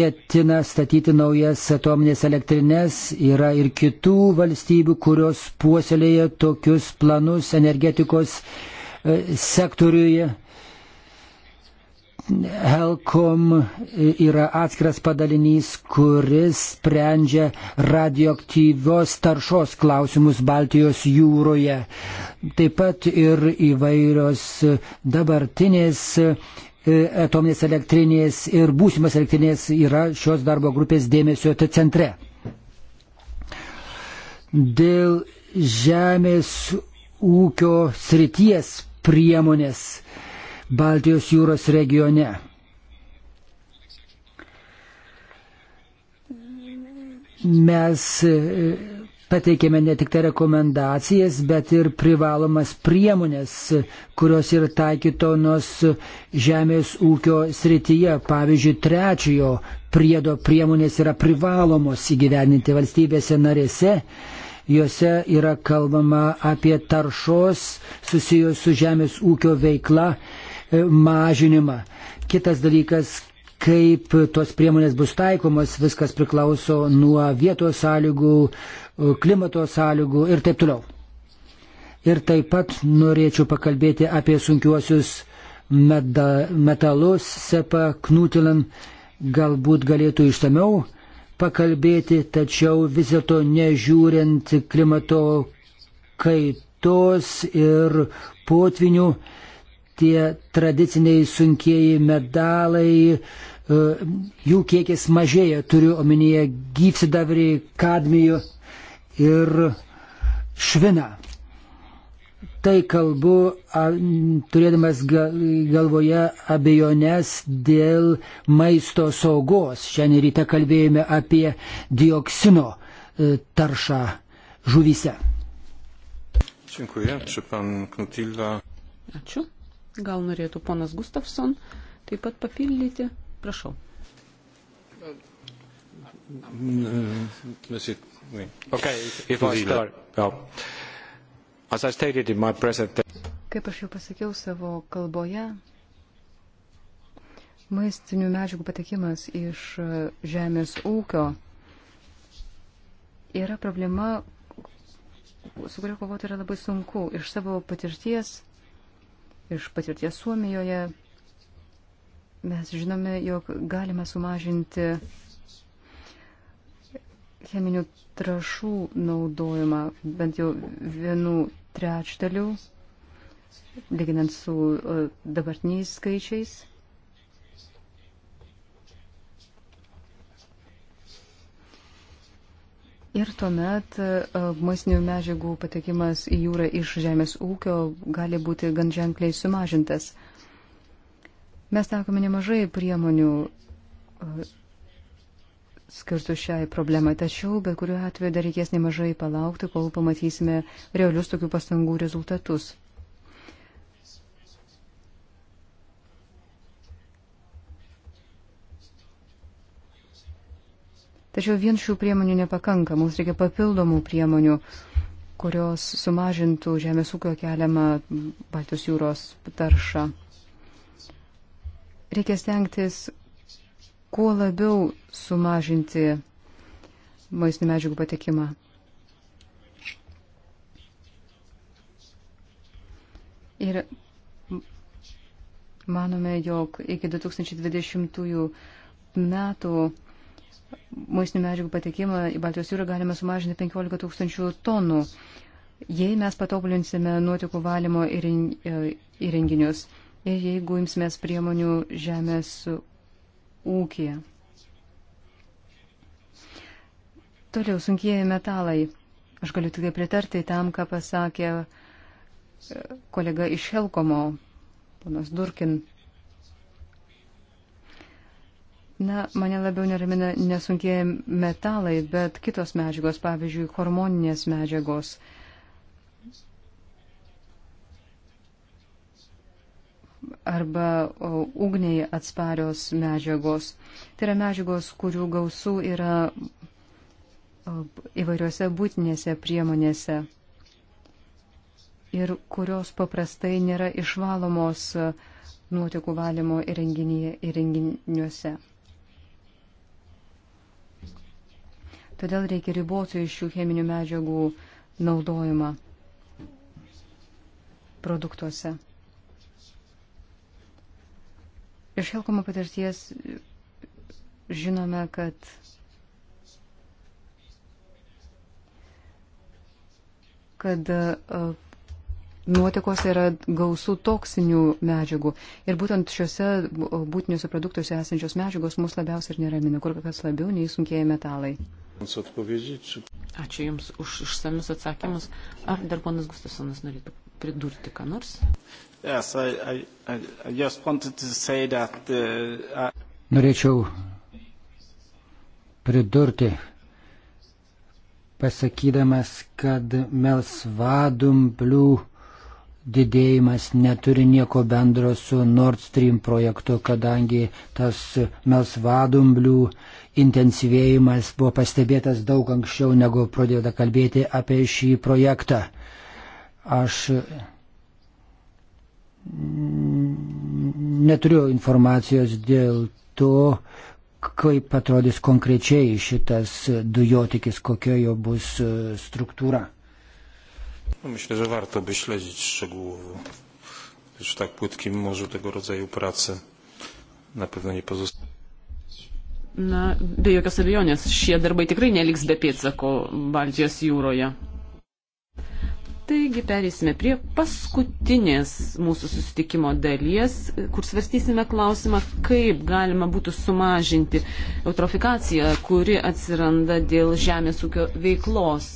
ketina statyti naujas atominės elektrinės, yra ir kitų valstybių, kurios puoselėja tokius planus energetikos sektoriuje. Helkom yra atskiras padalinys, kuris sprendžia radioaktyvios taršos klausimus Baltijos jūroje. Taip pat ir įvairios dabartinės e, atominės elektrinės ir būsimas elektrinės yra šios darbo grupės dėmesio centre. Dėl žemės ūkio srities priemonės Baltijos jūros regione. Mes e, pateikėme ne tik tai rekomendacijas, bet ir privalomas priemonės, kurios yra taikytonos žemės ūkio srityje. Pavyzdžiui, trečiojo priedo priemonės yra privalomos įgyveninti valstybėse narėse Juose yra kalbama apie taršos susijęs su žemės ūkio veikla e, mažinimą. Kitas dalykas, kaip tos priemonės bus taikomos, viskas priklauso nuo vietos sąlygų, e, klimato sąlygų ir taip toliau. Ir taip pat norėčiau pakalbėti apie sunkiuosius meda, metalus, sepa, knutilan, galbūt galėtų išsameu pakalbėti, tačiau vis dėlto nežiūrint klimato kaitos ir potvinių, tie tradiciniai sunkieji medalai, e, jų kiekis mažėja, turiu omenyje gyvsidavrį, kadmijų ir šviną. Tai kalbu a, turėdamas galvoje abejonės dėl maisto saugos. Šiandien ryte kalbėjome apie dioksino e, taršą žuvyse. Dziękuję. Czy pan Knutilla? Ačiū. Gal norėtų ponas Gustafson taip pat papildyti? Prašau. Monsieur, oui. Okay, if I start. Oh. Kaip aš jau pasakiau savo kalboje, maistinių medžiagų patekimas iš e, žemės ūkio yra problema, su kuria kovoti yra labai sunku. Iš savo patirties, iš patirties Suomijoje, mes žinome, jog galime sumažinti cheminių trašų naudojimą bent jau vienu trečdaliu, lyginant su e, dabartiniais skaičiais. Ir tuomet e, maistinių medžiagų patekimas į jūrą iš žemės ūkio gali būti gan ženkliai sumažintas. Mes takome nemažai priemonių e, skirtų šiai problemai. Tačiau, bet kuriuo atveju dar reikės nemažai palaukti, kol pamatysime realius tokių pastangų rezultatus. Tačiau vien šių priemonių nepakanka, mums reikia papildomų priemonių, kurios sumažintų žemės ūkio keliamą Baltijos jūros taršą. Reikia stengtis kuo labiau sumažinti maistinių medžiagų patekimą. Ir manome, jog iki 2020 metų maistinių medžiagų patekimą į Baltijos jūrą galime sumažinti 15 tūkstančių tonų, jei mes patobulinsime nuotikų valymo e, įrenginius ir jeigu imsimės priemonių žemės ūkį. Toliau sunkieji metalai. Aš galiu tik tai pritarti tam, ką pasakė e, kolega iš Helkomo, ponas Durkin. Na, mane labiau neramina nesunkieji metalai, bet kitos medžiagos, pavyzdžiui, hormoninės medžiagos. Uh, arba ugniai atsparios medžiagos. Tai yra medžiagos, kurių gausų yra įvairiose būtinėse priemonėse ir kurios paprastai nėra išvalomos nuotekų valymo įrenginiuose. Todėl reikia riboti šių cheminių medžiagų naudojimą produktuose. Iš Helkomo patirties e, žinome, kad kad e, nuotekos yra gausų toksinių medžiagų. Ir būtent šiuose e, būtiniuose produktuose esančios medžiagos mus labiausiai ir neramina, kur kas labiau nei sunkieji metalai. Ačiū Jums už išsamius atsakymus. Ar dar ponas Gustasonas norėtų pridurti ką nors? Yes, I, I, I just wanted to say that. Uh, I... Norėčiau pridurti, pasakydamas, kad melsvadumblių didėjimas neturi nieko bendro su Nord Stream projektu, kadangi tas melsvadumblių intensyvėjimas buvo pastebėtas daug anksčiau, negu pradėta kalbėti apie šį projektą. Aš neturiu informacijos dėl to, kaip atrodys konkrečiai šitas dujotikis, kokia jo bus e, struktūra. Myślę, że warto by śledzić szczegółowo. Już tak płytkim morzu tego rodzaju pracy na pewno nie pozostanie. Na, be jokios abejonės, šie darbai tikrai neliks be pėdsako Baltijos jūroje. Taigi perėsime prie paskutinės mūsų susitikimo dalies, kur svarstysime klausimą, kaip galima būtų sumažinti eutrofikaciją, kuri atsiranda dėl žemės ūkio veiklos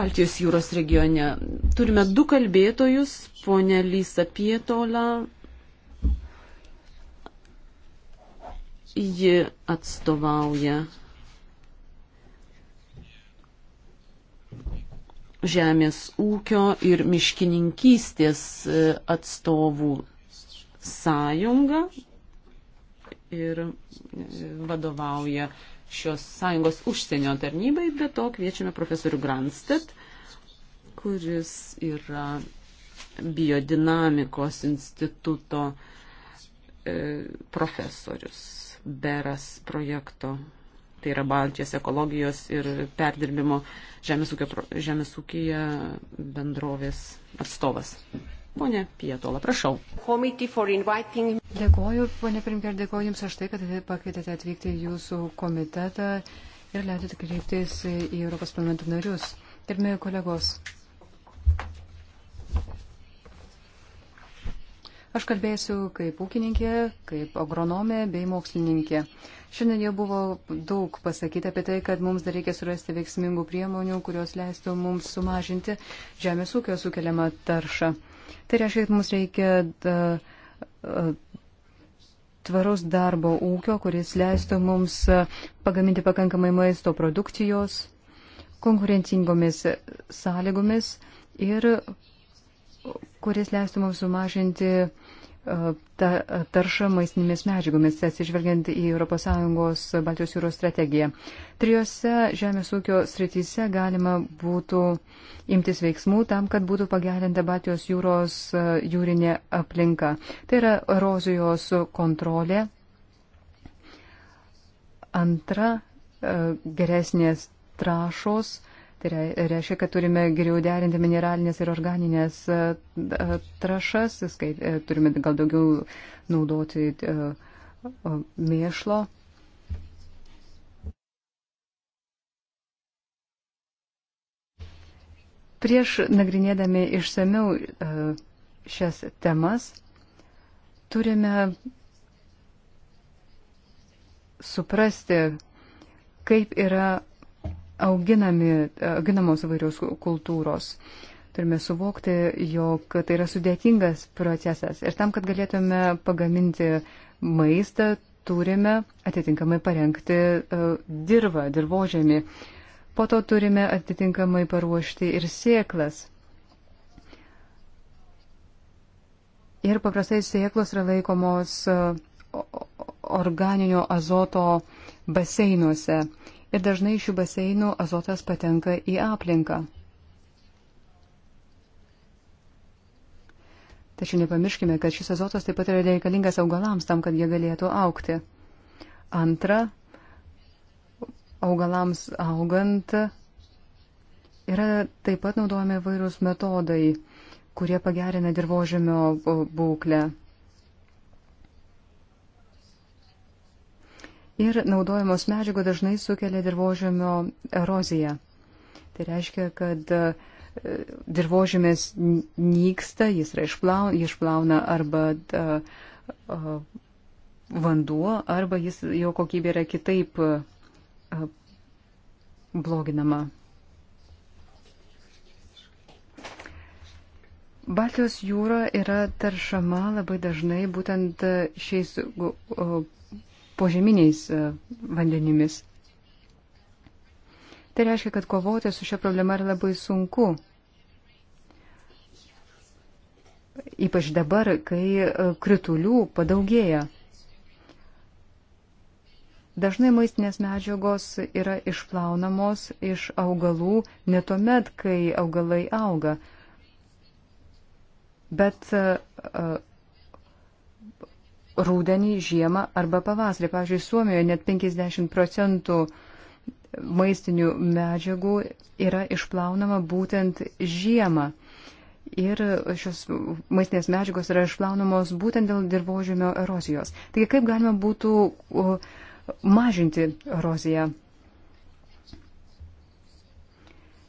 Baltijos jūros regione. Turime du kalbėtojus, ponė Lysa Pietola. Ji atstovauja žemės ūkio ir miškininkystės e, atstovų sąjunga ir e, vadovauja šios sąjungos užsienio tarnybai, bet to kviečiame profesorių Granstedt, kuris yra biodinamikos instituto e, profesorius, Beras projekto tai yra Baltijos ekologijos ir perdirbimo žemės, ūkio, žemės ūkija bendrovės atstovas. Pone Pietola, prašau. Dėkoju, ponė Primker, dėkoju Jums už tai, kad pakvietėte atvykti į Jūsų komitetą ir leidote kreiptis į Europos parlamento narius. Gerbėjai kolegos. Aš kalbėsiu kaip ūkininkė, kaip agronomė bei mokslininkė. Šiandien jau buvo daug pasakyta apie tai, kad mums dar reikia surasti veiksmingų priemonių, kurios leistų mums sumažinti žemės ūkio sukeliamą taršą. Tai reiškia, kad mums reikia da, tvarus darbo ūkio, kuris leistų mums pagaminti pakankamai maisto produkcijos konkurencingomis sąlygomis ir kuris leistų mums sumažinti uh, ta tarša maistinėmis medžiagomis, atsižvelgiant į ES Baltijos jūros strategiją. Trijose žemės ūkio srityse galima būtų imtis veiksmų tam, kad būtų pagerinta Baltijos jūros e, jūrinė aplinka. Tai yra erozijos kontrolė. Antra, e, geresnės trašos Tai reiškia, kad turime geriau derinti mineralinės ir organinės e, e, trašas, skait, e, turime gal daugiau naudoti mėšlo. Prieš nagrinėdami išsameu šias temas, turime suprasti, kaip yra auginami, auginamos įvairios kultūros. Turime suvokti, jog tai yra sudėtingas procesas. Ir tam, kad galėtume pagaminti maistą, turime atitinkamai parengti e, dirvą, dirbožėmį. Po to turime atitinkamai paruošti ir sėklas. Ir paprastai sėklos yra laikomos e, organinio azoto baseinuose ir dažnai iš šių baseinų azotas patenka į aplinką. Tačiau nepamirškime, kad šis azotas taip pat yra reikalingas augalams tam, kad jie galėtų aukti. Antra, augalams augant yra taip pat naudojami vairūs metodai, kurie pagerina dirbožėmio būklę. ir naudojamos medžiagos dažnai sukelia dirbožėmio eroziją. Tai reiškia, kad e, dirbožėmės nyksta, jis išplauna, išplauna arba e, e, vanduo, arba jis, jo kokybė yra kitaip bloginama. Baltijos jūra yra taršama labai dažnai būtent šiais požeminiais e, vandenimis. Tai reiškia, kad kovoti su šia problema yra labai sunku. Ypač dabar, kai e, kritulių padaugėja. Dažnai maistinės medžiagos yra išplaunamos iš augalų ne tuomet, kai augalai auga, bet e, rūdenį, žiemą arba pavasarį. Pavyzdžiui, Suomijoje net 50 procentų maistinių medžiagų yra išplaunama būtent žiemą. Ir šios maistinės medžiagos yra išplaunamos būtent dėl dirbožėmio erozijos. Taigi kaip galima būtų mažinti eroziją?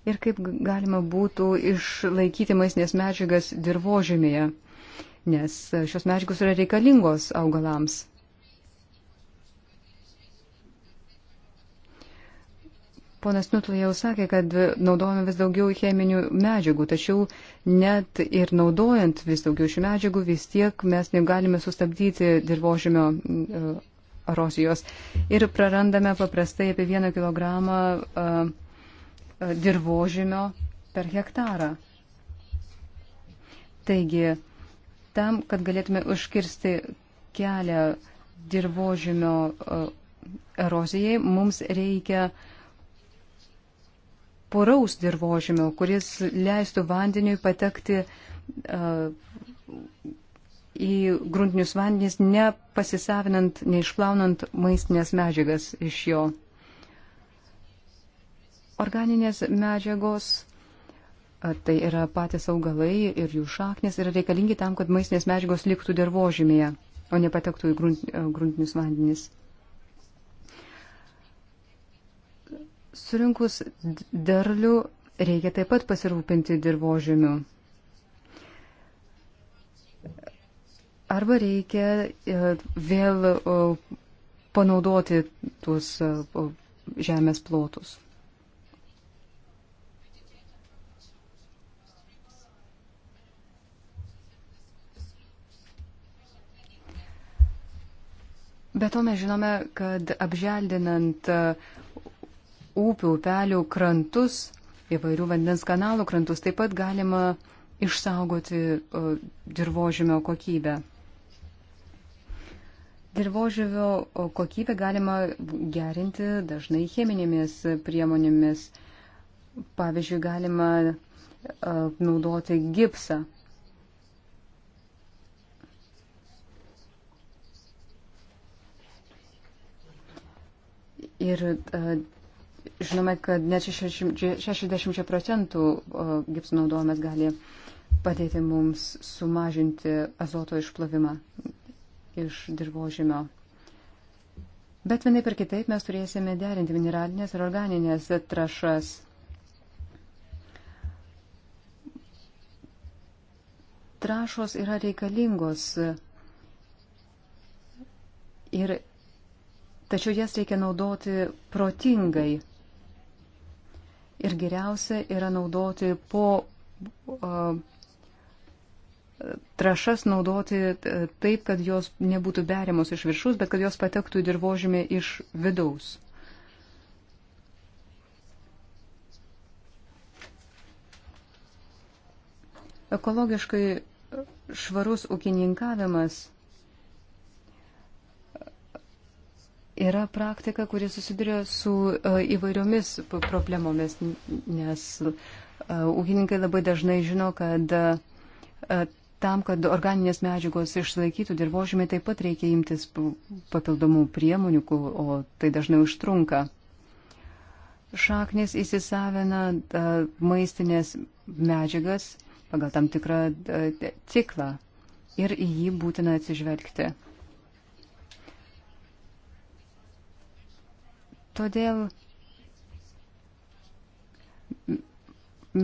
Ir kaip galima būtų išlaikyti maistinės medžiagas dirbožėmėje? nes šios medžiagos yra reikalingos augalams. Ponas Nutlai jau sakė, kad naudojame vis daugiau cheminių medžiagų, tačiau net ir naudojant vis daugiau šių medžiagų, vis tiek mes negalime sustabdyti dirbožėmio e, erozijos ir prarandame paprastai apie vieną kilogramą e, e, dirbožėmio per hektarą. Taigi tam, kad galėtume užkirsti kelią dirbožymio e, erozijai, mums reikia poraus dirbožymio, kuris leistų vandeniui patekti e, į gruntinius vandenis, nepasisavinant, neišplaunant maistinės medžiagas iš jo. Organinės medžiagos tai yra patys augalai ir jų šaknis yra reikalingi tam, kad maistinės medžiagos liktų dirbožymėje, o ne patektų į grunt, gruntinius vandenis. Surinkus derlių reikia taip pat pasirūpinti dirbožymiu. Arba reikia e, vėl panaudoti tuos žemės plotus. Be to mes žinome, kad apželdinant uh, upių, upelių krantus, įvairių vandens kanalų krantus, taip pat galima išsaugoti uh, dirbožėmio kokybę. Dirbožėmio uh, kokybę galima gerinti dažnai cheminėmis priemonėmis. Pavyzdžiui, galima naudoti gipsą Ir žinome, kad net 60 procentų gipsų naudojimas gali padėti mums sumažinti azoto išplovimą iš dirbožėmio. Bet vienai per kitaip mes turėsime derinti mineralinės ir organinės trašas. Trašos yra reikalingos ir Tačiau jas reikia naudoti protingai. Ir geriausia yra naudoti po uh, trašas naudoti e, taip, kad jos nebūtų beriamos iš viršus, bet kad jos patektų į dirbožymį iš vidaus. Ekologiškai švarus ūkininkavimas yra praktika, kuri susiduria su e, įvairiomis problemomis, nes e, ūkininkai labai dažnai žino, kad e, tam, kad organinės medžiagos išlaikytų dirbožymį, taip pat reikia imtis papildomų priemonių, o tai dažnai užtrunka. Šaknis įsisavina maistinės medžiagas pagal tam tikrą ciklą ir į jį būtina atsižvelgti. Todėl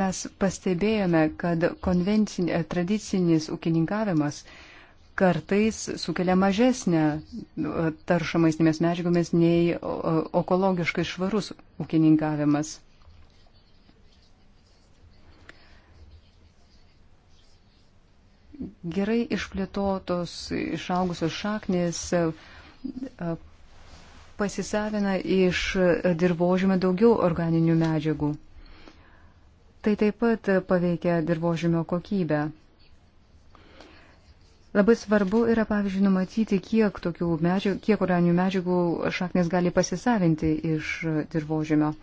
mes pastebėjome, kad e, tradicinis ūkininkavimas kartais sukelia mažesnę e, taršą maistinėmis medžiagomis nei e, ekologiškai švarus ūkininkavimas. Gerai išplėtotos išaugusios šaknės pasisavina iš dirbožymio daugiau organinių medžiagų. Tai taip pat paveikia dirbožymio kokybę. Labai svarbu yra, pavyzdžiui, numatyti, kiek, medžiagų, kiek organinių medžiagų šaknis gali pasisavinti iš dirbožymio.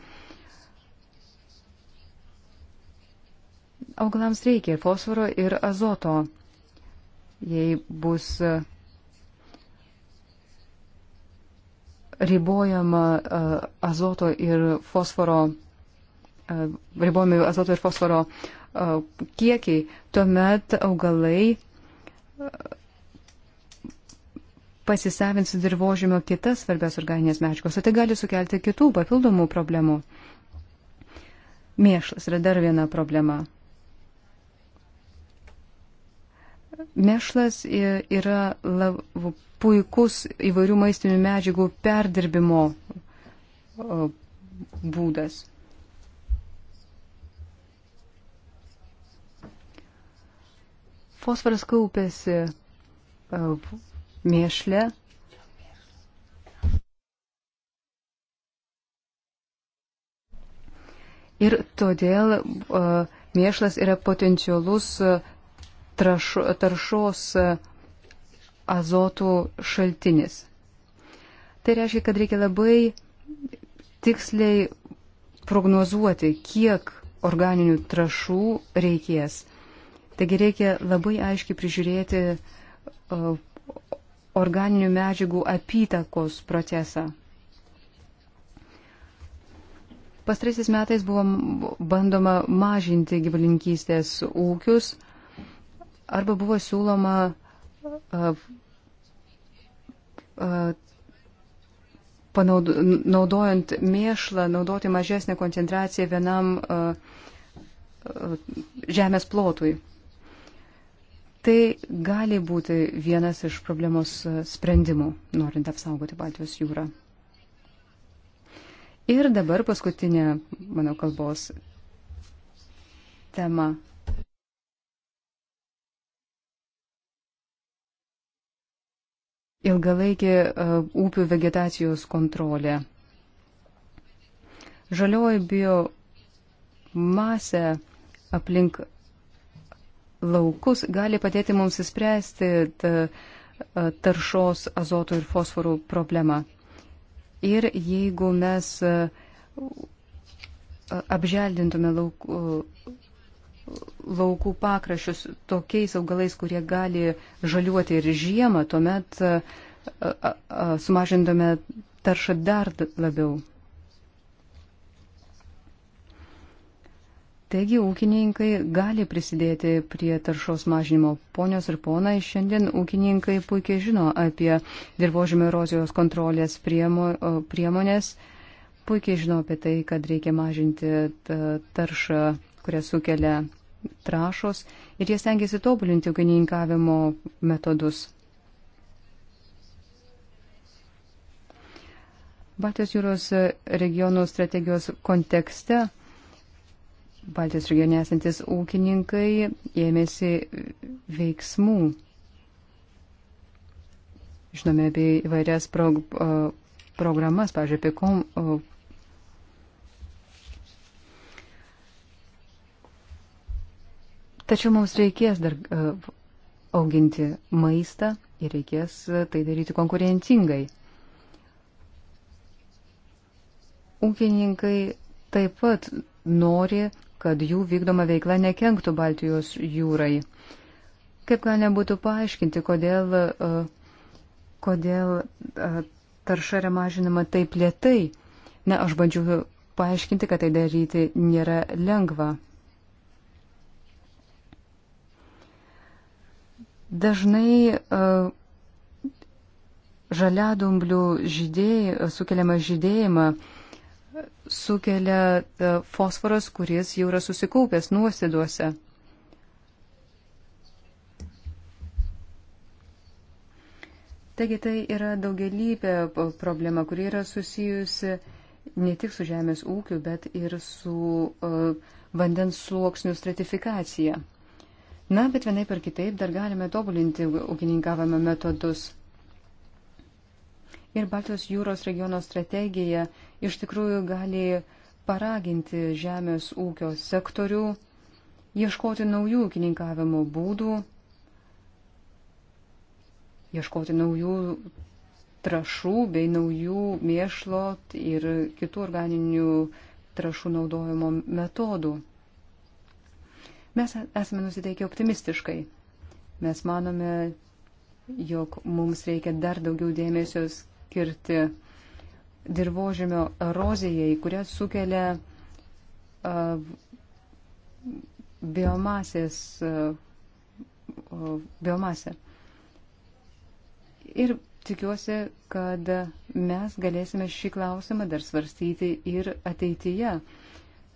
Augalams reikia fosforo ir azoto. Jei bus ribojama e, azoto ir fosforo, e, ribojami azoto ir fosforo e, kiekiai, tuomet augalai pasisavins dirbožymio kitas svarbias organinės medžiagos, o tai gali sukelti kitų papildomų problemų. Mėšlas yra dar viena problema. Mėšlas yra lab, puikus įvairių maistinių medžiagų perdirbimo būdas. Fosforas kaupėsi mėšle. Ir todėl uh, mėšlas yra potencialus uh, traš, taršos uh, azotų šaltinis. Tai reiškia, kad reikia labai tiksliai prognozuoti, kiek organinių trašų reikės. Taigi reikia labai aiškiai prižiūrėti e, organinių medžiagų apytakos procesą. Pastraisiais metais buvo bandoma mažinti gyvulinkystės ūkius arba buvo siūloma uh, panaudojant mėšlą, naudoti mažesnę koncentraciją vienam žemės plotui. Tai gali būti vienas iš problemos sprendimų, norint apsaugoti Baltijos jūrą. Ir dabar paskutinė mano kalbos tema. ilgalaikė e, upių vegetacijos kontrolė. Žalioji biomasė aplink laukus gali padėti mums įspręsti e, taršos azoto ir fosforų problemą. Ir jeigu mes e, apželdintume lauk, laukų pakrašius tokiais augalais, kurie gali žaliuoti ir žiemą, tuomet sumažintume taršą dar labiau. Taigi ūkininkai gali prisidėti prie taršos mažinimo. Ponios ir ponai, šiandien ūkininkai puikiai žino apie dirbožymio erozijos kontrolės priemo, priemonės, puikiai žino apie tai, kad reikia mažinti taršą, kurią sukelia trašos ir jie stengiasi tobulinti ūkininkavimo metodus. Baltijos jūros regionų strategijos kontekste Baltijos regione esantis ūkininkai ėmėsi veiksmų. Žinome apie įvairias prog, programas, pavyzdžiui, apie kom, Tačiau mums reikės dar e, auginti maistą ir reikės e, tai daryti konkurencingai. Ūkininkai taip pat nori, kad jų vykdoma veikla nekenktų Baltijos jūrai. Kaip galima būtų paaiškinti, kodėl, e, kodėl tarša yra mažinama taip lietai? Na, aš bandžiau paaiškinti, kad tai daryti nėra lengva. Dažnai e, žaliadumblių žydėj, e, sukeliamą žydėjimą e, sukelia fosforas, kuris jau yra susikaupęs nuosiduose. Taigi tai yra daugelybė problema, kuri yra susijusi ne tik su žemės ūkiu, bet ir su uh, vandens sluoksnių stratifikacija. Na, bet vienai per kitaip dar galime tobulinti ūkininkavimo metodus. Ir Baltijos jūros regiono strategija iš tikrųjų gali paraginti žemės ūkio sektorių, ieškoti naujų ūkininkavimo būdų, ieškoti naujų trašų bei naujų mėšlo ir kitų organinių trašų naudojimo metodų. Mes esame nusiteikę optimistiškai. Mes manome, jog mums reikia dar daugiau dėmesio skirti dirbožėmio erozijai, kurią sukelia uh, biomasės, uh, biomasė. Ir tikiuosi, kad mes galėsime šį klausimą dar svarstyti ir ateityje. Uh,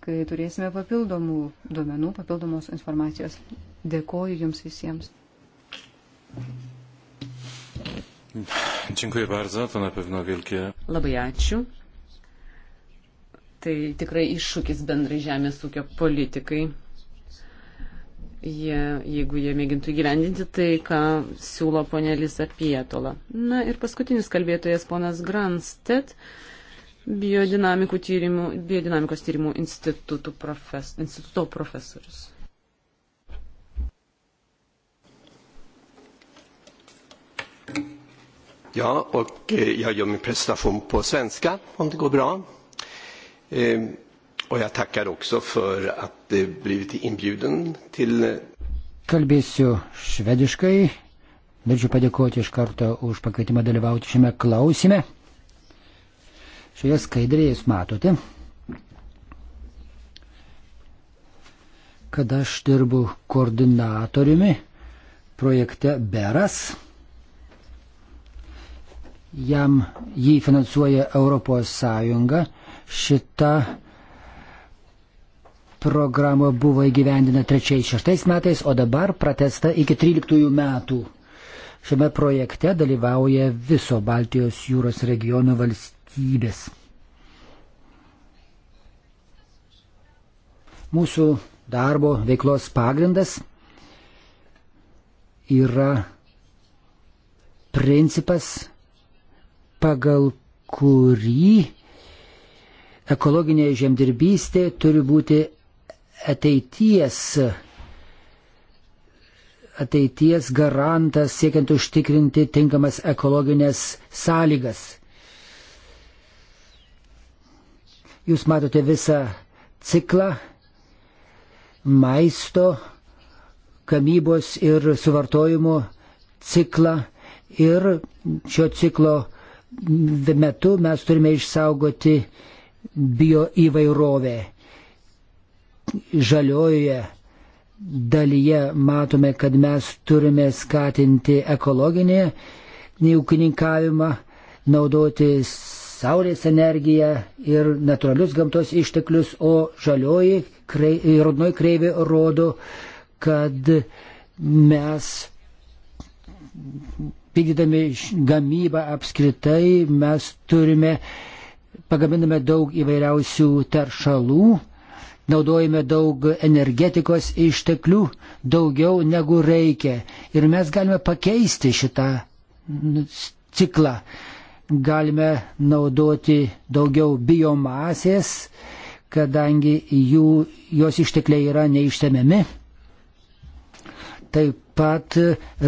kai turėsime papildomų duomenų, papildomos informacijos. Dėkoju Jums visiems. Dziękuję bardzo, to na pewno wielkie. Labai ačiū. Tai tikrai iššūkis bendrai žemės ūkio politikai. Jie, jeigu jie mėgintų įgyvendinti tai, ką siūlo ponė Lisa Pietola. Na ir paskutinis kalbėtojas ponas Granstedt tyrimų, biodinamikos tyrimų profes, instituto profesorius. Ja, och eh, jag gör min presentation på svenska om det går bra. Ehm, och jag tackar också för att det blivit inbjuden till... Eh, Kalbėsiu švediškai. Norėčiau padėkoti iš karto už pakvietimą dalyvauti šiame klausime. Šioje skaidrėje jūs matote, kad aš dirbu koordinatoriumi projekte Beras. Jam jį finansuoja Europos Sąjunga. Šita programa buvo įgyvendina 3-6 metais, o dabar pratesta iki 13 metų. Šiame projekte dalyvauja viso Baltijos jūros regiono valstybės kokybės. Mūsų darbo veiklos pagrindas yra principas, pagal kurį ekologinė žemdirbystė turi būti ateities, ateities garantas siekiant užtikrinti tinkamas ekologinės sąlygas. Jūs matote visą ciklą maisto gamybos ir suvartojimo ciklą ir šio ciklo metu mes turime išsaugoti bio įvairovę. Žaliojoje dalyje matome, kad mes turime skatinti ekologinį ūkininkavimą, naudotis saulės energiją ir natūralius gamtos išteklius, o žalioji krei, raudonoji kreivė rodo, kad mes vykdydami gamybą apskritai mes turime, pagaminame daug įvairiausių teršalų, naudojame daug energetikos išteklių, daugiau negu reikia. Ir mes galime pakeisti šitą ciklą galime naudoti daugiau biomasės, kadangi jų, jos ištekliai yra neištemiami. Taip pat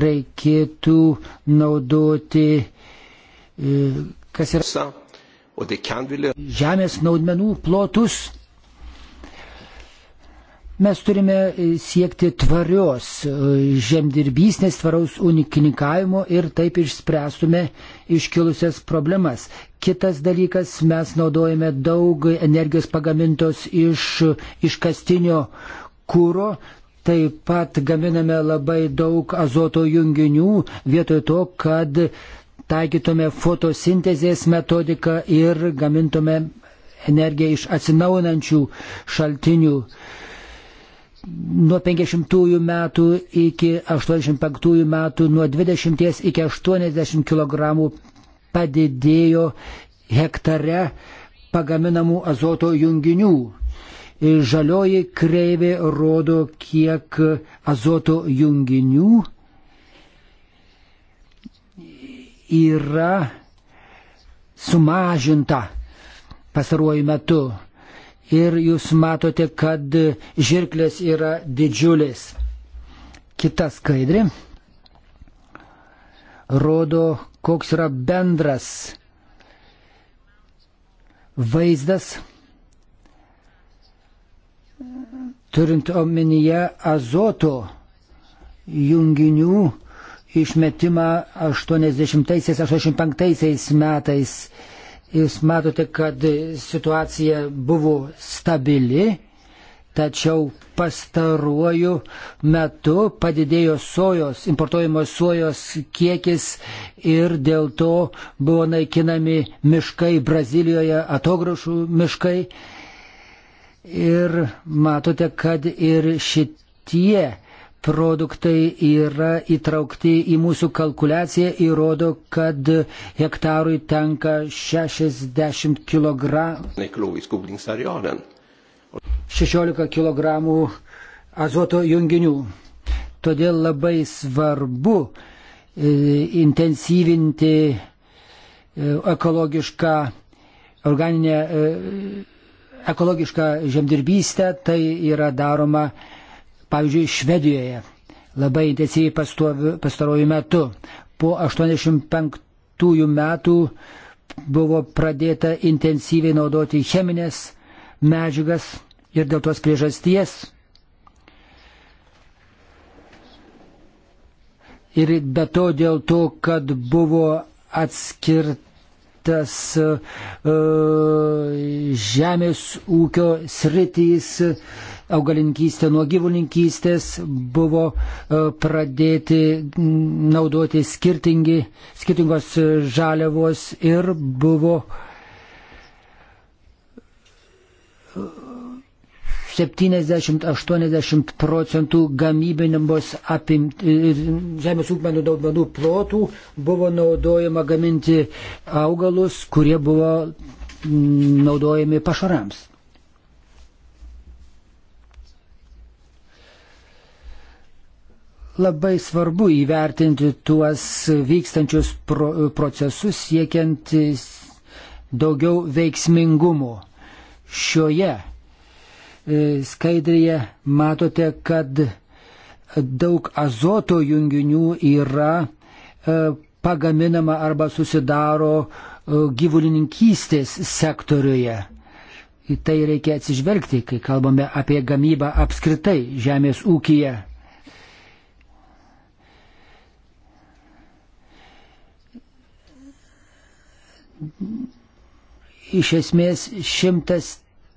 reikėtų naudoti, e, kas yra tai žemės naudmenų plotus Mes turime e, siekti tvarios e, žemdirbysnės, tvaraus unikininkavimo ir taip išspręstume iškilusias problemas. Kitas dalykas, mes naudojame daug energijos pagamintos iš iškastinio kūro, taip pat gaminame labai daug azoto junginių vietoj to, kad taikytume fotosintezės metodiką ir gamintume energiją iš atsinaunančių šaltinių nuo 50 metų iki 85 metų nuo 20 iki 80 kg padidėjo hektare pagaminamų azoto junginių. Žalioji kreivė rodo, kiek azoto junginių yra sumažinta pastaruoju metu ir jūs matote, kad žirklės yra didžiulės. Kita skaidrė rodo, koks yra bendras vaizdas, turint omenyje azoto junginių išmetimą 80-85 metais Jūs matote, kad situacija buvo stabili, tačiau pastaruoju metu padidėjo sojos, importuojamos sojos kiekis ir dėl to buvo naikinami miškai Brazilijoje, atogrąžų miškai. Ir matote, kad ir šitie produktai yra įtraukti į mūsų kalkulaciją, įrodo, kad hektarui tenka 60 kg. 16 kg azoto junginių. Todėl labai svarbu e, intensyvinti e, ekologišką organinę e, ekologišką žemdirbystę, tai yra daroma pavyzdžiui, Švedijoje labai intensyviai pastaruoju metu. Po 85 metų buvo pradėta intensyviai naudoti cheminės medžiagas ir dėl tos priežasties. Ir be to dėl to, kad buvo atskirtas uh, žemės ūkio sritys, uh, augalininkystė nuo gyvulininkystės buvo e, pradėti naudoti skirtingi, skirtingos žaliavos ir buvo 70-80 procentų gamybinimos apimt, e, žemės ūkio naudmenų plotų buvo naudojama gaminti augalus, kurie buvo naudojami pašarams. Labai svarbu įvertinti tuos vykstančius pro, procesus siekiant daugiau veiksmingumo. Šioje e, skaidrėje matote, kad daug azoto junginių yra e, pagaminama arba susidaro e, gyvulininkystės sektoriuje. Į tai reikia atsižvelgti, kai kalbame apie gamybą apskritai žemės ūkija. iš esmės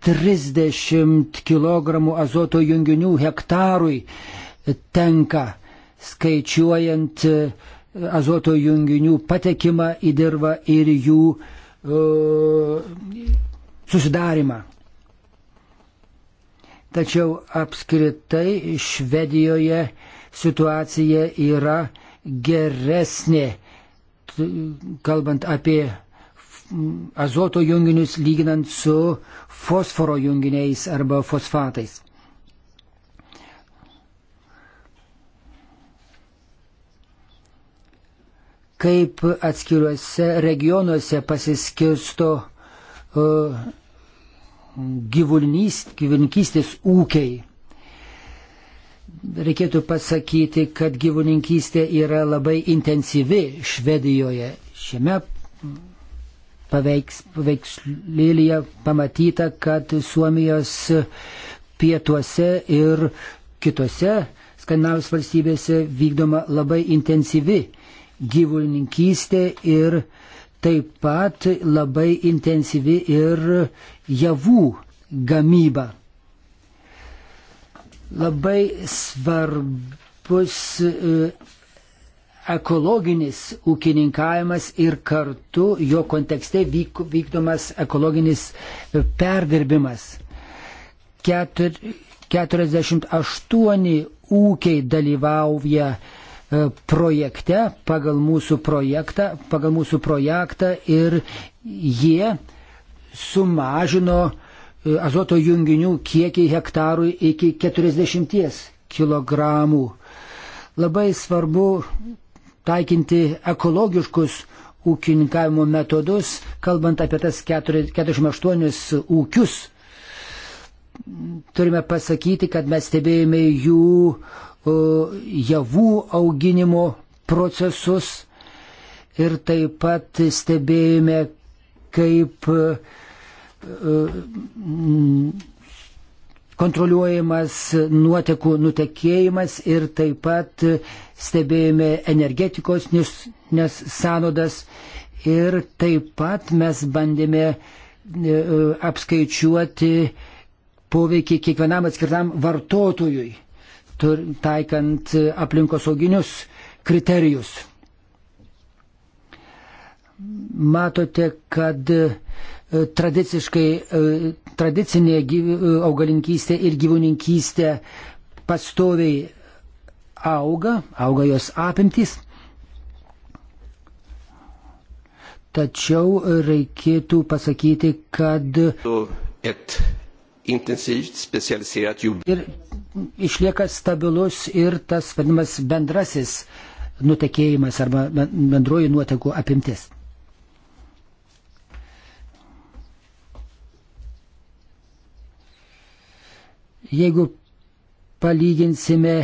130 kg azoto junginių hektarui tenka skaičiuojant e, azoto junginių patekimą į dirvą ir jų uh, susidarimą. Tačiau apskritai Švedijoje situacija yra geresnė, kalbant apie azoto junginius lyginant su fosforo junginiais arba fosfatais. Kaip atskiruose regionuose pasiskirsto uh, gyvulininkystės ūkiai. Reikėtų pasakyti, kad gyvulininkystė yra labai intensyvi Švedijoje. Šiame paveiks, paveikslėlėje pamatyta, kad Suomijos pietuose ir kitose Skandinavijos valstybėse vykdoma labai intensyvi gyvulininkystė ir taip pat labai intensyvi ir javų gamyba. Labai svarbus e, ekologinis ūkininkavimas ir kartu jo kontekste vyk, vykdomas ekologinis e, perdirbimas. Ketur, 48 ūkiai dalyvauja e, projekte, pagal mūsų projektą, pagal mūsų projektą ir jie sumažino e, azoto junginių kiekį hektarui iki 40 kg. Labai svarbu taikinti ekologiškus ūkininkavimo metodus, kalbant apie tas 48 ūkius. Turime pasakyti, kad mes stebėjome jų javų auginimo procesus ir taip pat stebėjome, kaip kontroliuojamas nuotekų nutekėjimas ir taip pat stebėjome energetikos nes sąnodas ir taip pat mes bandėme e, e, apskaičiuoti poveikį kiekvienam atskirtam vartotojui, taikant aplinkosauginius kriterijus. Matote, kad E, tradiciškai, e, tradicinė e, augalinkystė ir gyvūninkystė pastoviai auga, auga jos apimtys. Tačiau reikėtų pasakyti, kad ir išlieka stabilus ir tas vadinamas bendrasis nutekėjimas arba bendroji nuotekų apimtis. Jeigu palyginsime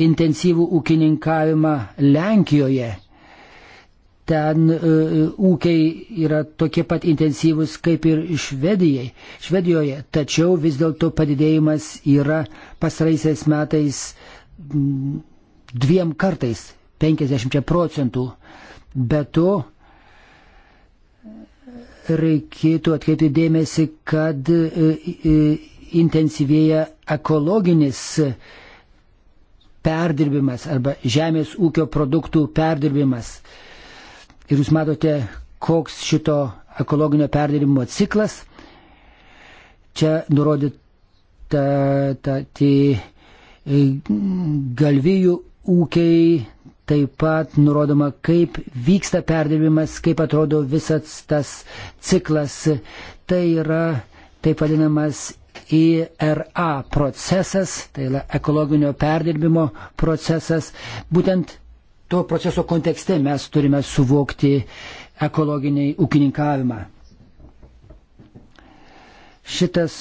intensyvų ūkininkavimą Lenkijoje, ten e, e ūkiai yra tokie pat intensyvus kaip ir Švedijai, Švedijoje, tačiau vis dėlto padidėjimas yra pasraisiais metais dviem kartais 50 procentų. Be to, reikėtų atkreipti dėmesį, kad e, e, intensyvėja ekologinis perdirbimas arba žemės ūkio produktų perdirbimas. Ir jūs matote, koks šito ekologinio perdirbimo ciklas. Čia nurodyta ta, tie e, galvijų ūkiai, taip pat nurodoma, kaip vyksta perdirbimas, kaip atrodo visas tas ciklas. Tai yra taip vadinamas IRA e procesas, tai yra ekologinio perdirbimo procesas. Būtent to proceso kontekste mes turime suvokti ekologiniai ūkininkavimą. Šitas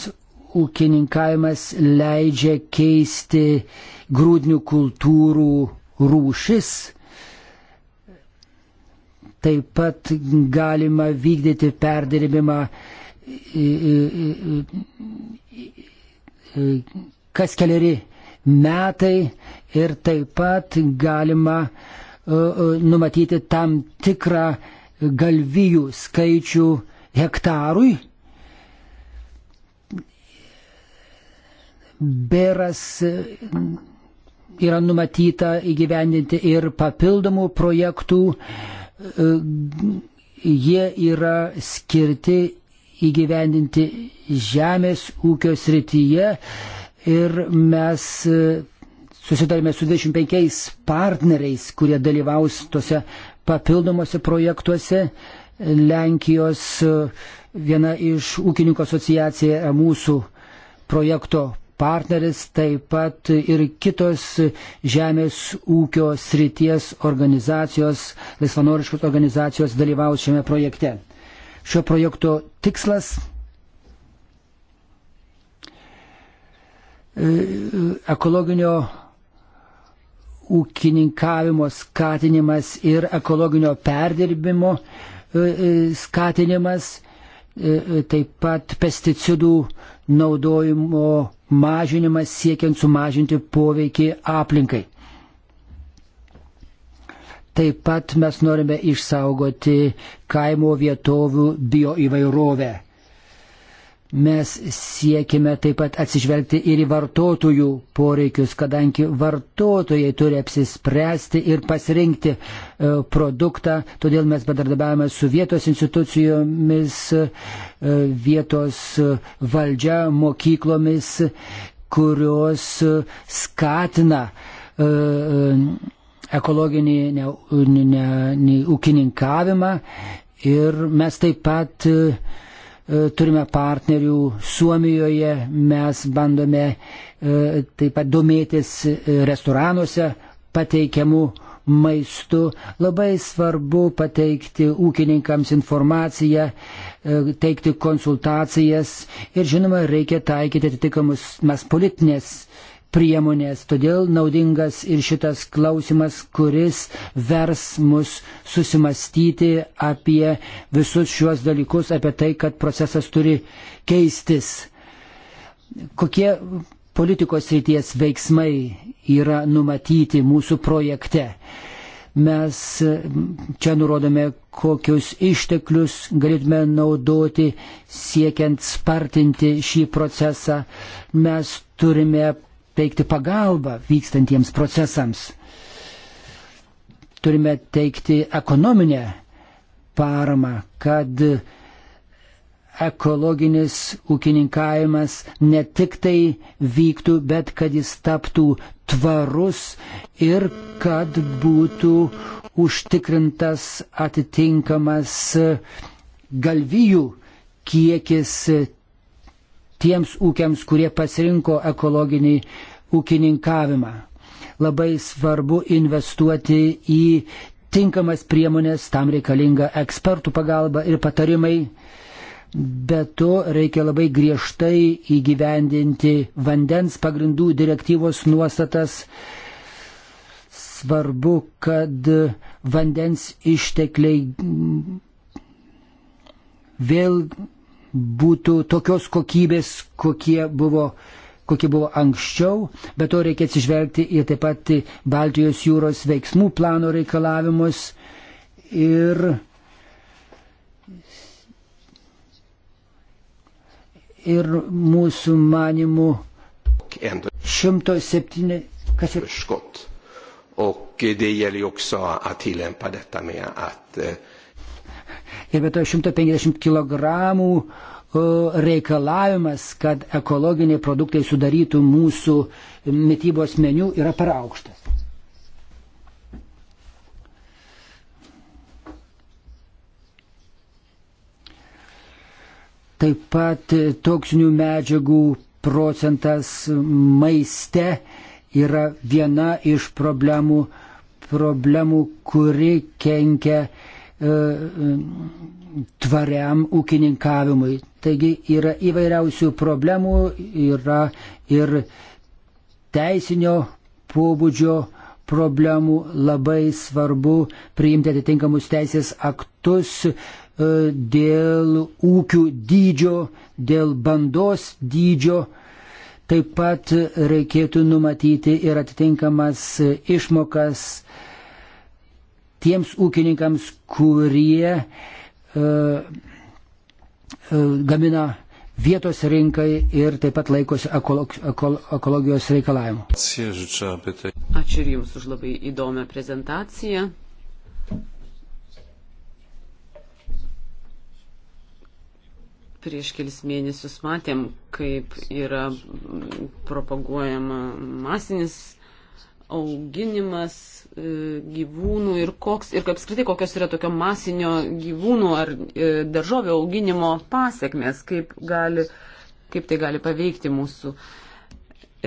ūkininkavimas leidžia keisti grūdinių kultūrų rūšis. Taip pat galima vykdyti perdirbimą kas keliari metai ir taip pat galima e, e, numatyti tam tikrą galvijų skaičių hektarui. Beras yra numatyta įgyvendinti ir papildomų projektų. E, jie yra skirti įgyvendinti žemės ūkio srityje ir mes e, susitarėme su 25 partneriais, kurie dalyvaus tose papildomose projektuose. Lenkijos e, viena iš ūkininkų asociacija yra e, mūsų projekto partneris, taip pat ir kitos žemės ūkio srities organizacijos, laisvanoriškos organizacijos dalyvaus šiame projekte šio projekto tikslas e, ekologinio ūkininkavimo skatinimas ir ekologinio perdirbimo e, e, skatinimas, taip pat pesticidų naudojimo mažinimas siekiant sumažinti poveikį aplinkai. Taip pat mes norime išsaugoti kaimo vietovių bioįvairovę. Mes siekime taip pat atsižvelgti ir į vartotojų poreikius, kadangi vartotojai turi apsispręsti ir pasirinkti e, produktą, todėl mes bendradarbiavame su vietos institucijomis, e, vietos e, valdžia, mokyklomis, kurios skatina ekologinį ne, ne, ne, ne, ūkininkavimą ir mes taip pat e, e turime partnerių Suomijoje, mes bandome e, taip pat domėtis e, restoranuose pateikiamų maistu. Labai svarbu pateikti ūkininkams informaciją, e, teikti konsultacijas ir žinoma reikia taikyti atitikamus mes politinės priemonės. Todėl naudingas ir šitas klausimas, kuris vers mus susimastyti apie visus šiuos dalykus, apie tai, kad procesas turi keistis. Kokie politikos ryties veiksmai yra numatyti mūsų projekte? Mes čia nurodome, kokius išteklius galėtume naudoti siekiant spartinti šį procesą. Mes turime teikti pagalbą vykstantiems procesams. Turime teikti ekonominę paramą, kad ekologinis ūkininkavimas ne tik tai vyktų, bet kad jis taptų tvarus ir kad būtų užtikrintas atitinkamas galvijų kiekis tiems ūkiams, kurie pasirinko ekologinį ūkininkavimą. Labai svarbu investuoti į tinkamas priemonės, tam reikalinga ekspertų pagalba ir patarimai. Be to reikia labai griežtai įgyvendinti vandens pagrindų direktyvos nuostatas. Svarbu, kad vandens ištekliai vėl būtų tokios kokybės, kokie buvo kokie buvo anksčiau, bet to reikia atsižvelgti ir taip pat Baltijos jūros veiksmų plano reikalavimus ir ir mūsų manimų 107... Kas yra? Och det gäller ju också att tillämpa detta med att eh, ir be to 150 kg e, reikalavimas, kad ekologiniai produktai sudarytų mūsų mytybos meniu, yra per aukštas. Taip pat e, toksinių medžiagų procentas maiste yra viena iš problemų, problemų kuri kenkia uh, E, tvariam ūkininkavimui. Taigi yra įvairiausių problemų, yra ir teisinio pobūdžio problemų, labai svarbu priimti atitinkamus teisės aktus e, dėl ūkių dydžio, dėl bandos dydžio. Taip pat reikėtų numatyti ir atitinkamas išmokas, uh, tiems ūkininkams, kurie uh, gamina vietos rinkai ir taip pat laikosi ekolog, ekol, ekologijos reikalavimų. Ačiū ir Jums už labai įdomią prezentaciją. Prieš kelis mėnesius matėm, kaip yra propaguojama masinis auginimas e, gyvūnų ir, koks, ir apskritai kokios yra tokio masinio gyvūnų ar e, daržovio auginimo pasiekmes, kaip, gali, kaip tai gali paveikti mūsų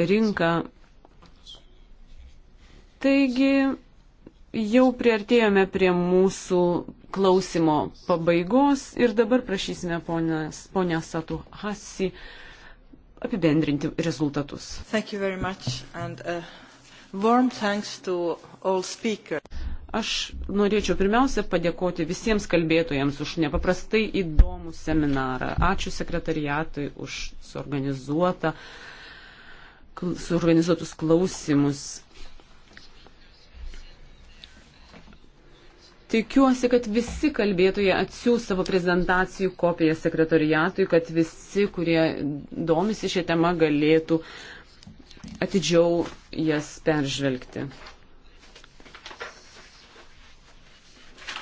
rinką. Taigi jau priartėjome prie mūsų klausimo pabaigos ir dabar prašysime ponę Satu Hasi apibendrinti rezultatus. Much, and, uh... Aš norėčiau pirmiausia padėkoti visiems kalbėtojams už nepaprastai įdomų seminarą. Ačiū sekretariatui už suorganizuotą, suorganizuotus klausimus. Tikiuosi, kad visi kalbėtojai atsiūs savo prezentacijų kopiją sekretariatui, kad visi, kurie domisi šią temą, galėtų uh, atidžiau jas peržvelgti.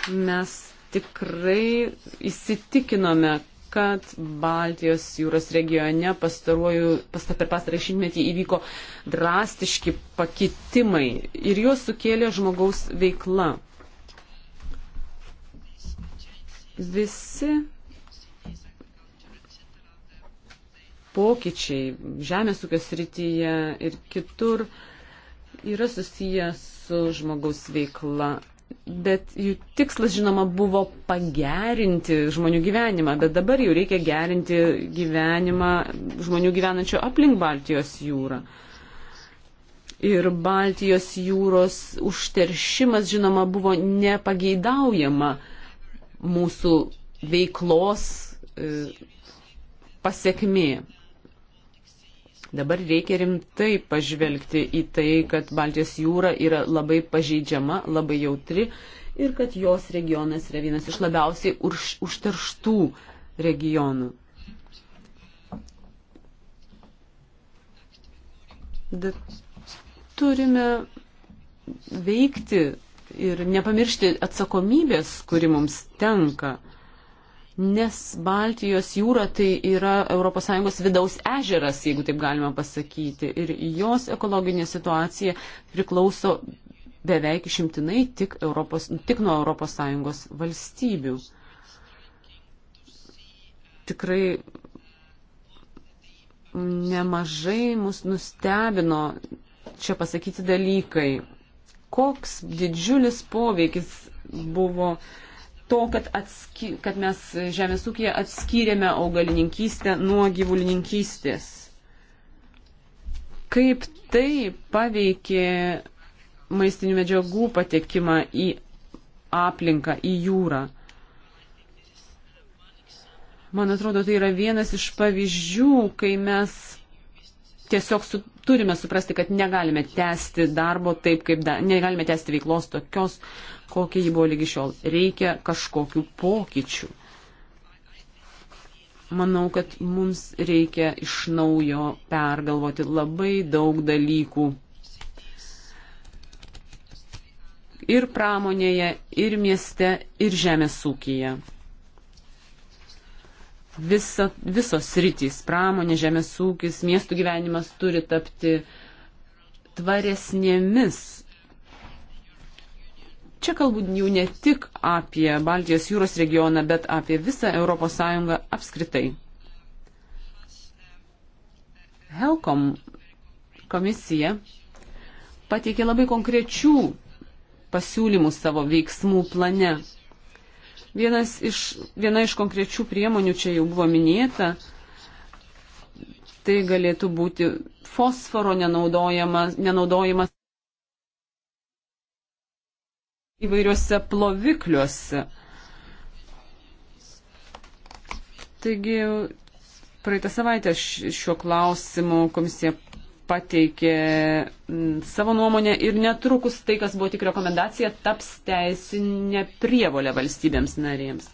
Mes tikrai įsitikinome, kad Baltijos jūros regione pasta, per pastarą šimtmetį įvyko drastiški pakitimai ir juos sukėlė žmogaus veikla. Visi pokyčiai žemės ūkio srityje ir kitur yra susijęs su žmogaus veikla. Bet jų tikslas, žinoma, buvo pagerinti žmonių gyvenimą, bet dabar jau reikia gerinti gyvenimą žmonių gyvenančių aplink Baltijos jūrą. Ir Baltijos jūros užteršimas, žinoma, buvo nepageidaujama mūsų veiklos e, pasiekmė. Dabar reikia rimtai pažvelgti į tai, kad Baltijos jūra yra labai pažeidžiama, labai jautri ir kad jos regionas yra vienas iš labiausiai už, užterštų regionų. Da, turime veikti ir nepamiršti atsakomybės, kuri mums tenka nes Baltijos jūra tai yra ES vidaus ežeras, jeigu taip galima pasakyti, ir jos ekologinė situacija priklauso beveik išimtinai tik, Europos, tik nuo ES valstybių. Tikrai nemažai mus nustebino čia pasakyti dalykai. Koks didžiulis poveikis buvo uh, to, kad, atski, kad mes žemės ūkėje atskyrėme augalininkystę nuo gyvulininkystės. Kaip tai paveikė maistinių medžiagų patekimą į aplinką, į jūrą? Man atrodo, tai yra vienas iš pavyzdžių, kai mes tiesiog su, turime suprasti, kad negalime tęsti darbo taip, kaip da, negalime tęsti veiklos tokios, kokia ji buvo lygi šiol. Reikia kažkokių pokyčių. Manau, kad mums reikia iš naujo pergalvoti labai daug dalykų. Ir pramonėje, ir mieste, ir žemės ūkyje visa, visos sritys - pramonė, žemės ūkis, miestų gyvenimas turi tapti tvaresnėmis. Čia kalbu jau ne tik apie Baltijos jūros regioną, bet apie visą ES apskritai. Helkom komisija pateikė labai konkrečių pasiūlymų savo veiksmų plane Vienas iš, viena iš konkrečių priemonių čia jau buvo minėta, tai galėtų būti fosforo nenaudojamas, nenaudojamas įvairiuose plovikliuose. Taigi praeitą savaitę šiuo klausimu komisija pateikė mm, savo nuomonę ir netrukus tai, kas buvo tik rekomendacija, taps teisinė prievolė valstybėms narėms.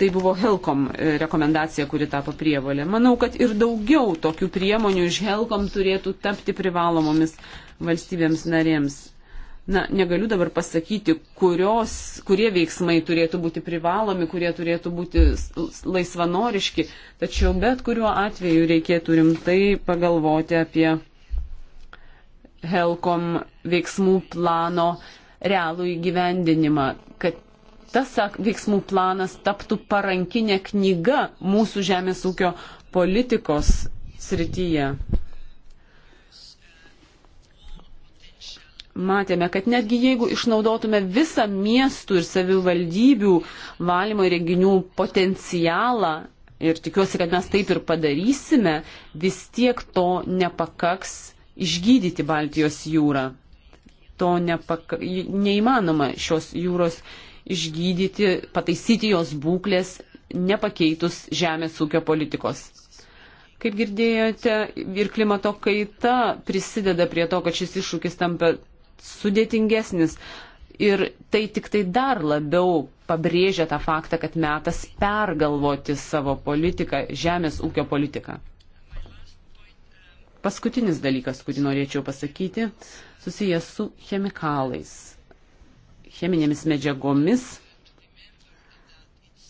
Tai buvo Helkom e, rekomendacija, kuri tapo prievolė. Manau, kad ir daugiau tokių priemonių iš Helkom turėtų tapti privalomomis valstybėms narėms. Na, negaliu dabar pasakyti, kurios, kurie veiksmai turėtų būti privalomi, kurie turėtų būti laisvanoriški, tačiau bet kuriuo atveju reikėtų rimtai pagalvoti apie Helkom veiksmų plano realų įgyvendinimą, kad tas veiksmų planas taptų parankinė knyga mūsų žemės ūkio politikos srityje. matėme, kad netgi jeigu išnaudotume visą miestų ir savivaldybių valymo įrenginių potencialą, ir tikiuosi, kad mes taip ir padarysime, vis tiek to nepakaks išgydyti Baltijos jūrą. To nepaka... neįmanoma šios jūros išgydyti, pataisyti jos būklės, nepakeitus žemės ūkio politikos. Kaip girdėjote, ir klimato kaita prisideda prie to, kad šis iššūkis tampa sudėtingesnis ir tai tik tai dar labiau pabrėžia tą faktą, kad metas pergalvoti savo politiką, žemės ūkio politiką. Paskutinis dalykas, kurį norėčiau pasakyti, susijęs su chemikalais, cheminėmis medžiagomis.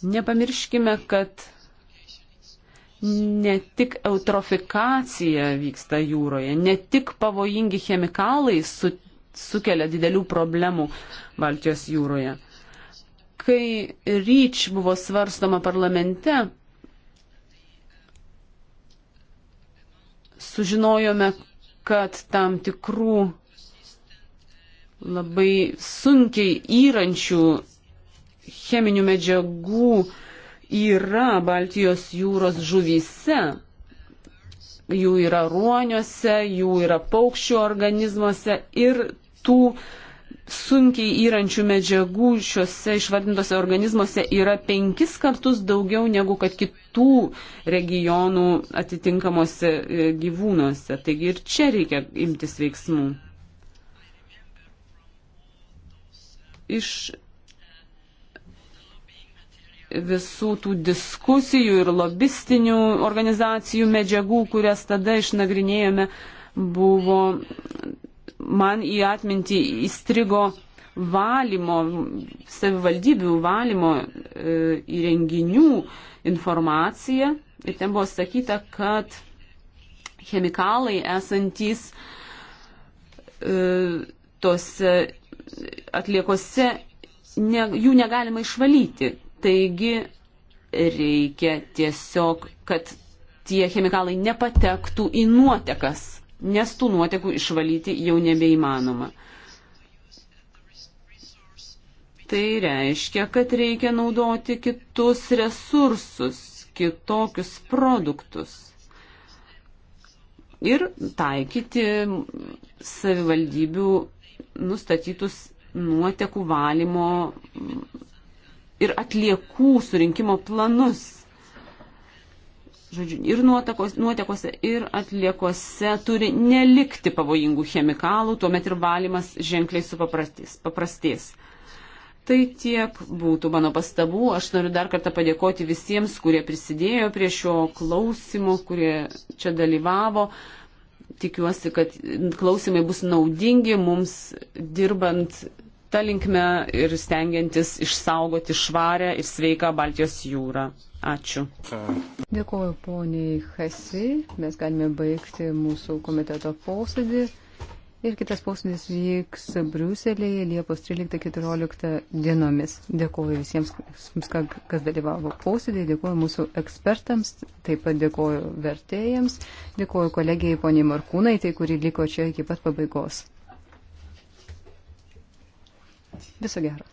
Nepamirškime, kad ne tik eutrofikacija vyksta jūroje, ne tik pavojingi chemikalai su, sukelia didelių problemų Baltijos jūroje. Kai ryč buvo svarstoma parlamente, sužinojome, kad tam tikrų labai sunkiai įrančių cheminių medžiagų yra Baltijos jūros žuvyse jų yra ruoniuose, jų yra paukščių organizmuose ir tų sunkiai įrančių medžiagų šiuose išvardintose organizmuose yra penkis kartus daugiau negu kad kitų regionų atitinkamuose e, gyvūnuose. Taigi ir čia reikia imtis veiksmų. Iš visų tų diskusijų ir lobistinių organizacijų medžiagų, kurias tada išnagrinėjome, buvo man į atmintį įstrigo valymo, savivaldybių valymo e, įrenginių informacija. Ir ten buvo sakyta, kad chemikalai esantis e, tose atliekose, ne, jų negalima išvalyti, Taigi reikia tiesiog, kad tie chemikalai nepatektų į nuotekas, nes tų nuotekų išvalyti jau nebeįmanoma. Tai reiškia, kad reikia naudoti kitus resursus, kitokius produktus ir taikyti savivaldybių nustatytus nuotekų valymo ir atliekų surinkimo planus. Žodžiu, ir nuotekos, nuotekose, ir atliekose turi nelikti pavojingų chemikalų, tuomet ir valymas ženkliai supaprastės. Paprastės. Tai tiek būtų mano pastabų. Aš noriu dar kartą padėkoti visiems, kurie prisidėjo prie šio klausimo, kurie čia dalyvavo. Tikiuosi, kad klausimai bus naudingi mums dirbant ta linkme ir stengiantis išsaugoti švarę ir sveiką Baltijos jūrą. Ačiū. Dėkuoju poniai Hasi. Mes galime baigti mūsų komiteto posėdį. Ir kitas posėdis vyks Briuselėje Liepos 13-14 dienomis. Dėkuoju visiems, kas dalyvavo posėdėje, dėkuoju mūsų ekspertams, taip pat dėkuoju vertėjams, dėkuoju kolegijai poniai Markūnai, tai kuri liko čia iki pat pabaigos. Viso gero.